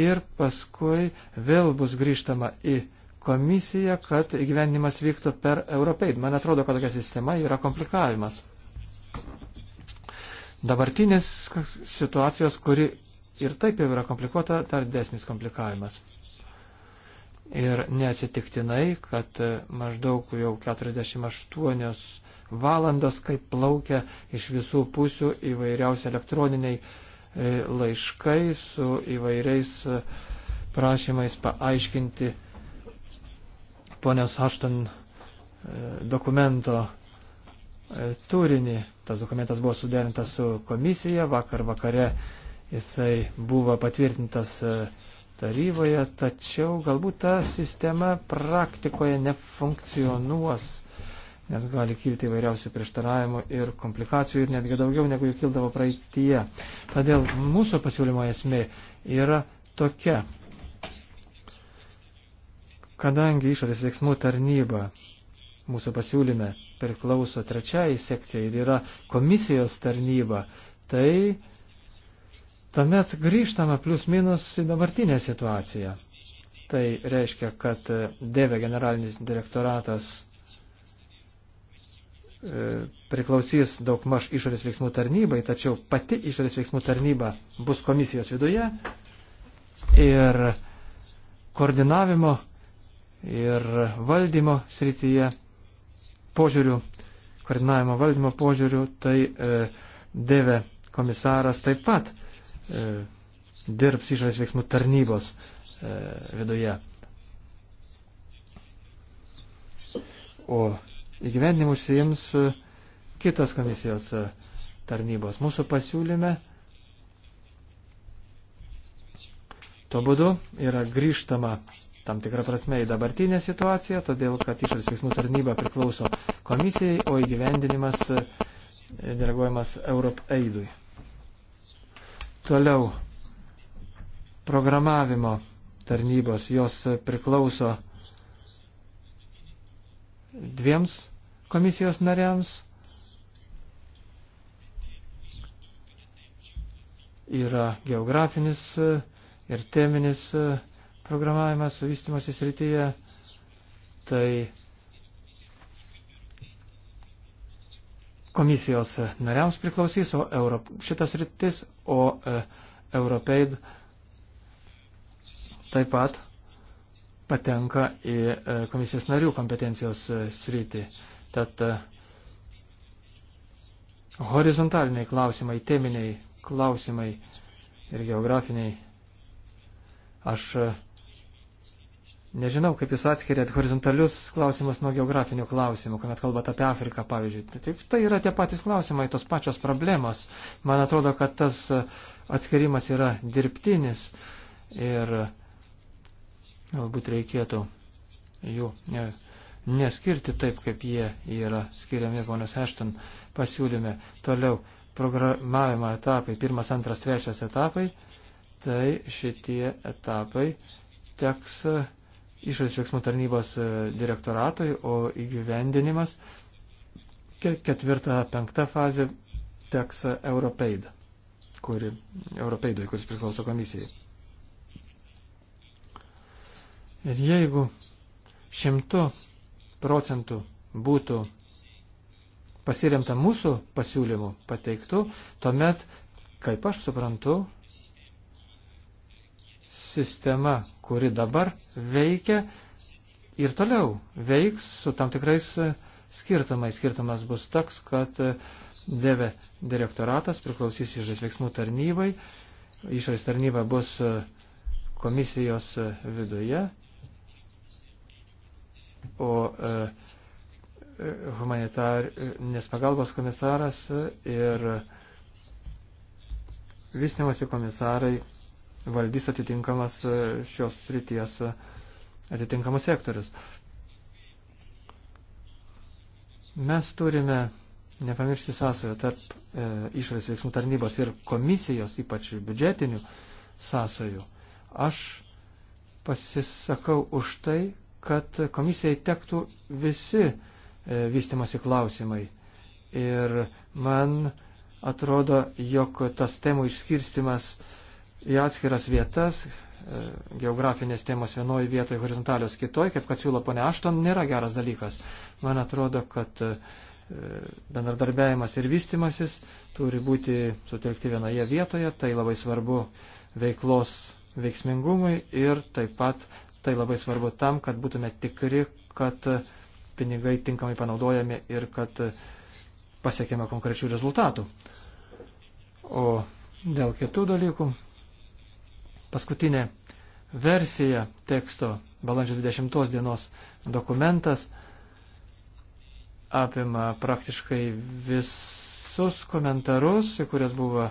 Speaker 2: ir paskui vėl bus grįžtama į komisiją, kad gyvenimas vyktų per Europeid. Man atrodo, kad tokia sistema yra komplikavimas. Dabartinės situacijos, kuri ir taip jau yra komplikuota, dar desnis komplikavimas. Ir neatsitiktinai, kad e, maždaug jau 48 valandos, kai plaukia iš visų pusių įvairiausi elektroniniai e, laiškai su įvairiais e, prašymais paaiškinti ponios Ašton dokumento turinį. Tas dokumentas buvo suderintas su komisija, vakar vakare Jisai buvo patvirtintas e, taryboje, tačiau galbūt ta sistema praktikoje nefunkcionuos, nes gali kilti įvairiausių prieštaravimų ir komplikacijų ir netgi daugiau negu jų kildavo praeitie. Todėl mūsų pasiūlymo esmė yra tokia. Kadangi išorės veiksmų tarnyba mūsų pasiūlyme priklauso trečiai sekcijai ir yra komisijos tarnyba, tai Tuomet grįžtame plus minus į dabartinę situaciją. Tai reiškia, kad e, dėvė generalinis direktoratas e, priklausys daugmaž išorės veiksmų tarnybai, tačiau pati išorės veiksmų tarnyba bus komisijos viduje ir koordinavimo ir valdymo srityje požiūrių, koordinavimo valdymo požiūrių, tai e, dėvė komisaras taip pat E, dirbs išorės veiksmų tarnybos e, viduje. O įgyvendimu užsijims e, kitos komisijos tarnybos. Mūsų pasiūlyme Tuo būdu yra grįžtama tam tikrą prasme į dabartinę situaciją, todėl kad išorės veiksmų tarnyba priklauso komisijai, o įgyvendinimas deleguojamas Europ Aidui. Toliau programavimo tarnybos, jos priklauso dviems komisijos nariams. Yra geografinis ir teminis programavimas vystimosi srityje. Tai komisijos nariams priklausys, o Europ, šitas rytis, o e, Europeid taip pat patenka į e, komisijos narių kompetencijos e, sritį. Tad e, horizontaliniai klausimai, teminiai klausimai ir geografiniai. Aš e, Nežinau, kaip jūs atskiriat horizontalius klausimus nuo geografinių klausimų, kuomet kalbate apie Afriką, pavyzdžiui. Taip, tai yra tie patys klausimai, tos pačios problemos. Man atrodo, kad tas atskirimas yra dirbtinis ir galbūt reikėtų jų neskirti taip, kaip jie yra skiriami ponios Ešton pasiūlyme. Toliau programavimo etapai, pirmas, antras, trečias etapai, tai šitie etapai teks išorės veiksmų tarnybos e, direktoratui, o įgyvendinimas ketvirta, penkta fazė teks Europeid, kuri, Europeidui, kuris priklauso komisijai. Ir jeigu šimtu procentų būtų pasiremta mūsų pasiūlymų pateiktų, tuomet, kaip aš suprantu, sistema, kuri dabar veikia ir toliau veiks su tam tikrais e, skirtumais. Skirtumas bus toks, kad e, DV direktoratas priklausys išorės veiksmų tarnybai, išorės tarnyba bus e, komisijos viduje, o humanitarinės pagalbos komisaras ir vysnimosi komisarai valdys atitinkamas e, šios srities e, atitinkamas sektorius. Mes turime nepamiršti sąsojo tarp e, išorės veiksmų tarnybos ir komisijos, ypač biudžetinių sąsojų. Aš pasisakau už tai, kad komisijai tektų visi e, vystimosi klausimai. Ir man atrodo, jog tas temų išskirstimas e, į atskiras vietas, e, geografinės temos vienoje vietoje, horizontalios kitoje, kaip kad siūlo ponia Ašton, nėra geras dalykas. Man atrodo, kad e, bendradarbiavimas ir vystimasis turi būti sutelkti vienoje vietoje, tai labai svarbu veiklos veiksmingumui ir taip pat tai labai svarbu tam, kad būtume tikri, kad pinigai tinkamai panaudojami ir kad pasiekėme konkrečių rezultatų. O dėl kitų dalykų paskutinė versija teksto balandžio 20 dienos dokumentas apima praktiškai visus komentarus, į kurias buvo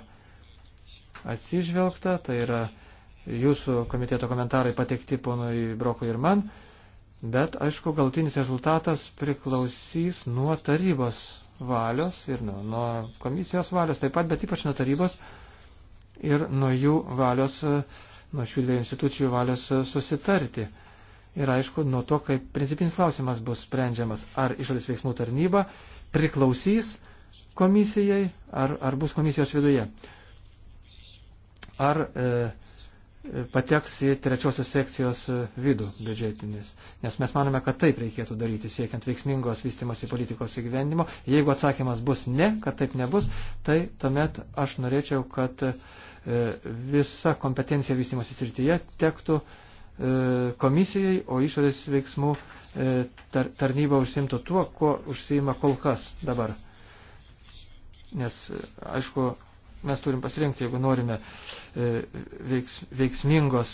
Speaker 2: atsižvelgta, tai yra jūsų komiteto komentarai pateikti ponui Brokui ir man, bet aišku, galtinis rezultatas priklausys nuo tarybos valios ir nuo, nuo komisijos valios taip pat, bet ypač nuo tarybos ir nuo jų valios uh, nuo šių dviejų institucijų valios e, susitarti. Ir aišku, nuo to, kaip principinis klausimas bus sprendžiamas, ar išorės veiksmų tarnyba priklausys komisijai, ar, ar bus komisijos viduje. Ar e, pateks į trečiosios sekcijos e, vidų biudžetinis. Nes mes manome, kad taip reikėtų daryti, siekiant veiksmingos vystimosi politikos įgyvendimo. Jeigu atsakymas bus ne, kad taip nebus, tai tuomet aš norėčiau, kad E, visa kompetencija vystimosi srityje tektų e, komisijai, o išorės veiksmų e, tar, tarnyba užsimtų tuo, kuo užsima kol kas dabar. Nes, aišku, mes turim pasirinkti, jeigu norime veiks, veiksmingos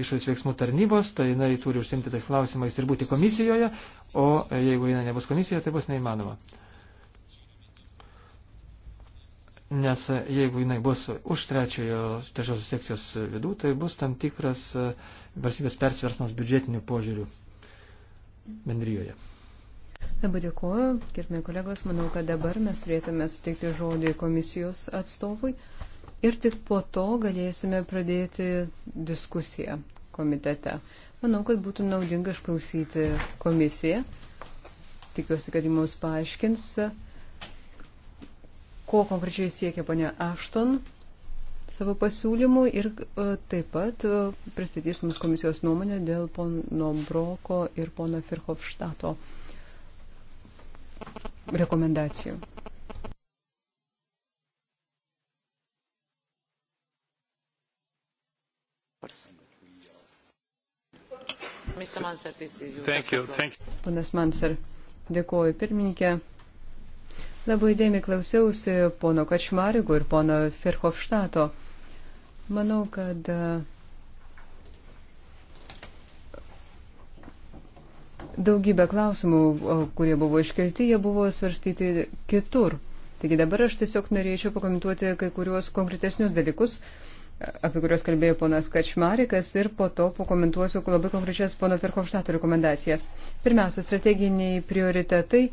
Speaker 2: išorės veiksmų tarnybos, tai jinai turi užsimti tais klausimais ir būti komisijoje, o jeigu jinai nebus komisijoje, tai bus neįmanoma nes e, jeigu jinai bus už trečiojo trečiosios sekcijos vidų, tai bus tam tikras e, valstybės persversmas biudžetinių požiūrių bendryjoje.
Speaker 4: Labai dėkuoju, gerbėjai kolegos, manau, kad dabar mes turėtume suteikti žodį komisijos atstovui ir tik po to galėsime pradėti diskusiją komitete. Manau, kad būtų naudinga išklausyti komisiją. Tikiuosi, kad jį mums paaiškins ko konkrečiai siekia ponia Ašton savo pasiūlymų ir e, taip pat e, pristatys mums komisijos nuomonę dėl pono Broko ir pono Firhofštato rekomendacijų.
Speaker 3: Thank you, thank you.
Speaker 4: Panas Mansar, dėkuoju pirmininkė. Labai dėmi klausiausi pono Kačmarigų ir pono Ferhofštato. Manau, kad e, daugybė klausimų, kurie buvo iškelti, jie buvo svarstyti kitur. Taigi dabar aš tiesiog norėčiau pakomentuoti kai kuriuos konkretesnius dalykus, e, apie kuriuos kalbėjo ponas Kačmarikas ir po to pakomentuosiu labai konkrečias pono Ferhofštato rekomendacijas. Pirmiausia, strateginiai prioritetai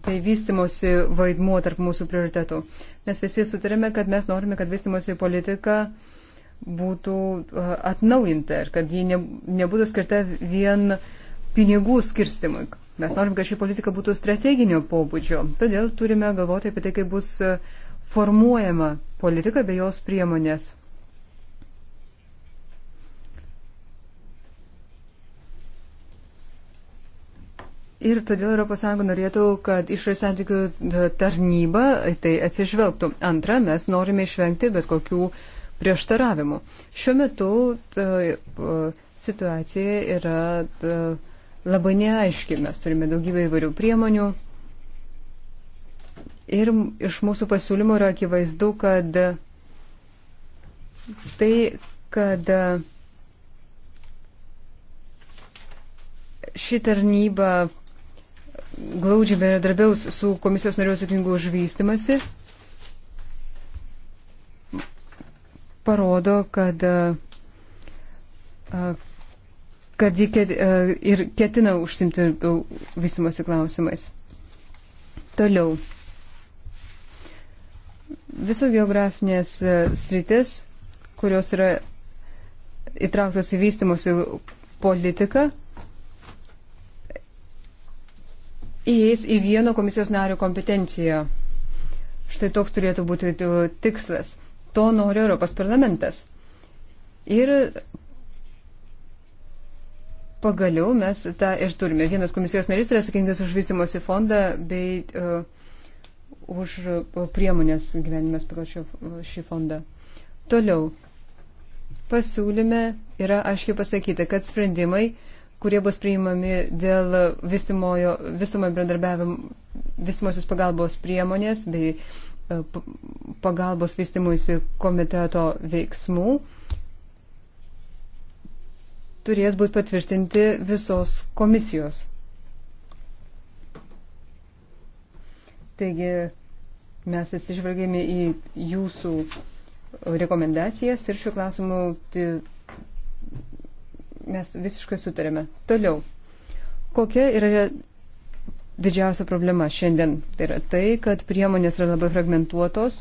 Speaker 4: bei tai vystimosi vaidmuo tarp mūsų prioritetų. Mes visi sutarėme, kad mes norime, kad vystimosi politika būtų atnaujinta ir kad ji ne, nebūtų skirta vien pinigų skirstimui. Mes norim, kad ši politika būtų strateginio pobūdžio. Todėl turime galvoti apie tai, kaip bus formuojama politika bei jos priemonės. Ir todėl ES norėtų, kad išorės santykių tarnyba tai atsižvelgtų. Antra, mes norime išvengti bet kokių prieštaravimų. Šiuo metu ta, e, situacija yra ta, labai neaiški. Mes turime daugybę įvairių priemonių. Ir iš mūsų pasiūlymų yra akivaizdu, kad tai, kad ši tarnyba glaudžiai bendradarbiaus su komisijos nariu atsakingu už vystimasi, parodo, kad, kad ji ket, ir ketina užsimti vystimosi klausimais. Toliau. Visos geografinės sritis, kurios yra įtrauktos į vystimosi politiką, įeis į vieno komisijos nario kompetenciją. Štai toks turėtų būti e, tikslas. To nori Europos parlamentas. Ir pagaliau mes tą ir turime. Vienas komisijos narys yra atsakingas už vystimosi fondą bei uh, už e, priemonės gyvenimas pagal šio, šį fondą. Toliau. Pasiūlyme yra aiškiai pasakyta, kad sprendimai uh, kurie bus priimami dėl vystimojo bendradarbiavimo, vystimosios pagalbos priemonės bei e, pagalbos vystimuisi komiteto veiksmų, turės būti patvirtinti visos komisijos. Taigi mes atsižvelgėme į jūsų rekomendacijas ir šiuo klausimu tai mes visiškai sutarėme. Toliau. Kokia yra didžiausia problema šiandien? Tai yra tai, kad priemonės yra labai fragmentuotos.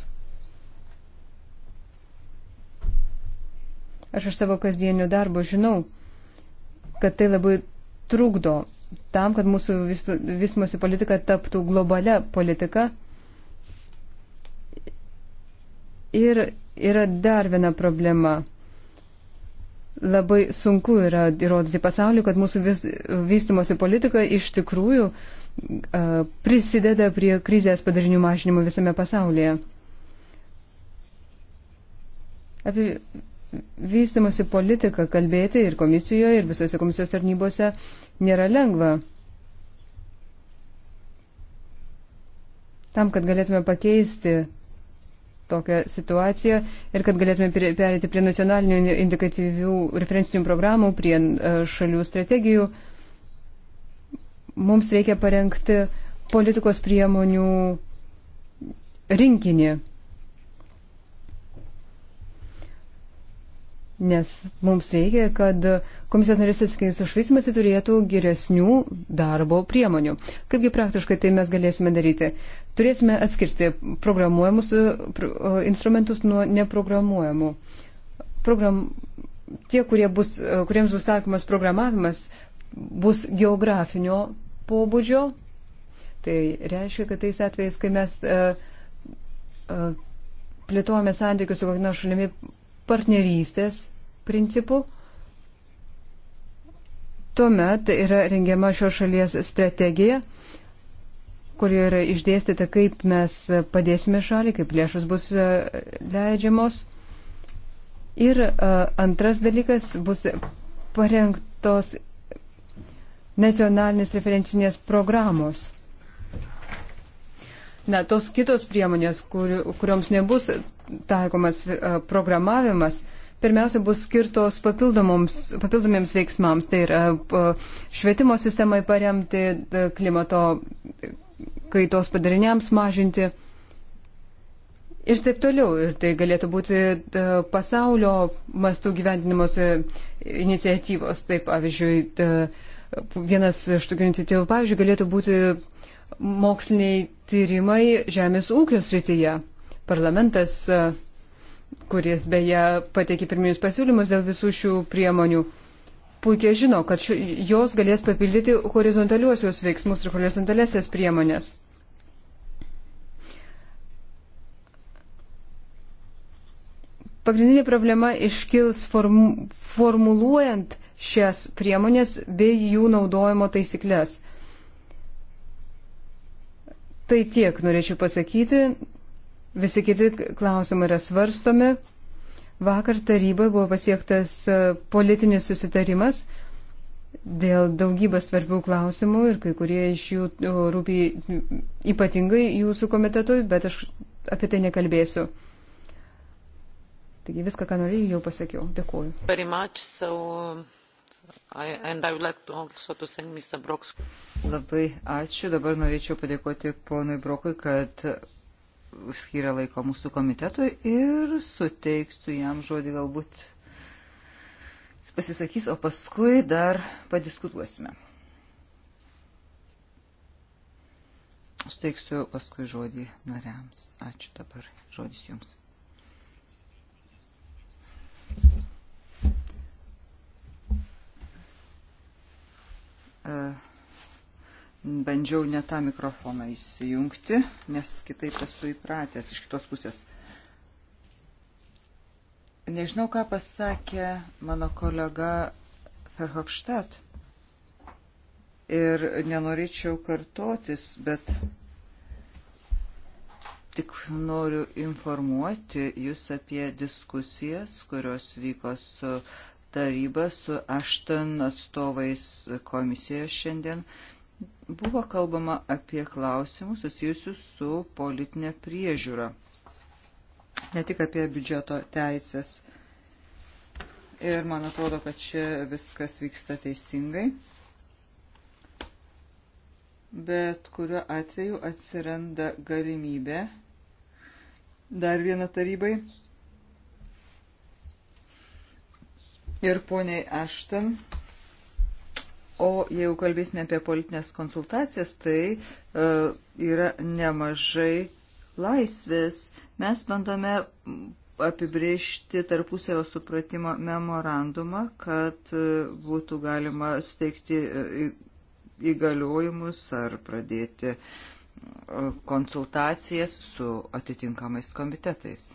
Speaker 4: Aš iš savo kasdienio darbo žinau, kad tai labai trukdo tam, kad mūsų vystimosi politika taptų globalia politika. Ir yra dar viena problema Labai sunku yra įrodyti pasauliu, kad mūsų vis, vystimosi politika iš tikrųjų uh, prisideda prie krizės padarinių mažinimo visame pasaulyje. Apie vystimosi politiką kalbėti ir komisijoje, ir visose komisijos tarnybose nėra lengva. Tam, kad galėtume pakeisti tokią situaciją ir kad galėtume perėti prie nacionalinių indikatyvių referencinių programų, prie e, šalių strategijų, mums reikia parengti politikos priemonių rinkinį. Nes mums reikia, kad uh, komisijos narės atsakingas už vystimąsi turėtų geresnių darbo priemonių. Kaipgi praktiškai tai mes galėsime daryti? Turėsime atskirti programuojamus e, e, instrumentus nuo neprogramuojamų. Program, tie, kurie bus, e, kuriems bus taikomas programavimas, bus geografinio pobūdžio. Tai reiškia, kad tais atvejais, kai mes uh, uh, plėtojame santykius su kokia nors šalimi partnerystės principu, uh, Tuomet yra rengiama šios šalies strategija, kurioje yra išdėstyta, kaip mes padėsime šaliai, kaip lėšos bus e, leidžiamos. Ir e, antras dalykas bus parengtos nacionalinės referencinės programos. Na, tos kitos priemonės, kur, kurioms nebus taikomas e, programavimas, uh, pirmiausia bus skirtos papildomiems veiksmams, tai yra e, švietimo sistemai paremti, e, klimato kaitos padariniams mažinti ir taip toliau. Ir tai galėtų būti e, pasaulio mastų gyvendinimos iniciatyvos. Taip, pavyzdžiui, vienas iš tokių iniciatyvų, pavyzdžiui, galėtų būti moksliniai tyrimai žemės ūkio srityje. Parlamentas uh, kuris beje pateikė pirminius pasiūlymus dėl visų šių priemonių, puikiai žino, kad ši, jos galės papildyti horizontaliuosius veiksmus ir horizontalesias priemonės. Pagrindinė problema iškils form, formuluojant šias priemonės bei jų naudojimo taisyklės. Tai tiek norėčiau pasakyti. Visi kiti klausimai yra svarstomi. Vakar taryboje buvo pasiektas e, politinis susitarimas dėl daugybės svarbių klausimų ir kai kurie iš jų e, rūpi ypatingai jūsų komitetui, bet aš apie tai nekalbėsiu. Taigi viską, ką norėjau, jau pasakiau. Dėkuoju.
Speaker 3: Much, so, I, I like
Speaker 4: Labai ačiū.
Speaker 1: Dabar norėčiau padėkoti ponui Brokui, kad skiria laiko mūsų komitetui ir suteiksiu jam žodį galbūt pasisakys, o paskui dar padiskutuosime. Suteiksiu paskui žodį nariams. Ačiū dabar. Žodis jums. Uh. Bandžiau ne tą mikrofoną įsijungti, nes kitaip esu įpratęs iš kitos pusės. Nežinau, ką pasakė mano kolega Ferhofštat. Ir nenorėčiau kartotis, bet tik noriu informuoti jūs apie diskusijas, kurios vyko su taryba, su Ašten atstovais komisijoje šiandien. Buvo kalbama apie klausimus susijusius su politinė priežiūra, ne tik apie biudžeto teisės. Ir man atrodo, kad čia viskas vyksta teisingai. Bet kuriuo atveju atsiranda galimybė dar vieną tarybai. Ir poniai Ašten O jeigu kalbėsime apie politinės konsultacijas, tai uh, yra nemažai laisvės. Mes bandome apibriežti tarpusavio supratimo memorandumą, kad uh, būtų galima suteikti uh, įgaliojimus ar pradėti uh, konsultacijas su atitinkamais komitetais.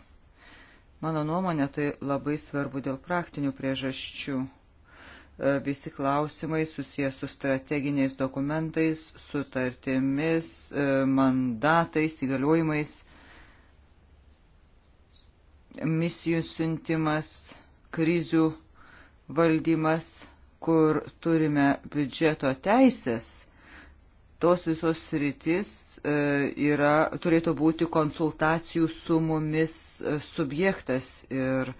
Speaker 1: Mano nuomonė tai labai svarbu dėl praktinių priežasčių. Uh, E, visi klausimai susijęs su strateginiais dokumentais, sutartimis, e, mandatais, įgaliojimais, misijų siuntimas, krizių valdymas, kur turime biudžeto teisės tos visos sritis e, yra, turėtų būti konsultacijų su mumis subjektas ir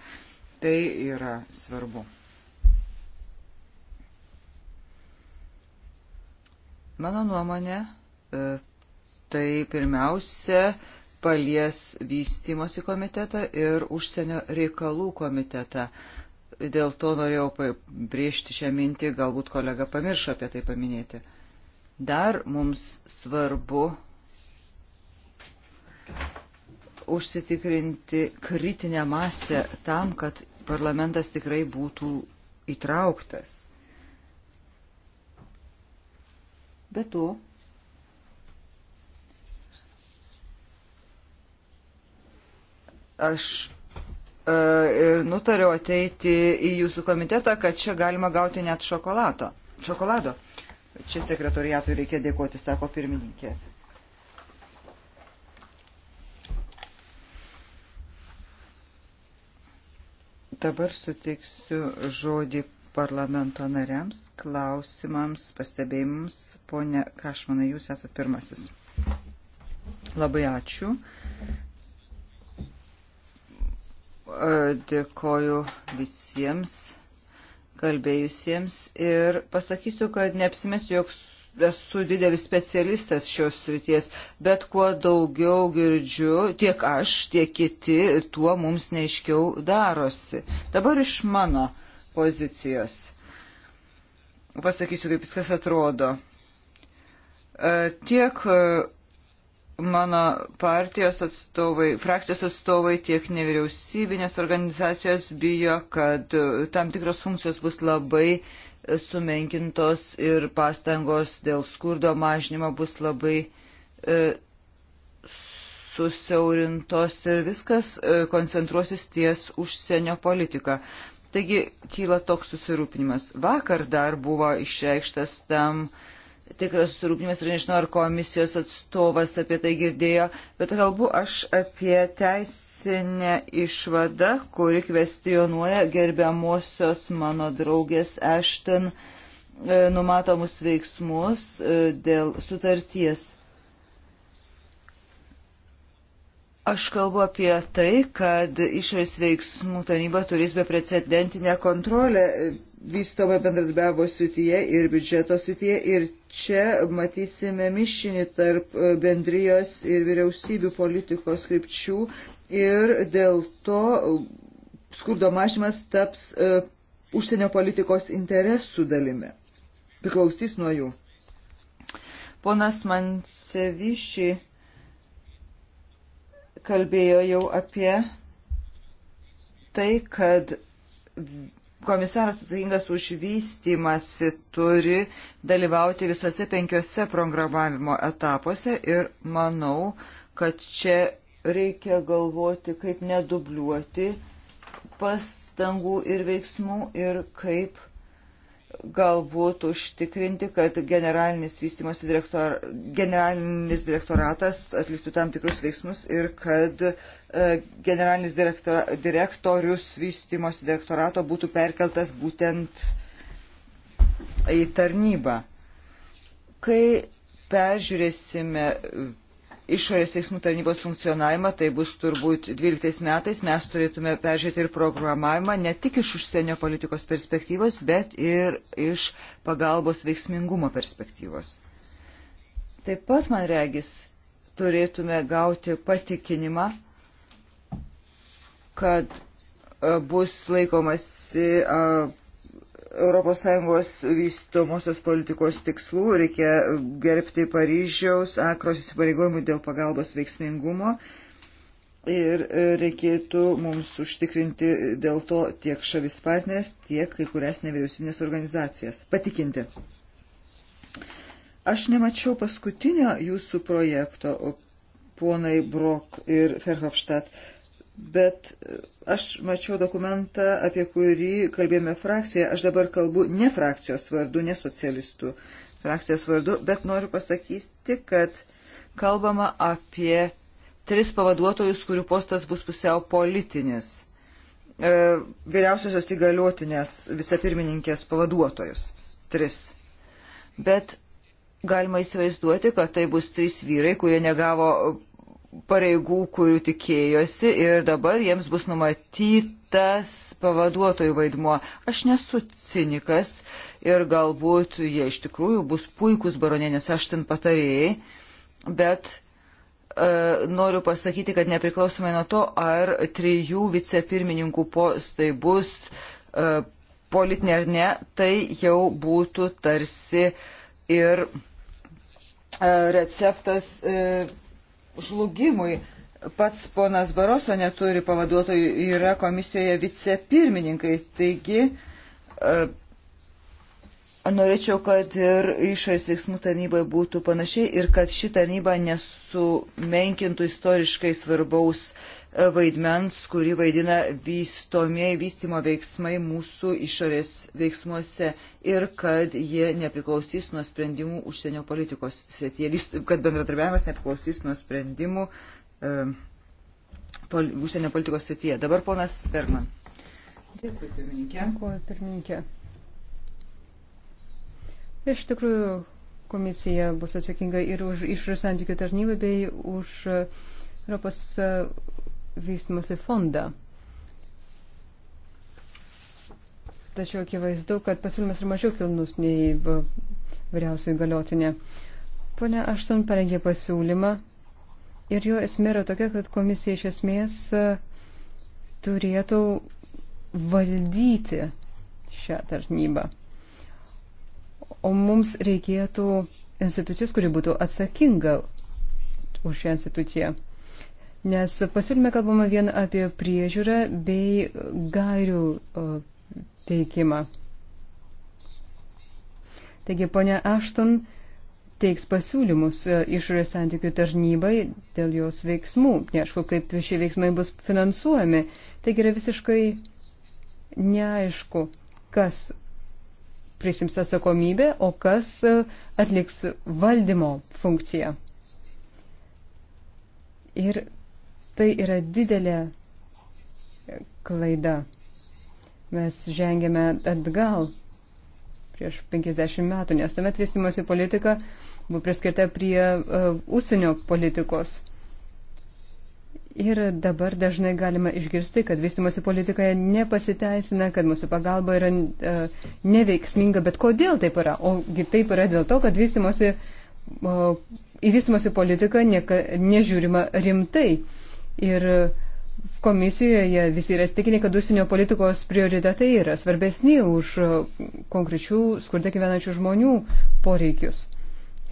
Speaker 1: tai yra svarbu. Mano nuomonė, e, tai pirmiausia palies vystimosi komitetą ir užsienio reikalų komitetą. Dėl to norėjau briežti šią mintį, galbūt kolega pamiršo apie tai paminėti. Dar mums svarbu užsitikrinti kritinę masę tam, kad parlamentas tikrai būtų įtrauktas. Be to, aš e, ir nutariau ateiti į jūsų komitetą, kad čia galima gauti net šokolado. šokolado. Čia sekretoriatui reikia dėkoti, sako pirmininkė. Dabar suteiksiu žodį parlamento nariams, klausimams, pastebėjimams. Pone Kašmanai, jūs esat pirmasis. Labai ačiū. Dėkoju visiems kalbėjusiems ir pasakysiu, kad neapsimesiu, jog esu didelis specialistas šios srities, bet kuo daugiau girdžiu, tiek aš, tiek kiti, tuo mums neiškiau darosi. Dabar iš mano uh, pozicijos. Pasakysiu, kaip viskas atrodo. E, tiek e, mano partijos atstovai, frakcijos atstovai, tiek nevyriausybinės organizacijos bijo, kad e, tam tikros funkcijos bus labai sumenkintos ir pastangos dėl skurdo mažnymo bus labai susiaurintos ir viskas koncentruosis ties užsienio politika. Taigi kyla toks susirūpinimas. Vakar dar buvo išreikštas tam tikras susirūpinimas ir nežinau, ar komisijos atstovas apie tai girdėjo, bet kalbu aš apie teisinę išvadą, kuri kvestionuoja gerbiamosios mano draugės Ešten e, numatomus veiksmus e, dėl sutarties. Aš kalbu apie tai, kad išorės veiksmų taryba turės beprecedentinę kontrolę vystomą bendradarbiavo srityje ir biudžeto srityje ir čia matysime mišinį tarp e, bendrijos ir vyriausybių politikos krypčių ir dėl to skurdo mažymas taps e, užsienio politikos interesų dalimi. Priklausys nuo jų. Ponas Mansevišiai kalbėjo jau apie tai, kad komisaras atsakingas už vystimąsi turi dalyvauti visose penkiose programavimo etapuose ir manau, kad čia reikia galvoti, kaip nedubliuoti pastangų ir veiksmų ir kaip galbūt užtikrinti, kad generalinis vystimosi direktor, generalinis direktoratas atliktų tam tikrus veiksmus ir kad e, generalinis direktor, direktorius vystimosi direktorato būtų perkeltas būtent į tarnybą. Kai peržiūrėsime išorės veiksmų tarnybos funkcionavimą, tai bus turbūt 12 metais, mes turėtume peržiūrėti ir programavimą ne tik iš užsienio politikos perspektyvos, bet ir iš pagalbos veiksmingumo perspektyvos. Taip pat, man regis, turėtume gauti patikinimą, kad e, bus laikomasi e, ES vystomosios politikos tikslų, reikia gerbti Paryžiaus akros įsipareigojimų dėl pagalbos veiksmingumo ir e, reikėtų mums užtikrinti dėl to tiek šalis partnerės, tiek kai kurias nevyriausybinės organizacijas. Patikinti. Aš nemačiau paskutinio jūsų projekto, ponai Brok ir Ferhofštat. Bet aš mačiau dokumentą, apie kurį kalbėjome frakcijoje. Aš dabar kalbu ne frakcijos vardu, ne socialistų frakcijos vardu, bet noriu pasakyti, kad kalbama apie tris pavaduotojus, kurių postas bus pusiau politinis. E, vyriausiosios įgaliotinės visapirmininkės pavaduotojus. Tris. Bet galima įsivaizduoti, kad tai bus trys vyrai, kurie negavo pareigų, kurių tikėjosi ir dabar jiems bus numatytas pavaduotojų vaidmuo. Aš nesu cinikas ir galbūt jie iš tikrųjų bus puikūs baronienės aštin patarėjai, bet e, noriu pasakyti, kad nepriklausomai nuo to, ar trijų vicepirmininkų postai bus e, politinė ar ne, tai jau būtų tarsi ir e, receptas žlugimui. Pats ponas Baroso neturi pavaduotojų, yra komisijoje vicepirmininkai. Taigi, e, norėčiau, kad ir išorės veiksmų tarnybai būtų panašiai ir kad ši tarnyba nesumenkintų istoriškai svarbaus e, vaidmens, kurį vaidina vystomieji vystimo veiksmai mūsų išorės veiksmuose ir kad jie nepriklausys nuo sprendimų užsienio politikos srityje, kad bendradarbiavimas nepriklausys nuo sprendimų e, pol, užsienio politikos srityje. Dabar ponas Berman.
Speaker 4: Dėkui, pirmininkė. Dėkui, pirmininkė. Iš tikrųjų, komisija bus atsakinga ir už išrų santykių tarnybą bei už Europos e, vystimosi fondą. Tačiau akivaizdu, kad pasiūlymas yra mažiau kilnus nei vyriausiai galiotinė. Pone Aštun parengė pasiūlymą ir jo esmė yra tokia, kad komisija iš esmės e, turėtų valdyti šią tarnybą. O mums reikėtų institucijos, kuri būtų atsakinga už šią instituciją. Nes pasiūlyme kalbama vien apie priežiūrą bei gairių e, teikimą. Taigi, ponia Ašton teiks pasiūlymus e, išorės santykių tarnybai dėl jos veiksmų. Neaišku, kaip šie veiksmai bus finansuojami. Taigi yra visiškai neaišku, kas prisims atsakomybę, o kas e, atliks valdymo funkciją. Ir tai yra didelė klaida mes žengėme atgal prieš 50 metų, nes tuomet vystimosi politika buvo priskirta prie uh, užsienio politikos. Ir dabar dažnai galima išgirsti, kad vystimosi politikoje nepasiteisina, kad mūsų pagalba yra uh, neveiksminga, bet kodėl taip yra? Ogi taip yra dėl to, kad vystimosi, uh, į vystimosi politiką nieka, nežiūrima rimtai. Ir uh, komisijoje visi yra stikinę, kad užsienio politikos prioritetai yra svarbesni už konkrečių skurde gyvenančių žmonių poreikius.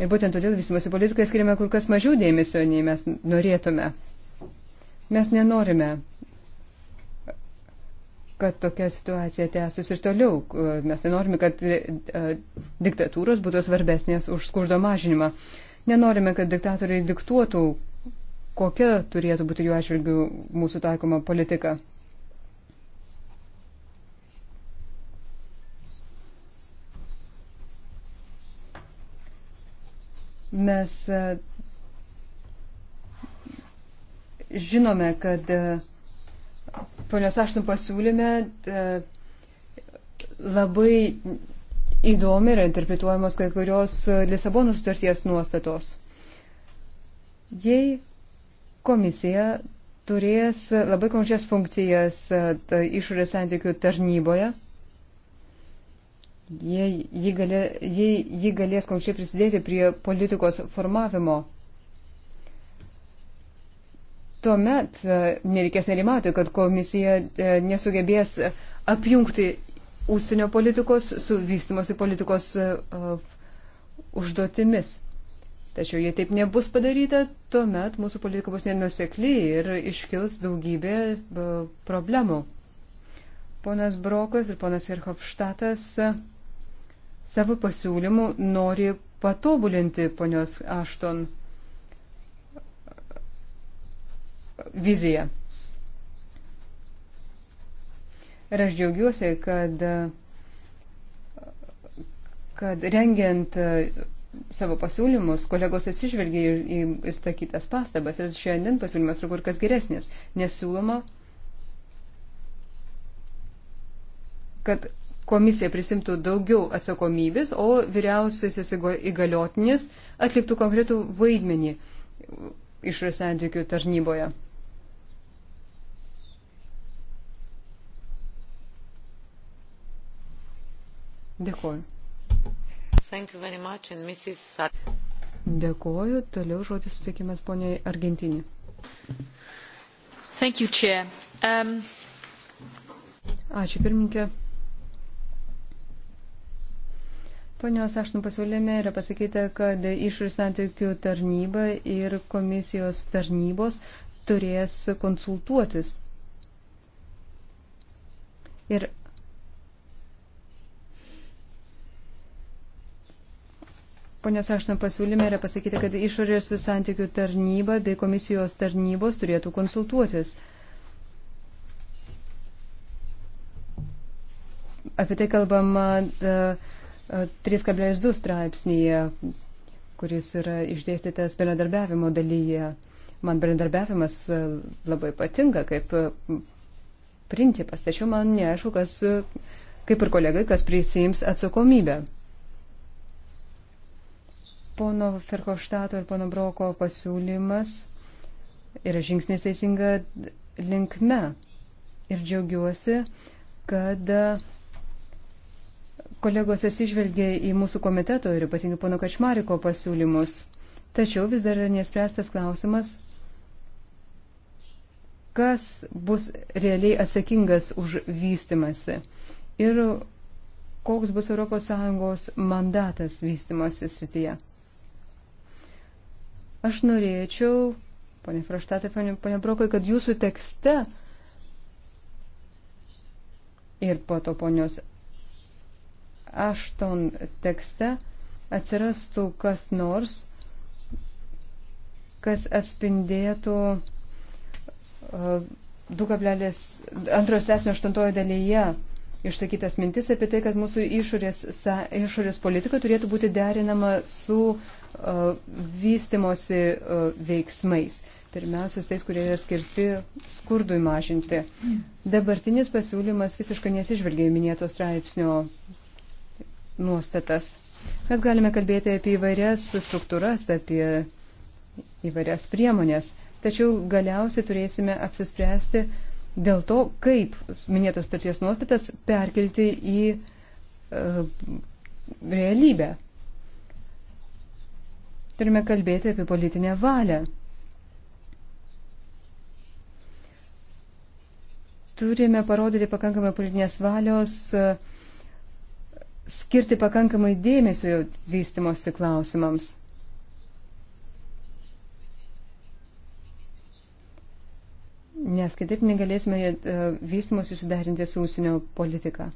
Speaker 4: Ir būtent todėl vystimosi politikai skiriame kur kas mažiau dėmesio, nei mes norėtume. Mes nenorime, kad tokia situacija tęsis ir toliau. Mes nenorime, kad e, diktatūros būtų svarbesnės už skurdo mažinimą. Nenorime, kad diktatoriai diktuotų, kokia turėtų būti jų atžvilgių mūsų taikoma politika. Mes e, žinome, kad e, ponios aštum pasiūlyme e, labai įdomi yra interpretuojamos kai kurios Lisabonos sutarties nuostatos. Jei komisija turės labai konkrečias funkcijas tai išorės santykių tarnyboje. Jie, jie, galė, jie, jie galės konkrečiai prisidėti prie politikos formavimo. Tuomet e, nereikės nerimauti, kad komisija e, nesugebės apjungti užsienio politikos su vystimosi politikos uh, užduotimis. Tačiau jei taip nebus padaryta, tuomet mūsų politika bus nenusekli ir iškils daugybė problemų. Ponas Brokas ir ponas Irhofštatas savo pasiūlymų nori patobulinti ponios Ašton viziją. Ir aš džiaugiuosi, kad, kad rengiant savo pasiūlymus, kolegos atsižvelgia į išsakytas pastabas ir šiandien pasiūlymas yra kur kas geresnis, nes siūloma, kad komisija prisimtų daugiau atsakomybės, o vyriausiasis įgaliotinis atliktų konkretų vaidmenį išras santykių tarnyboje. Dėkuoju. Dėkuoju. Toliau žodis sutikimas poniai Argentinį.
Speaker 3: Thank you, Chair.
Speaker 4: Um... Ačiū, pirmininkė. Ponios Aštum pasiūlyme yra pasakyta, kad išorės santykių tarnyba ir komisijos tarnybos turės konsultuotis. Ir Ponios Aštan pasiūlyme yra pasakyti, kad išorės santykių tarnyba bei komisijos tarnybos turėtų konsultuotis. Apie tai kalbama 3,2 e, e, straipsnėje, kuris yra išdėstytas bendradarbiavimo dalyje. Man bendradarbiavimas e, labai patinka kaip principas, tačiau man neaišku, kas, kaip ir kolegai, kas prisijims atsakomybę. Pono Ferkoštato ir pono Broko pasiūlymas yra žingsnis teisinga linkme. Ir džiaugiuosi, kad kolegos atsižvelgė į mūsų komiteto ir ypatingai pono Kačmariko pasiūlymus. Tačiau vis dar yra nespręstas klausimas, kas bus realiai atsakingas už vystimasi ir koks bus ES mandatas vystimosi srityje. Aš norėčiau, ponė Fraštatė, ponė Brokai, kad jūsų tekste ir po to ponios Ašton tekste atsirastų kas nors, kas atspindėtų 2,2.8 e, dalyje išsakytas mintis apie tai, kad mūsų išorės, išorės politika turėtų būti derinama su vystimosi veiksmais. Pirmiausia, tais, kurie yra skirti skurdui mažinti. Dabartinis pasiūlymas visiškai nesižvelgia į minėto straipsnio nuostatas. Mes galime kalbėti apie įvairias struktūras, apie įvairias priemonės, tačiau galiausiai turėsime apsispręsti dėl to, kaip minėtos starties nuostatas perkelti į e, realybę. Turime kalbėti apie politinę valią. Turime parodyti pakankamai politinės valios, skirti pakankamai dėmesio vystimosi klausimams. Nes kitaip negalėsime e, vystimosi sudarinti su ūsinio politika.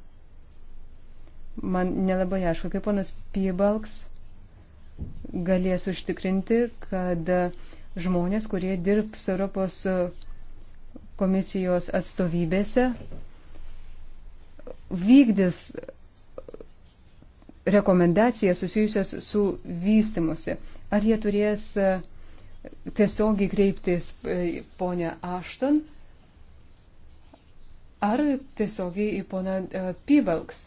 Speaker 4: Man nelabai aišku, kaip ponas Pybalks galės užtikrinti, kad žmonės, kurie dirbs Europos komisijos atstovybėse, vykdys rekomendacijas susijusias su vystimusi. Ar jie turės e, tiesiogiai kreiptis e, ponę Ašton, ar tiesiogiai į poną e, Pivalks.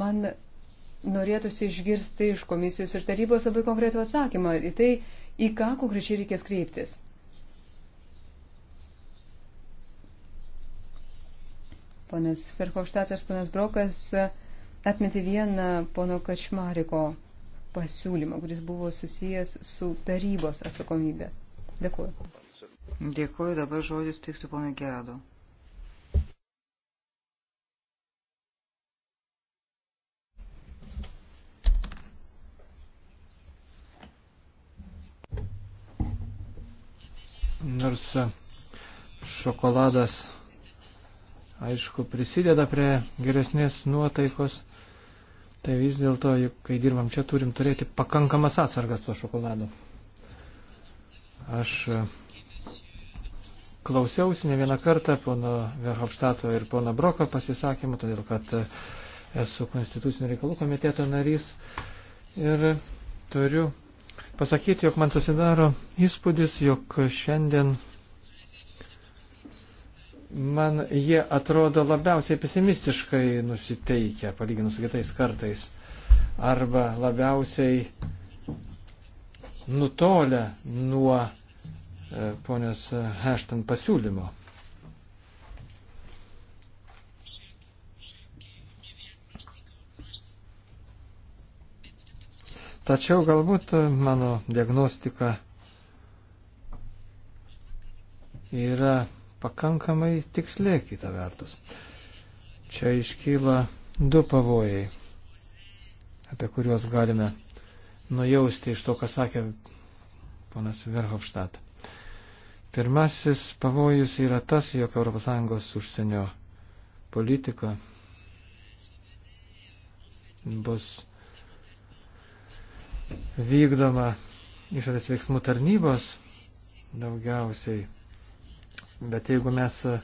Speaker 4: Man norėtųsi išgirsti iš komisijos ir tarybos labai konkretų atsakymą į tai, į ką konkrečiai reikės kreiptis. Ponas Ferhofštatas, ponas Brokas atmetė vieną pono Kačmariko pasiūlymą, kuris buvo susijęs su tarybos atsakomybė. Dėkuoju.
Speaker 1: Dėkuoju, dabar žodis tiksiu ponui Gerado.
Speaker 2: Nors šokoladas, aišku, prisideda prie geresnės nuotaikos, tai vis dėlto, kai dirbam čia, turim turėti pakankamas atsargas to šokolado. Aš e, klausiausi ne vieną kartą pono Verhofštato ir pono Broko pasisakymų, todėl kad e, esu konstitucinio reikalų komiteto narys ir turiu pasakyti, jog man susidaro įspūdis, jog šiandien man jie atrodo labiausiai pesimistiškai nusiteikę, palyginus su kitais kartais, arba labiausiai nutolę nuo e, ponios Hešton pasiūlymo. Tačiau galbūt mano diagnostika yra pakankamai tiksliai kita vertus. Čia iškyla du pavojai, apie kuriuos galime nujausti iš to, ką sakė ponas Verhofštat. Pirmasis pavojus yra tas, jog ES užsienio politika bus vykdoma išorės veiksmų tarnybos daugiausiai. Bet jeigu mes e,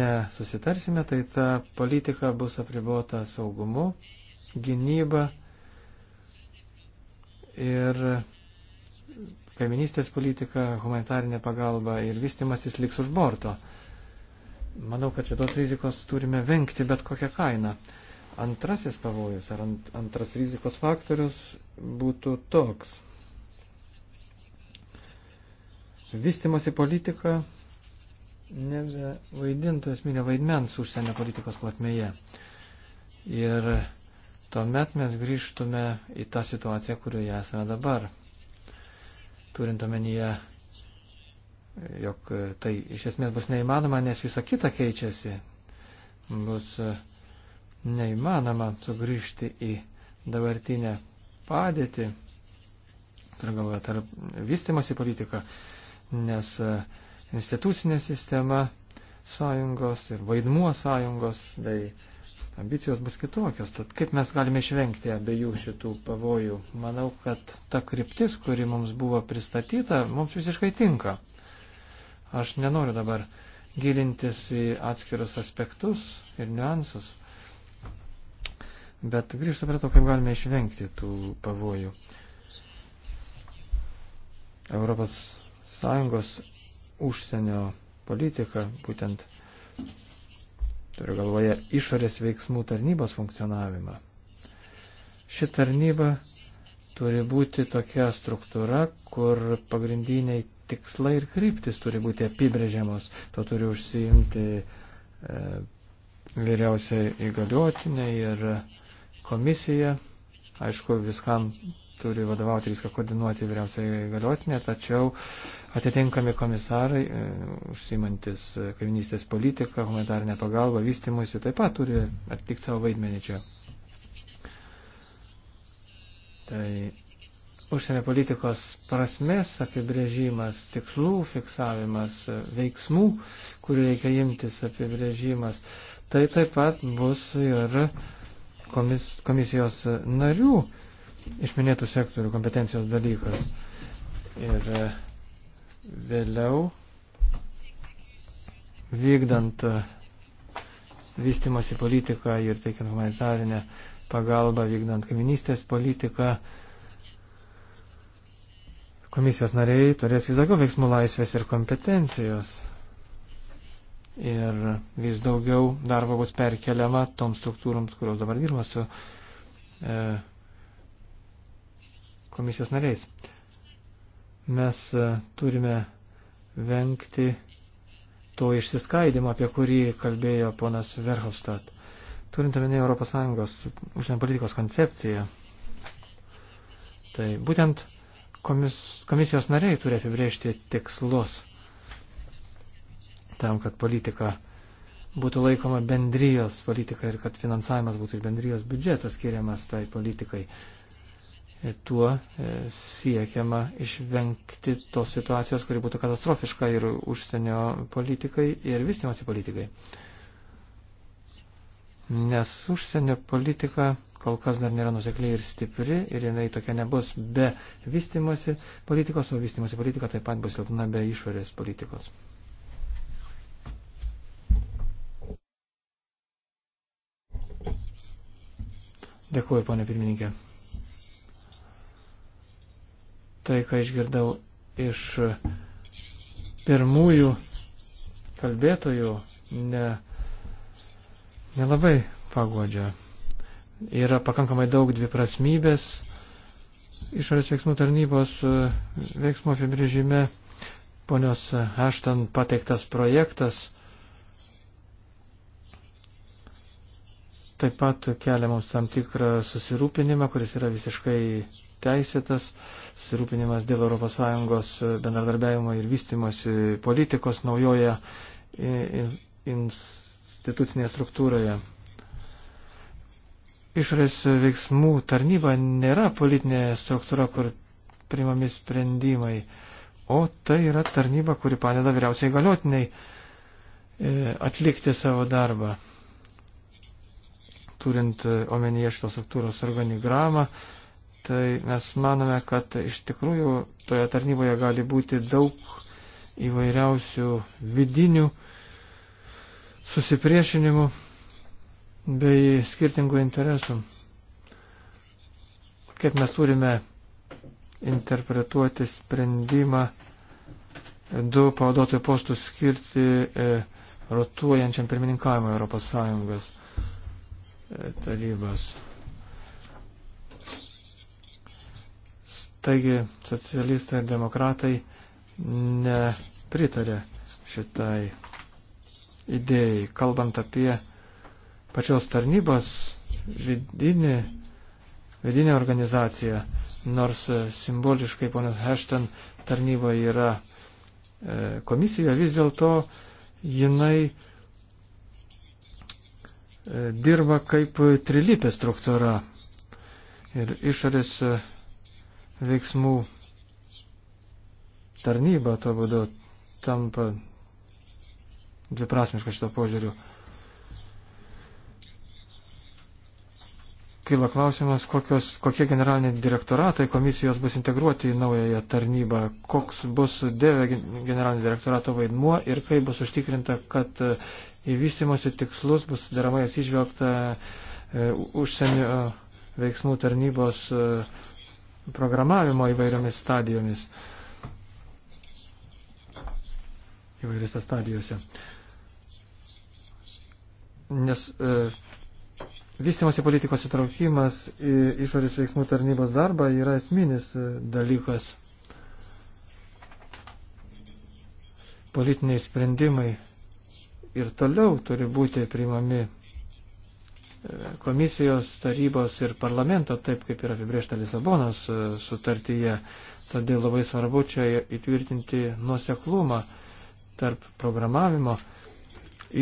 Speaker 2: nesusitarsime, tai ta politika bus apribota saugumu, gynyba ir kaiminystės politika, humanitarinė pagalba ir vystimasis liks už borto. Manau, kad šitos rizikos turime vengti bet kokią kainą. Antrasis pavojus ar ant, antras rizikos faktorius būtų toks. Vystimosi politika nebevaidintų esminio vaidmens užsienio politikos platmeje. Ir tuomet mes grįžtume į tą situaciją, kurioje esame dabar. Turint omenyje jog tai iš esmės bus neįmanoma, nes visa kita keičiasi. Bus neįmanoma sugrįžti į dabartinę padėtį, turiu galvoje, tarp vystimosi politiką, nes e, institucinė sistema sąjungos ir vaidmuo sąjungos bei ambicijos bus kitokios. Tad kaip mes galime išvengti abiejų šitų pavojų? Manau, kad ta kryptis, kuri mums buvo pristatyta, mums visiškai tinka. Aš nenoriu dabar gilintis į atskirus aspektus ir niuansus. Bet grįžtu prie to, kaip galime išvengti tų pavojų. Europos Sąjungos užsienio politika, būtent turiu galvoje išorės veiksmų tarnybos funkcionavimą. Ši tarnyba turi būti tokia struktūra, kur pagrindiniai tikslai ir kryptis turi būti apibrėžiamos. To turi užsiimti e, vyriausiai įgaliotinė ir e, komisija. Aišku, viskam turi vadovauti, viską koordinuoti vyriausiai galiotinė, tačiau atitinkami komisarai, e, užsimantis kaiminystės politiką, humanitarinę pagalbą, vystimuisi, taip pat turi atlikti savo vaidmenį čia. Tai užsienio politikos prasmės apibrėžimas, tikslų fiksavimas, veiksmų, kurių reikia imtis apibrėžimas, tai taip pat bus ir komis, komisijos narių išminėtų sektorių kompetencijos dalykas. Ir e, vėliau vykdant e, vystimosi politiką ir teikiant humanitarinę pagalbą, vykdant kaiminystės politiką, komisijos nariai turės vis daugiau veiksmų laisvės ir kompetencijos ir vis daugiau darbo bus perkeliama toms struktūroms, kurios dabar dirba su e, komisijos nariais. Mes e, turime vengti to išsiskaidimo, apie kurį kalbėjo ponas Verhofstadt. Turint omenyje ES užsienio politikos koncepciją, tai būtent komis, komisijos nariai turi apibrėžti tikslus tam, kad politika būtų laikoma bendrijos politika ir kad finansavimas būtų iš bendrijos biudžeto skiriamas tai politikai. Ir e, tuo e, siekiama išvengti tos situacijos, kuri būtų katastrofiška ir užsienio politikai, ir vystimosi politikai. Nes užsienio politika kol kas dar nėra nusekliai ir stipri ir jinai tokia nebus be vystimosi politikos, o vystimosi politika taip pat bus silpna be išorės politikos. Dėkuoju, ponė pirmininkė. Tai, ką išgirdau iš pirmųjų kalbėtojų, ne, nelabai pagodžia. Yra pakankamai daug dviprasmybės išorės veiksmų tarnybos e, veiksmų apibrėžime. Ponios Aštan pateiktas projektas taip pat kelia mums tam tikrą susirūpinimą, kuris yra visiškai teisėtas, susirūpinimas dėl ES bendradarbiavimo ir vystimosi politikos naujoje institucinėje struktūroje. Išorės veiksmų tarnyba nėra politinė struktūra, kur primami sprendimai, o tai yra tarnyba, kuri padeda vyriausiai galiotiniai e, atlikti savo darbą turint e, omenyje šitos struktūros organigramą, tai mes manome, kad iš tikrųjų toje tarnyboje gali būti daug įvairiausių vidinių susipriešinimų bei skirtingų interesų. Kaip mes turime interpretuoti sprendimą du pavaduotojų postus skirti e, rotuojančiam pirmininkavimui Europos Sąjungos tarybos. Taigi, socialistai ir demokratai nepritarė šitai idėjai. Kalbant apie pačios tarnybos vidinį, vidinę organizaciją, nors simboliškai ponas Hešten tarnyba yra e, komisijoje, vis dėlto jinai E, dirba kaip trilypė struktūra ir išorės e, veiksmų tarnyba to būdu tampa dviprasmiška šito požiūriu. Kila klausimas, kokios, kokie generaliniai direktoratai komisijos bus integruoti į naująją tarnybą, koks bus dėvė generalinio direktorato vaidmuo ir kaip bus užtikrinta, kad į vystimosi tikslus bus deramai atsižvelgta e, užsienio e, veiksmų tarnybos e, programavimo įvairiomis stadijomis. Įvairiose stadijose. Nes e, vystimosi politikos įtraukimas į išorės veiksmų tarnybos darbą yra esminis dalykas. Politiniai sprendimai ir toliau turi būti priimami e, komisijos, tarybos ir parlamento, taip kaip yra apibriešta Lisabonos e, sutartyje. Todėl labai svarbu čia įtvirtinti nuoseklumą tarp programavimo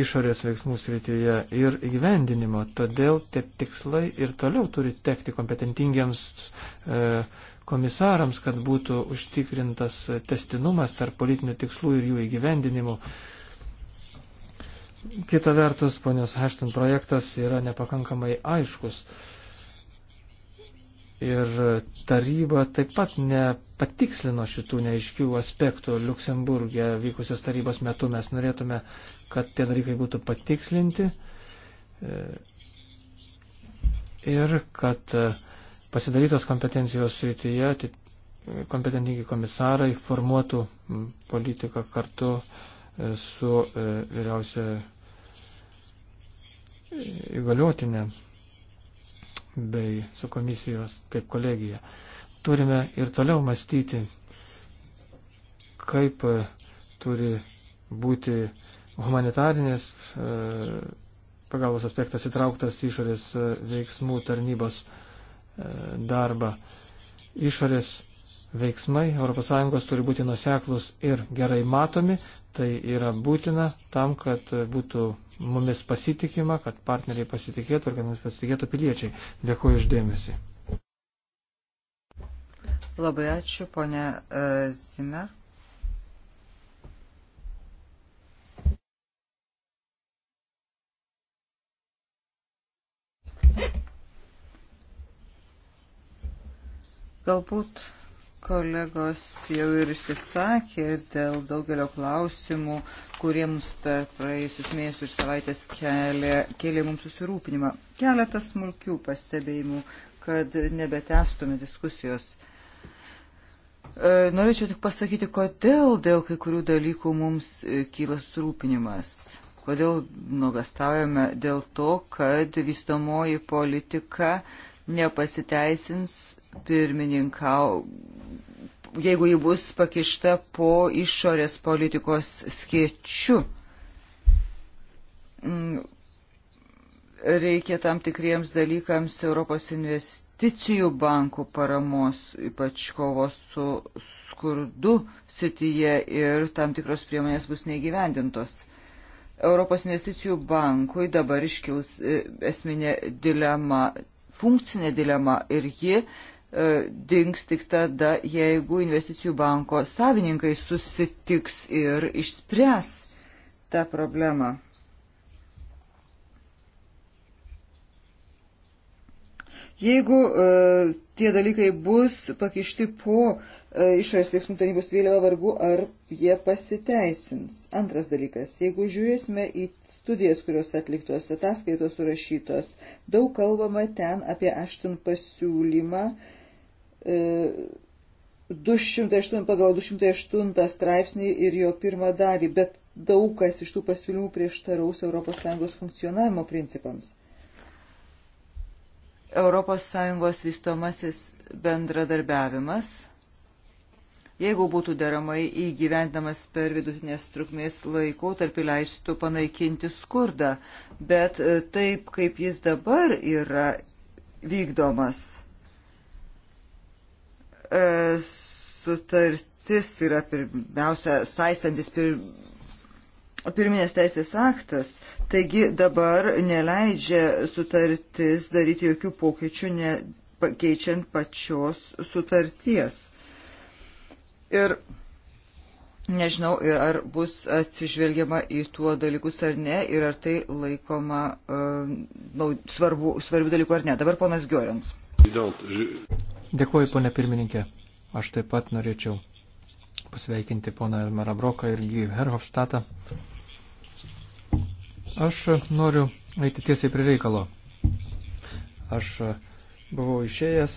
Speaker 2: išorės veiksmų srityje ir įgyvendinimo. Todėl tie tikslai ir toliau turi tekti kompetentingiams e, komisarams, kad būtų užtikrintas testinumas tarp politinių tikslų ir jų įgyvendinimų. E, Kita vertus, ponios Hešton projektas yra nepakankamai aiškus. Ir taryba taip pat nepatikslino šitų neaiškių aspektų Luksemburgė vykusios tarybos metu. Mes norėtume, kad tie dalykai būtų patikslinti ir kad pasidarytos kompetencijos srityje kompetentingi komisarai formuotų politiką kartu su e, vyriausia e, įgaliotinė bei su komisijos kaip kolegija. Turime ir toliau mąstyti, kaip e, turi būti humanitarinės pagalbos aspektas įtrauktas išorės veiksmų tarnybos darbą. Išorės veiksmai ES turi būti nuseklus ir gerai matomi. Tai yra būtina tam, kad būtų mumis pasitikima, kad partneriai pasitikėtų ir kad mumis pasitikėtų piliečiai. Dėkuoju uždėmesi.
Speaker 1: Labai ačiū, ponė e, Zime. Galbūt Kolegos jau ir išsisakė dėl daugelio klausimų, kurie mums per praėjusius mėnesius ir savaitės kėlė, kėlė mums susirūpinimą. Keletas smulkių pastebėjimų, kad nebetestume diskusijos. E, norėčiau tik pasakyti, kodėl dėl kai kurių dalykų mums e, kyla susirūpinimas. Kodėl nuogastaujame dėl to, kad vystomoji politika nepasiteisins pirmininkau, jeigu ji bus pakišta po išorės politikos skiečiu. Mm, reikia tam tikriems dalykams Europos investicijų bankų paramos, ypač kovos su skurdu sityje ir tam tikros priemonės bus neįgyvendintos. Europos investicijų bankui dabar iškils e, esminė dilema, funkcinė dilema ir ji E, dings tik tada, jeigu investicijų banko savininkai susitiks ir išspręs tą problemą. Jeigu uh, tie dalykai bus pakišti po uh, išorės veiksmų tarybos vėliava vargu, ar jie pasiteisins. Antras dalykas, jeigu žiūrėsime į studijas, kurios atliktos, ataskaitos surašytos, daug kalbama ten apie aštun pasiūlymą uh, 208, e, pagal 208 straipsnį ir jo pirmą dalį, bet daug kas iš tų pasiūlymų prieštaraus ES funkcionavimo principams. ES vystomasis bendradarbiavimas, jeigu būtų deramai įgyvendamas per vidutinės trukmės laiko, tarp leistų panaikinti skurdą, bet e, taip kaip jis dabar yra vykdomas E, sutartis yra pirmiausia saistantis pir, pirminės teisės aktas, taigi dabar neleidžia sutartis daryti jokių pokyčių, ne, pakeičiant pačios sutarties. Ir nežinau, ar bus atsižvelgiama į tuo dalykus ar ne, ir ar tai laikoma uh, svarbu, svarbių dalykų ar ne. Dabar ponas
Speaker 3: Giorins. Dėkuoju,
Speaker 2: ponė pirmininkė. Aš taip pat norėčiau pasveikinti poną Elmerą Broką ir Gyv Herhofštatą. Aš noriu eiti tiesiai prie reikalo. Aš buvau išėjęs,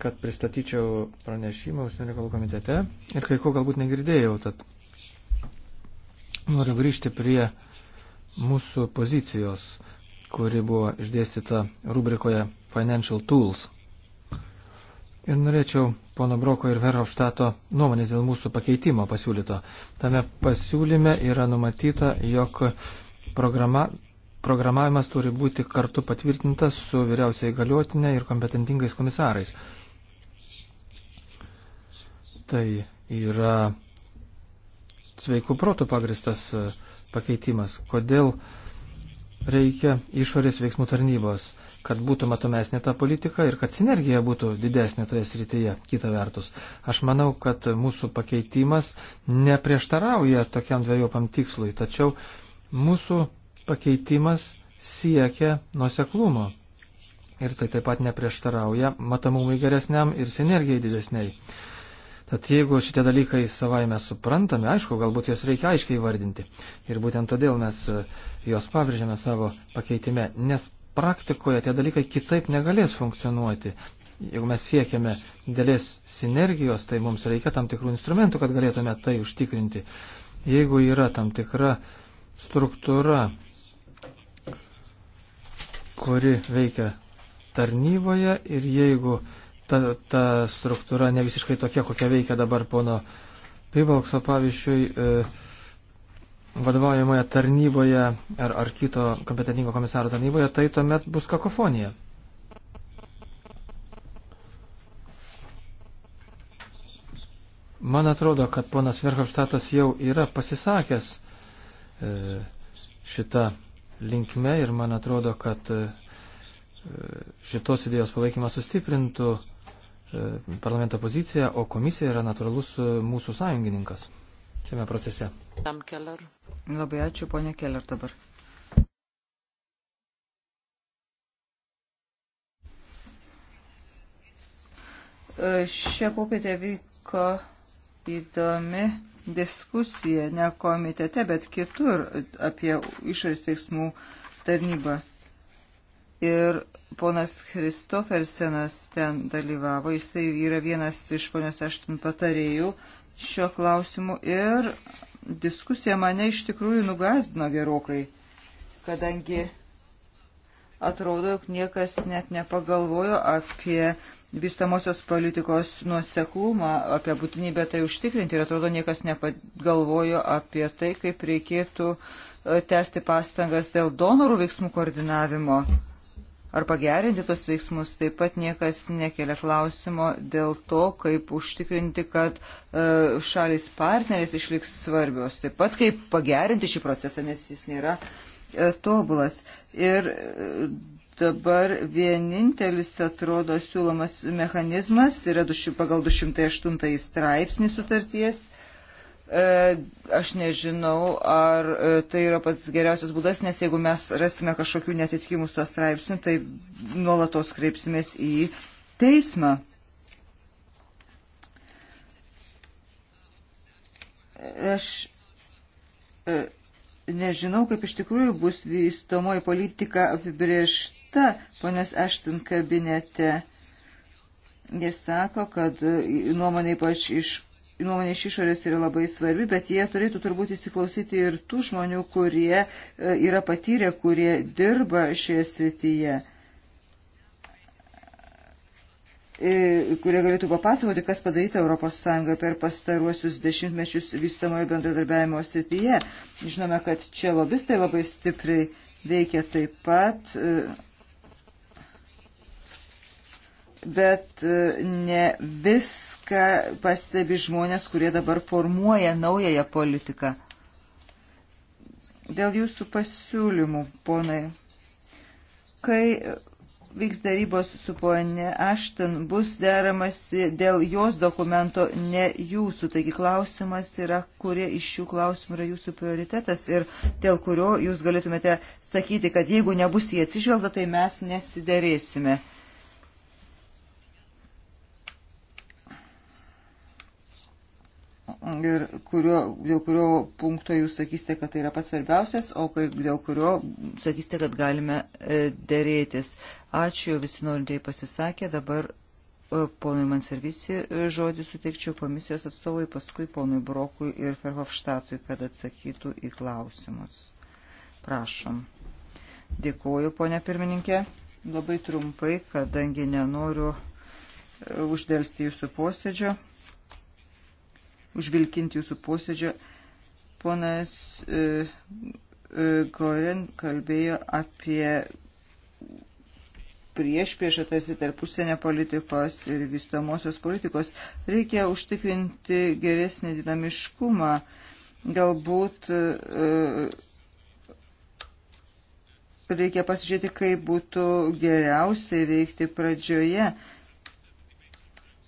Speaker 2: kad pristatyčiau pranešimą užsienio reikalų komitete ir kai ko galbūt negirdėjau, tad noriu grįžti prie mūsų pozicijos, kuri buvo išdėstyta rubrikoje Financial Tools. Ir norėčiau pono Broko ir Verhofštato nuomonės dėl mūsų pakeitimo pasiūlyto. Tame pasiūlyme yra numatyta, jog programa, programavimas turi būti kartu patvirtintas su vyriausiai galiotinė ir kompetentingais komisarais. Tai yra sveikų protų pagristas e, pakeitimas. Kodėl reikia išorės veiksmų tarnybos? kad būtų matomesnė ta politika ir kad sinergija būtų didesnė toje srityje. Kita vertus, aš manau, kad mūsų pakeitimas neprieštarauja tokiam dviejopam tikslui, tačiau mūsų pakeitimas siekia nuseklumo. Ir tai taip pat neprieštarauja matomumui geresniam ir sinergijai didesniai. Tad jeigu šitie dalykai savai mes suprantame, aišku, galbūt juos reikia aiškiai vardinti. Ir būtent todėl mes e, juos pabrėžiame savo pakeitime, nes praktikoje tie dalykai kitaip negalės funkcionuoti. Jeigu mes siekiame dėlės sinergijos, tai mums reikia tam tikrų instrumentų, kad galėtume tai užtikrinti. Jeigu yra tam tikra struktūra, kuri veikia tarnyboje ir jeigu ta, ta struktūra ne visiškai tokia, kokia veikia dabar pono Pibalkso, pavyzdžiui, e, vadovaujamoje tarnyboje ar, ar kito kompetentingo komisaro tarnyboje, tai tuomet bus kakofonija. Man atrodo, kad ponas Verhofštatas jau yra pasisakęs e, šitą linkme ir man atrodo, kad e, šitos idėjos palaikymas sustiprintų e, parlamento poziciją, o komisija yra natūralus e, mūsų sąjungininkas šiame procese.
Speaker 1: Labai ačiū, ponė Keller dabar. E, Šią popietę vyko įdomi diskusija, ne komitete, bet kitur apie išorės veiksmų tarnybą. Ir ponas Kristofersenas ten dalyvavo, jisai yra vienas iš ponios aštun patarėjų šiuo klausimu ir diskusija mane iš tikrųjų nugazdino gerokai, kadangi atrodo, jog niekas net nepagalvojo apie vystamosios politikos nuoseklumą, apie būtinybę tai užtikrinti ir atrodo, niekas nepagalvojo apie tai, kaip reikėtų e, tęsti pastangas dėl donorų veiksmų koordinavimo ar pagerinti tos veiksmus. Taip pat niekas nekelia klausimo dėl to, kaip užtikrinti, kad e, šalis partneris išliks svarbios. Taip pat kaip pagerinti šį procesą, nes jis nėra e, tobulas. Ir e, dabar vienintelis atrodo siūlomas mechanizmas yra pagal 208 straipsnį sutarties E, aš nežinau, ar e, tai yra pats geriausias būdas, nes jeigu mes rasime kažkokių netitikimų su straipsniu, tai nuolatos kreipsimės į teismą. Aš e, nežinau, kaip iš tikrųjų bus vystomoji politika apibriešta ponios Ešton kabinete. Jis sako, kad nuomonė ypač iš nuomonė iš išorės yra labai svarbi, bet jie turėtų turbūt įsiklausyti ir tų žmonių, kurie e, yra patyrę, kurie dirba šioje srityje, e, kurie galėtų papasakoti, kas padaryta ES per pastaruosius dešimtmečius vystamojo bendradarbiavimo srityje. Žinome, kad čia lobistai labai stipriai veikia taip pat e, bet e, ne viską pastebi žmonės, kurie dabar formuoja naująją politiką. Dėl jūsų pasiūlymų, ponai, kai vyks darybos su ponė Ašten, bus deramasi dėl jos dokumento, ne jūsų. Taigi klausimas yra, kurie iš šių klausimų yra jūsų prioritetas ir dėl kurio jūs galėtumėte sakyti, kad jeigu nebus jie atsižvelgta, tai mes nesiderėsime. ir kurio, dėl kurio punkto jūs sakysite, kad tai yra pats svarbiausias, o kai, dėl kurio sakysite, kad galime e, dėrėtis. Ačiū, visi norintieji pasisakė, dabar e, ponui Manservisi e, žodį suteikčiau komisijos atstovui, paskui ponui Brokui ir Ferhofštatui, kad atsakytų į klausimus. Prašom. Dėkuoju, ponia pirmininkė. Labai trumpai, kadangi nenoriu uždėlsti jūsų posėdžio užvilkinti jūsų posėdžio. Ponas e, e, Goren kalbėjo apie prieš priešą tarsi tarp užsienio politikos ir vystomosios politikos. Reikia užtikrinti geresnį dinamiškumą. Galbūt e, reikia pasižiūrėti, kaip būtų geriausiai veikti pradžioje.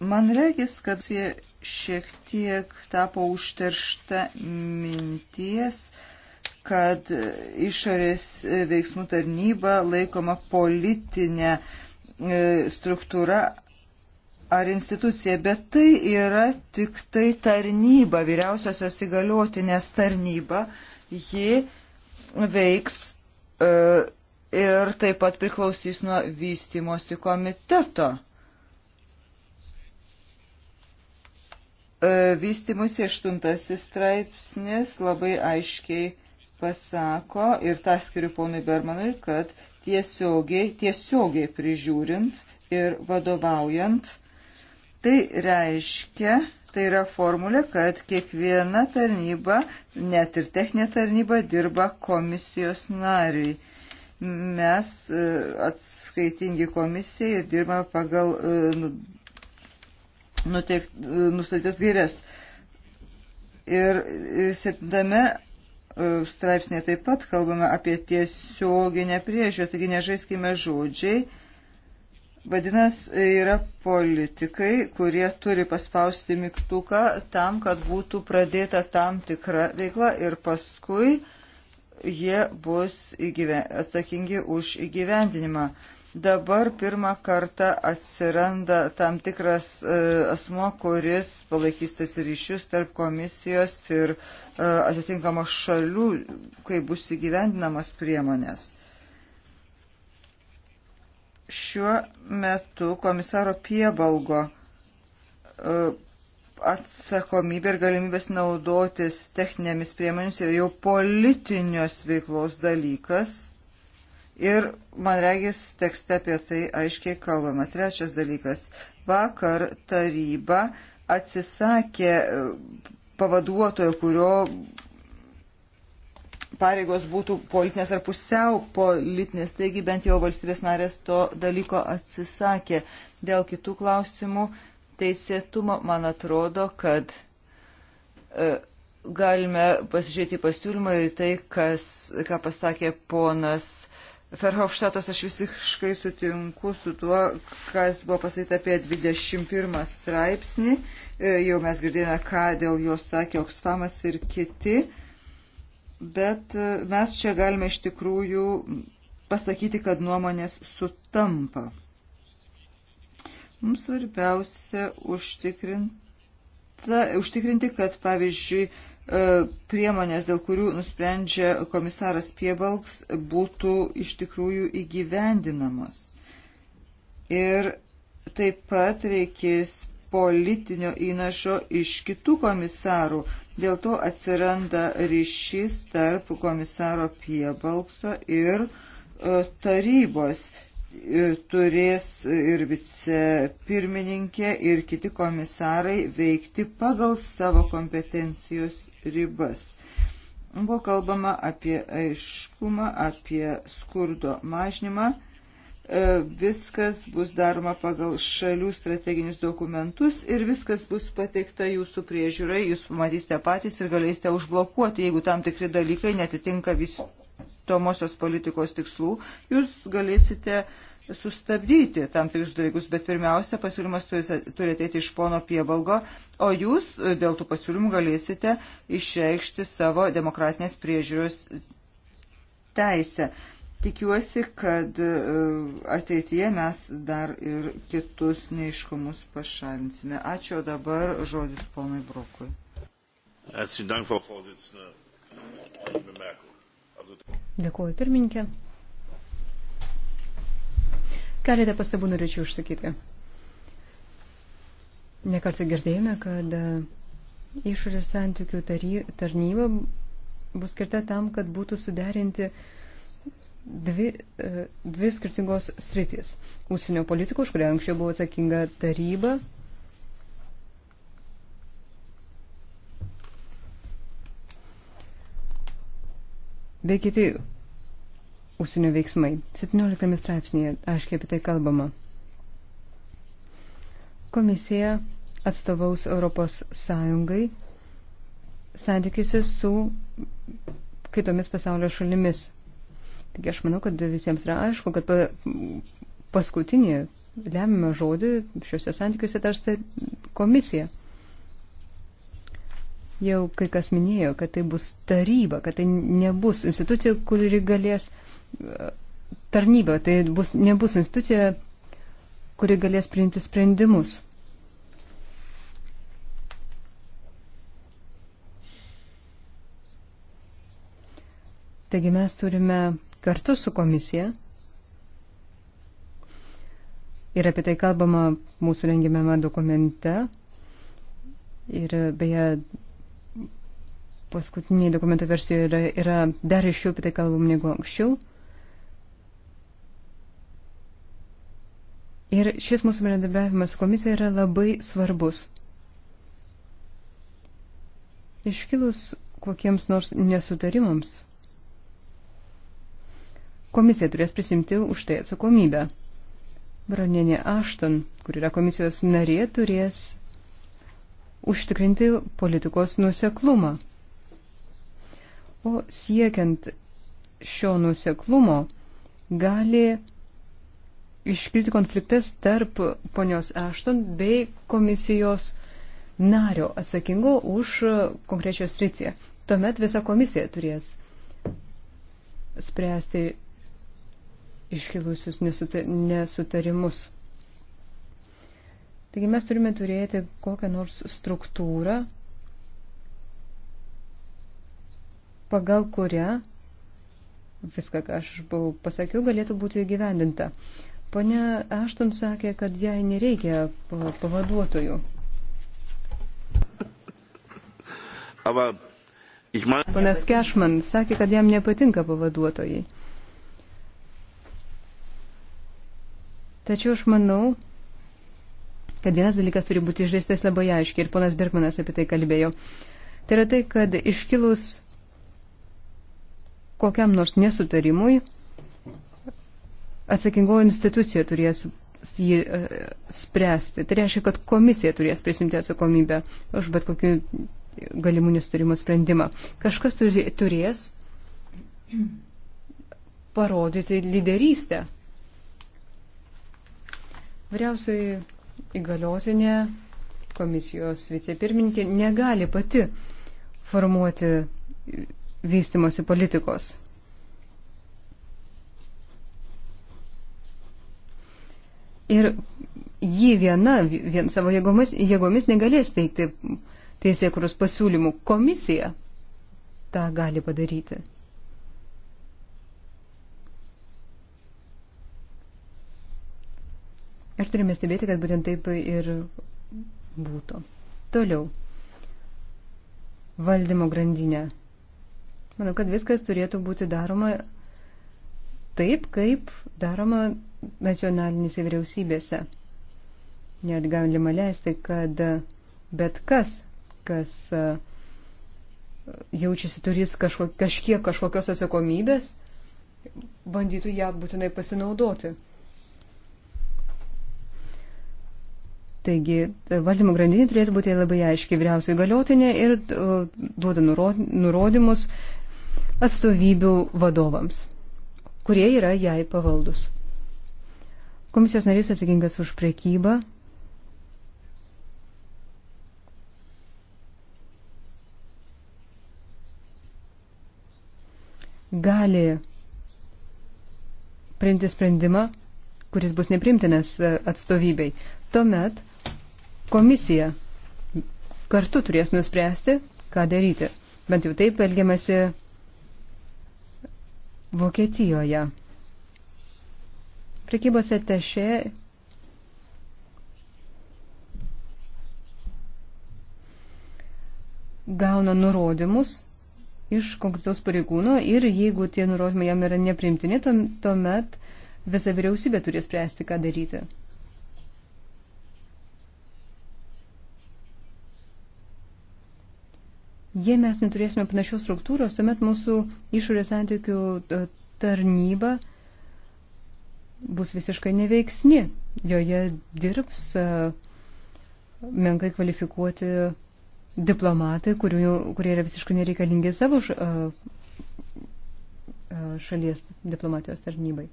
Speaker 1: Man reikės, kad jie šiek tiek tapo užteršta minties, kad išorės veiksmų tarnyba laikoma politinė e, struktūra ar institucija, bet tai yra tik tai tarnyba, vyriausiosios įgaliotinės tarnyba, ji veiks e, ir taip pat priklausys nuo vystimosi komiteto. E, vystimusi aštuntasis straipsnis labai aiškiai pasako ir tą skiriu ponui Bermanui, kad tiesiogiai, tiesiogiai prižiūrint ir vadovaujant, tai reiškia, tai yra formulė, kad kiekviena tarnyba, net ir techninė tarnyba, dirba komisijos nariui. Mes e, atskaitingi komisijai ir dirbame pagal e, nu, nustatytas gairias. Ir septintame e, straipsnėje taip pat kalbame apie tiesioginę priežiūrą, taigi nežaiskime žodžiai. Vadinasi, e, yra politikai, kurie turi paspausti mygtuką tam, kad būtų pradėta tam tikra veikla ir paskui jie bus atsakingi už įgyvendinimą. Dabar pirmą kartą atsiranda tam tikras e, asmo, kuris palaikys tas ryšius tarp komisijos ir e, atitinkamos šalių, kai bus įgyvendinamas priemonės. Šiuo metu komisaro Piebalgo e, atsakomybė ir galimybės naudotis techninėmis priemonėmis yra jau politinios veiklos dalykas, Ir, man regis, tekste apie tai aiškiai kalbama. Trečias dalykas. Vakar taryba atsisakė e, pavaduotojo, kurio pareigos būtų politinės ar pusiau politinės, taigi bent jau valstybės narės to dalyko atsisakė. Dėl kitų klausimų teisėtumo, man atrodo, kad e, galime pasižiūrėti pasiūlymą ir tai, kas, ką pasakė ponas Ferhofštatas aš visiškai sutinku su tuo, kas buvo pasakyta apie 21 straipsnį. E, jau mes girdėjome, ką dėl jo sakė Oksfamas ir kiti. Bet e, mes čia galime iš tikrųjų pasakyti, kad nuomonės sutampa. Mums svarbiausia užtikrinti, kad pavyzdžiui E, priemonės, dėl kurių nusprendžia komisaras Piebalgs, būtų iš tikrųjų įgyvendinamos. Ir taip pat reikės politinio įnašo iš kitų komisarų. Dėl to atsiranda ryšys tarp komisaro Piebalgso ir e, tarybos. E, turės ir vicepirmininkė ir kiti komisarai veikti pagal savo kompetencijos ribas. Buvo kalbama apie aiškumą, apie skurdo mažnymą. E, viskas bus daroma pagal šalių strateginius dokumentus ir viskas bus pateikta jūsų priežiūrai. Jūs pamatysite patys ir galėsite užblokuoti, jeigu tam tikri dalykai netitinka visų vystomosios politikos tikslų, jūs galėsite sustabdyti tam tikrus dalykus, bet pirmiausia, pasiūlymas turi ateiti iš pono Pievalgo, o jūs e, dėl tų pasiūlymų galėsite išreikšti savo demokratinės priežiūros teisę. Tikiuosi, kad e, ateityje mes dar ir kitus neiškumus pašalinsime. Ačiū dabar žodis ponui Brokui.
Speaker 3: Herzlichen Dank, Frau Vorsitzende. Eine Bemerkung. Also
Speaker 4: Dėkuoju pirmininkė. Keletą pastabų norėčiau užsakyti. Nekartą girdėjome, kad išorės santykių tarnyba bus skirta tam, kad būtų suderinti dvi, e, dvi skirtingos sritis. Užsienio politikų, už kurią anksčiau buvo atsakinga taryba bei kiti užsienio veiksmai. 17 straipsnėje aiškiai apie tai kalbama. Komisija atstovaus Europos Sąjungai santykiuose su kitomis pasaulio šalimis. Taigi aš manau, kad visiems yra aišku, kad paskutinį lemiamą žodį šiuose santykiuose tarsi komisija. Jau kai kas minėjo, kad tai bus taryba, kad tai nebus institucija, kuri galės tarnyba, tai bus, nebus institucija, kuri galės priimti sprendimus. Taigi mes turime kartu su komisija Ir apie tai kalbama mūsų rengiamame dokumente. Ir beje, paskutiniai dokumento versijoje yra, yra dar iškiau apie tai kalbam negu anksčiau. Ir šis mūsų bendradarbiavimas su komisija yra labai svarbus. Iškilus kokiems nors nesutarimams, komisija turės prisimti už tai atsakomybę. Bronienė Ašton, kur yra komisijos narė, turės užtikrinti politikos nuoseklumą. O siekiant šio nuseklumo gali iškilti konfliktas tarp ponios Ashton bei komisijos nario atsakingo už konkrečią sritį. Tuomet visa komisija turės spręsti iškilusius nesutarimus. Taigi mes turime turėti kokią nors struktūrą, pagal kurią viską, ką aš buvau pasakiau, galėtų būti gyvendinta. Pone Ašton sakė, kad jai nereikia pavaduotojų.
Speaker 3: Aber ich mein... Ponas
Speaker 4: Kešman sakė, kad jam nepatinka pavaduotojai. Tačiau aš manau, kad vienas dalykas turi būti išdėstęs labai aiškiai ir ponas Bergmanas apie tai kalbėjo. Tai yra tai, kad iškilus kokiam nors nesutarimui atsakingoji institucija turės jį e, spręsti. Tai reiškia, kad komisija turės prisimti atsakomybę už bet kokių galimų nesutarimo sprendimą. Kažkas turės parodyti lyderystę. Vyriausiai įgaliotinė komisijos vicepirmininkė negali pati formuoti vystimosi politikos. Ir ji viena, vien savo jėgomis, jėgomis negalės teikti teisėkurus pasiūlymų. Komisija tą gali padaryti. Ir turime stebėti, kad būtent taip ir būtų. Toliau. Valdymo grandinė. Manau, kad viskas turėtų būti daroma taip, kaip daroma nacionalinėse vyriausybėse. Net galima leisti, kad bet kas, kas jaučiasi turis kažko, kažkiek kažkokios atsakomybės, bandytų ją būtinai pasinaudoti. Taigi valdymo grandinė turėtų būti labai aiškiai vyriausiai galiotinė ir duoda nurodymus atstovybių vadovams, kurie yra jai pavaldus. Komisijos narys atsakingas už priekybą. gali priimti sprendimą, kuris bus neprimtinas e, atstovybei. Tuomet komisija kartu turės nuspręsti, ką daryti. Bent jau taip elgiamasi Vokietijoje. Prekybos atešė gauna nurodymus iš konkretaus pareigūno ir jeigu tie nurodymai jam yra neprimtini, tuomet visa vyriausybė turės spręsti, ką daryti. Jei mes neturėsime panašios struktūros, tuomet mūsų išorės santykių e, tarnyba bus visiškai neveiksni. Joje dirbs e, menkai kvalifikuoti diplomatai, kurių, kurie yra visiškai nereikalingi savo e, šalies diplomatijos tarnybai.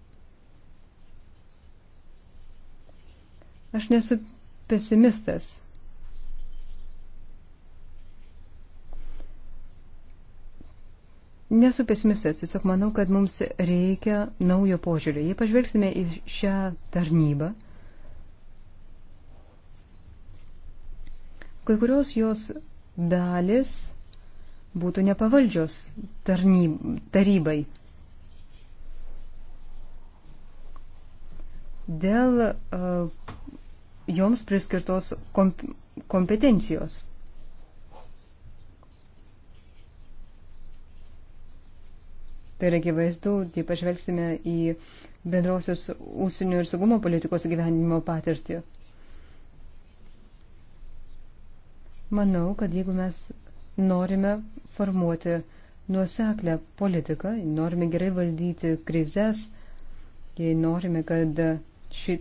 Speaker 4: Aš nesu pesimistas. Nesu pesimistas, tiesiog manau, kad mums reikia naujo požiūrio. Jei pažvelgsime į šią tarnybą, kai kurios jos dalis būtų nepavaldžios tarnyb, tarybai. Dėl uh, joms priskirtos komp kompetencijos. Tai yra akivaizdu, jei pažvelgsime į bendrosios ūsinių ir saugumo politikos gyvenimo patirtį. Manau, kad jeigu mes norime formuoti nuoseklę politiką, norime gerai valdyti krizės, jei norime, kad ši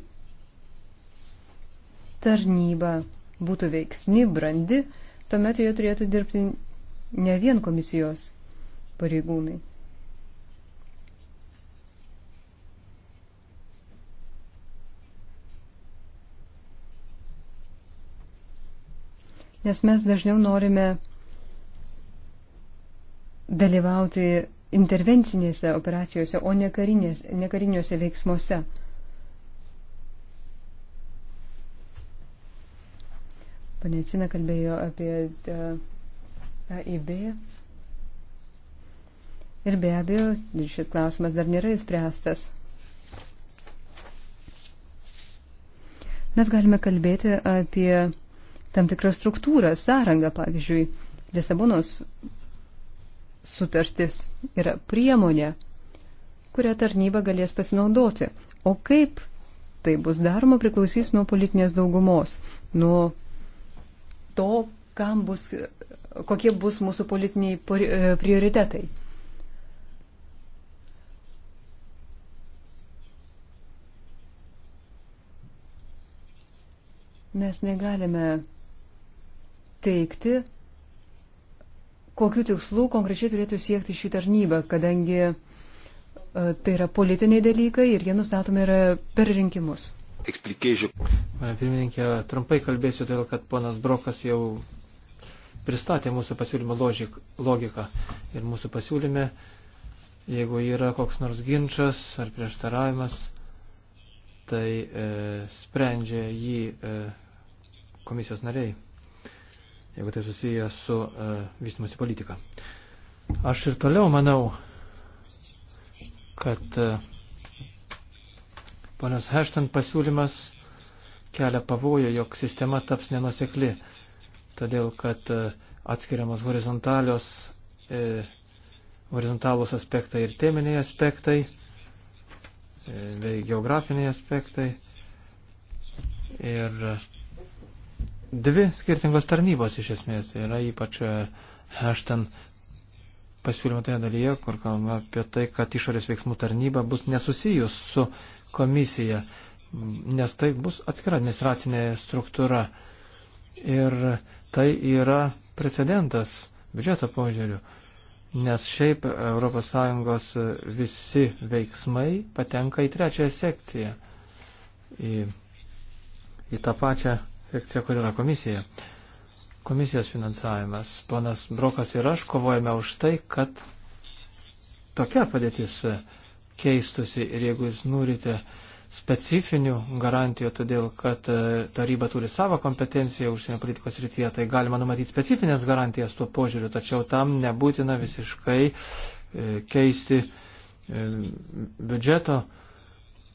Speaker 4: tarnyba būtų veiksni, brandi, tuomet joje turėtų dirbti ne vien komisijos pareigūnai. nes mes dažniau norime dalyvauti intervencinėse operacijose, o ne, karinės, ne kariniuose veiksmuose. Panecina kalbėjo apie e, AIB. Ir be abejo, šis klausimas dar nėra įspręstas. Mes galime kalbėti apie tam tikrą struktūrą, sąrangą, pavyzdžiui, Lisabonos sutartis yra priemonė, kurią tarnyba galės pasinaudoti. O kaip tai bus daroma priklausys nuo politinės daugumos, nuo to, kam bus, kokie bus mūsų politiniai e, prioritetai. Mes negalime teikti, kokiu tikslu konkrečiai turėtų siekti šį tarnybą, kadangi e, tai yra politiniai dalykai ir jie nustatomi yra per rinkimus.
Speaker 2: Pane pirmininkė, trumpai kalbėsiu, todėl kad ponas Brokas jau pristatė mūsų pasiūlymo logiką. Ir mūsų pasiūlyme, jeigu yra koks nors ginčas ar prieštaravimas, tai e, sprendžia jį e, komisijos nariai jeigu tai susiję su e, vystimusi politika. Aš ir toliau manau, kad e, ponios Hešton pasiūlymas kelia pavojų, jog sistema taps nenusekli, todėl kad e, atskiriamos horizontalios, e, horizontalūs aspektai ir teminiai aspektai, e, bei geografiniai aspektai. Ir e, dvi skirtingos tarnybos iš esmės. Yra ypač aš e, ten pasiūlymo toje dalyje, kur kalbama apie tai, kad išorės veiksmų tarnyba bus nesusijus su komisija, nes tai bus atskira administracinė struktūra. Ir tai yra precedentas biudžeto požiūriu, nes šiaip ES visi veiksmai patenka į trečiąją sekciją, į, į tą pačią čia kur yra komisija. Komisijos finansavimas. Ponas Brokas ir aš kovojame už tai, kad tokia padėtis keistusi ir jeigu jūs norite specifinių garantijų, todėl kad e, taryba turi savo kompetenciją užsienio politikos rytyje, tai galima numatyti specifinės garantijas tuo požiūriu, tačiau tam nebūtina visiškai e, keisti e, biudžeto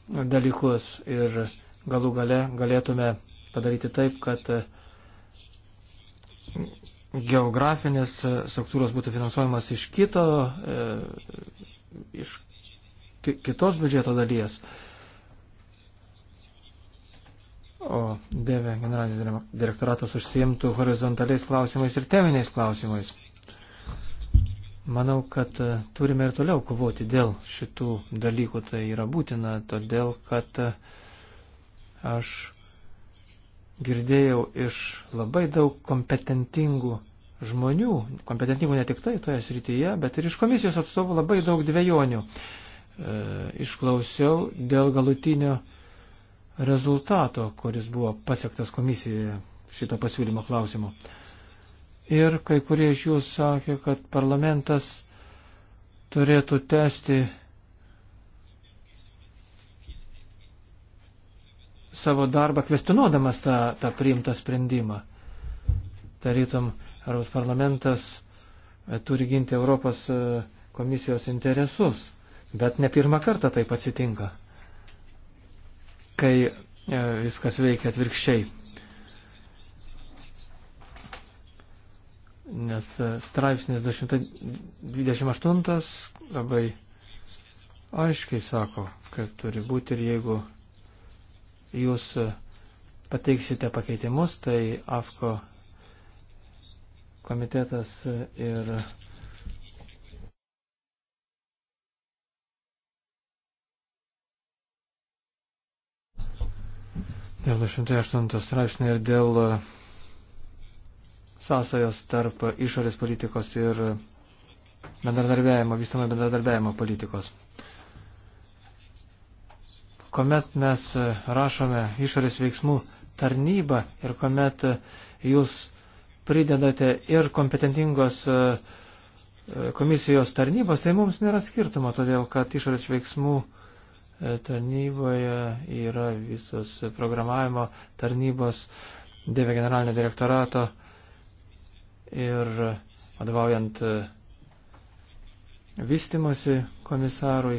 Speaker 2: dalykus ir galų gale galėtume padaryti taip, kad e, geografinės e, struktūros būtų finansuojamas iš kito, e, iš kitos biudžeto dalies. O dėvė generalinis direktoratas užsiimtų horizontaliais klausimais ir teminiais klausimais. Manau, kad turime ir toliau kovoti dėl šitų dalykų. Tai yra būtina, todėl kad aš girdėjau iš labai daug kompetentingų žmonių, kompetentingų ne tik tai toje srityje, bet ir iš komisijos atstovų labai daug dviejonių. E, išklausiau dėl galutinio rezultato, kuris buvo pasiektas komisijoje šito pasiūlymo klausimu. Ir kai kurie iš jų sakė, kad parlamentas turėtų tęsti savo darbą kvestionuodamas tą, tą priimtą sprendimą. Tarytum, Europos parlamentas e, turi ginti Europos e, komisijos interesus, bet ne pirmą kartą taip atsitinka, kai e, viskas veikia atvirkščiai. Nes straipsnis 228 labai aiškiai sako, kaip turi būti ir jeigu jūs e, pateiksite pakeitimus, tai AFKO komitetas e, ir dėl 208 straipsnio ir dėl e, sąsajos tarp išorės politikos ir bendradarbiavimo, vystamo bendradarbiavimo politikos kuomet mes e, rašome išorės veiksmų tarnybą ir kuomet e, jūs pridedate ir kompetentingos e, komisijos tarnybos, tai mums nėra skirtumo, todėl kad išorės veiksmų tarnyboje yra visos programavimo tarnybos, dėvė generalinio direktorato ir vadovaujant vystimosi komisarui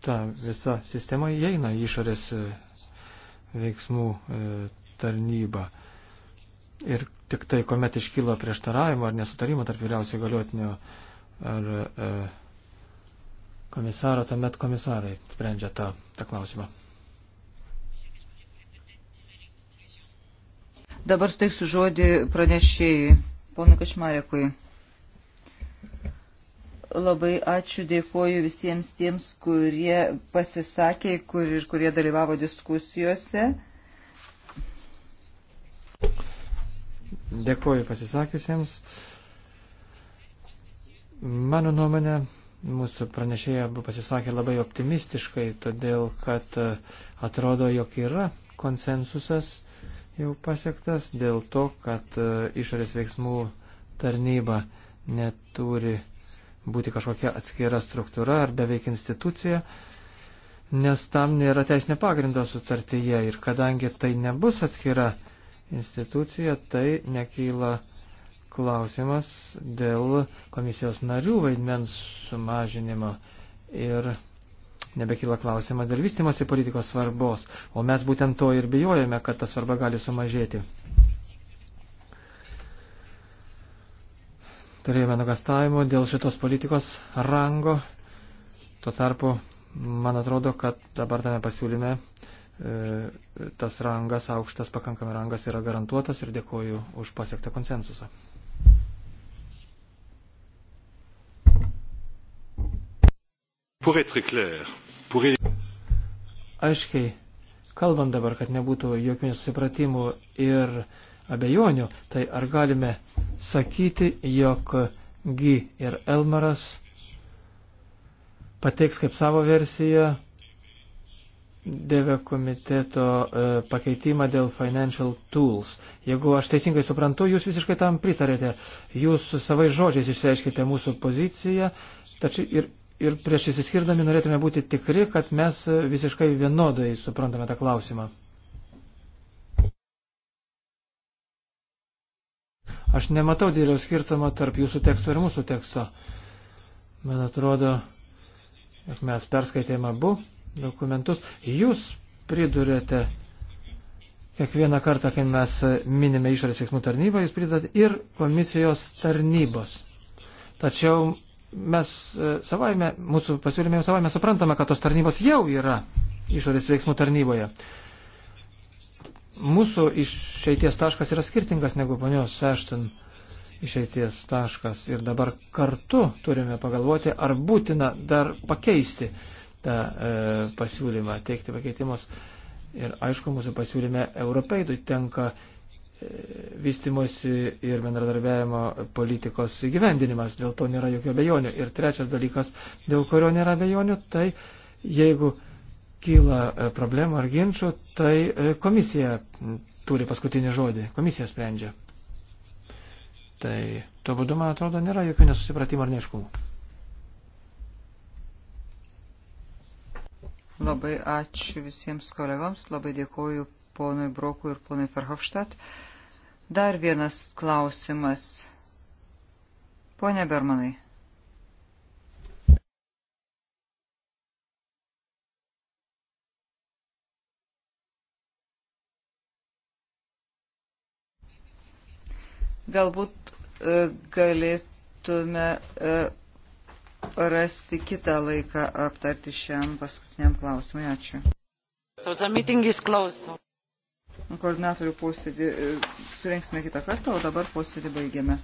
Speaker 2: ta visa sistema įeina į išorės e, veiksmų e, tarnybą. Ir tik tai, kuomet iškyla prieštaravimo ar nesutarimo tarp vyriausiojo galiotinio ar e, komisaro, tuomet komisarai sprendžia tą, tą klausimą. Dabar steiksiu
Speaker 1: žodį pranešėjui, ponui Kašmarekui. Labai ačiū, dėkoju visiems tiems, kurie pasisakė kur ir kurie dalyvavo diskusijose.
Speaker 2: Dėkoju pasisakiusiems. Mano nuomonė, mūsų pranešėja pasisakė labai optimistiškai, todėl kad e, atrodo, jog yra konsensusas jau pasiektas dėl to, kad e, išorės veiksmų tarnyba neturi būti kažkokia atskira struktūra ar beveik institucija, nes tam nėra teisinė pagrindo sutartyje ir kadangi tai nebus atskira institucija, tai nekyla klausimas dėl komisijos narių vaidmens sumažinimo ir nebekyla klausimas dėl vystimosi politikos svarbos, o mes būtent to ir bijojame, kad ta svarba gali sumažėti. turėjome nugastavimo dėl šitos politikos rango. Tuo tarpu, man atrodo, kad dabar tame pasiūlyme e, tas rangas, aukštas pakankamai rangas yra garantuotas ir dėkoju už pasiektą konsensusą. Aiškiai, kalbant dabar, kad nebūtų jokių nesusipratimų ir abejonių, tai ar galime sakyti, jog G ir Elmaras pateiks kaip savo versiją Deve komiteto e, pakeitimą dėl Financial Tools. Jeigu aš teisingai suprantu, jūs visiškai tam pritarėte. Jūs savais žodžiais išreiškite mūsų poziciją, tačiau ir, ir prieš įsiskirdami norėtume būti tikri, kad mes visiškai vienodai suprantame tą klausimą. Aš nematau didelio skirtumo tarp jūsų teksto ir mūsų teksto. Man atrodo, jog mes perskaitėme abu dokumentus. Jūs pridurėte kiekvieną kartą, kai mes minime išorės veiksmų tarnybą, jūs pridat ir komisijos tarnybos. Tačiau mes e, savaime, mūsų pasiūlymėms savaime suprantame, kad tos tarnybos jau yra išorės veiksmų tarnyboje mūsų išeities taškas yra skirtingas negu ponios Sešton išeities taškas. Ir dabar kartu turime pagalvoti, ar būtina dar pakeisti tą e, pasiūlymą, teikti pakeitimus. Ir aišku, mūsų pasiūlyme Europeidui tenka e, vystimosi ir bendradarbiavimo politikos įgyvendinimas, dėl to nėra jokių abejonių. Ir trečias dalykas, dėl kurio nėra abejonių, tai jeigu kyla e, problemų ar ginčių, tai e, komisija turi paskutinį žodį, komisija sprendžia. Tai tuo būdu, man atrodo, nėra jokių nesusipratimų ar neiškumų.
Speaker 1: Labai ačiū visiems kolegoms, labai dėkoju ponui Brokui ir ponui Ferhofštat. Dar vienas klausimas. Pone Bermanai. Galbūt e, galėtume e, rasti kitą laiką aptarti šiam paskutiniam klausimui. Ačiū. So the meeting is closed. Koordinatorių posėdį e, surengsime kitą kartą, o dabar posėdį baigiame.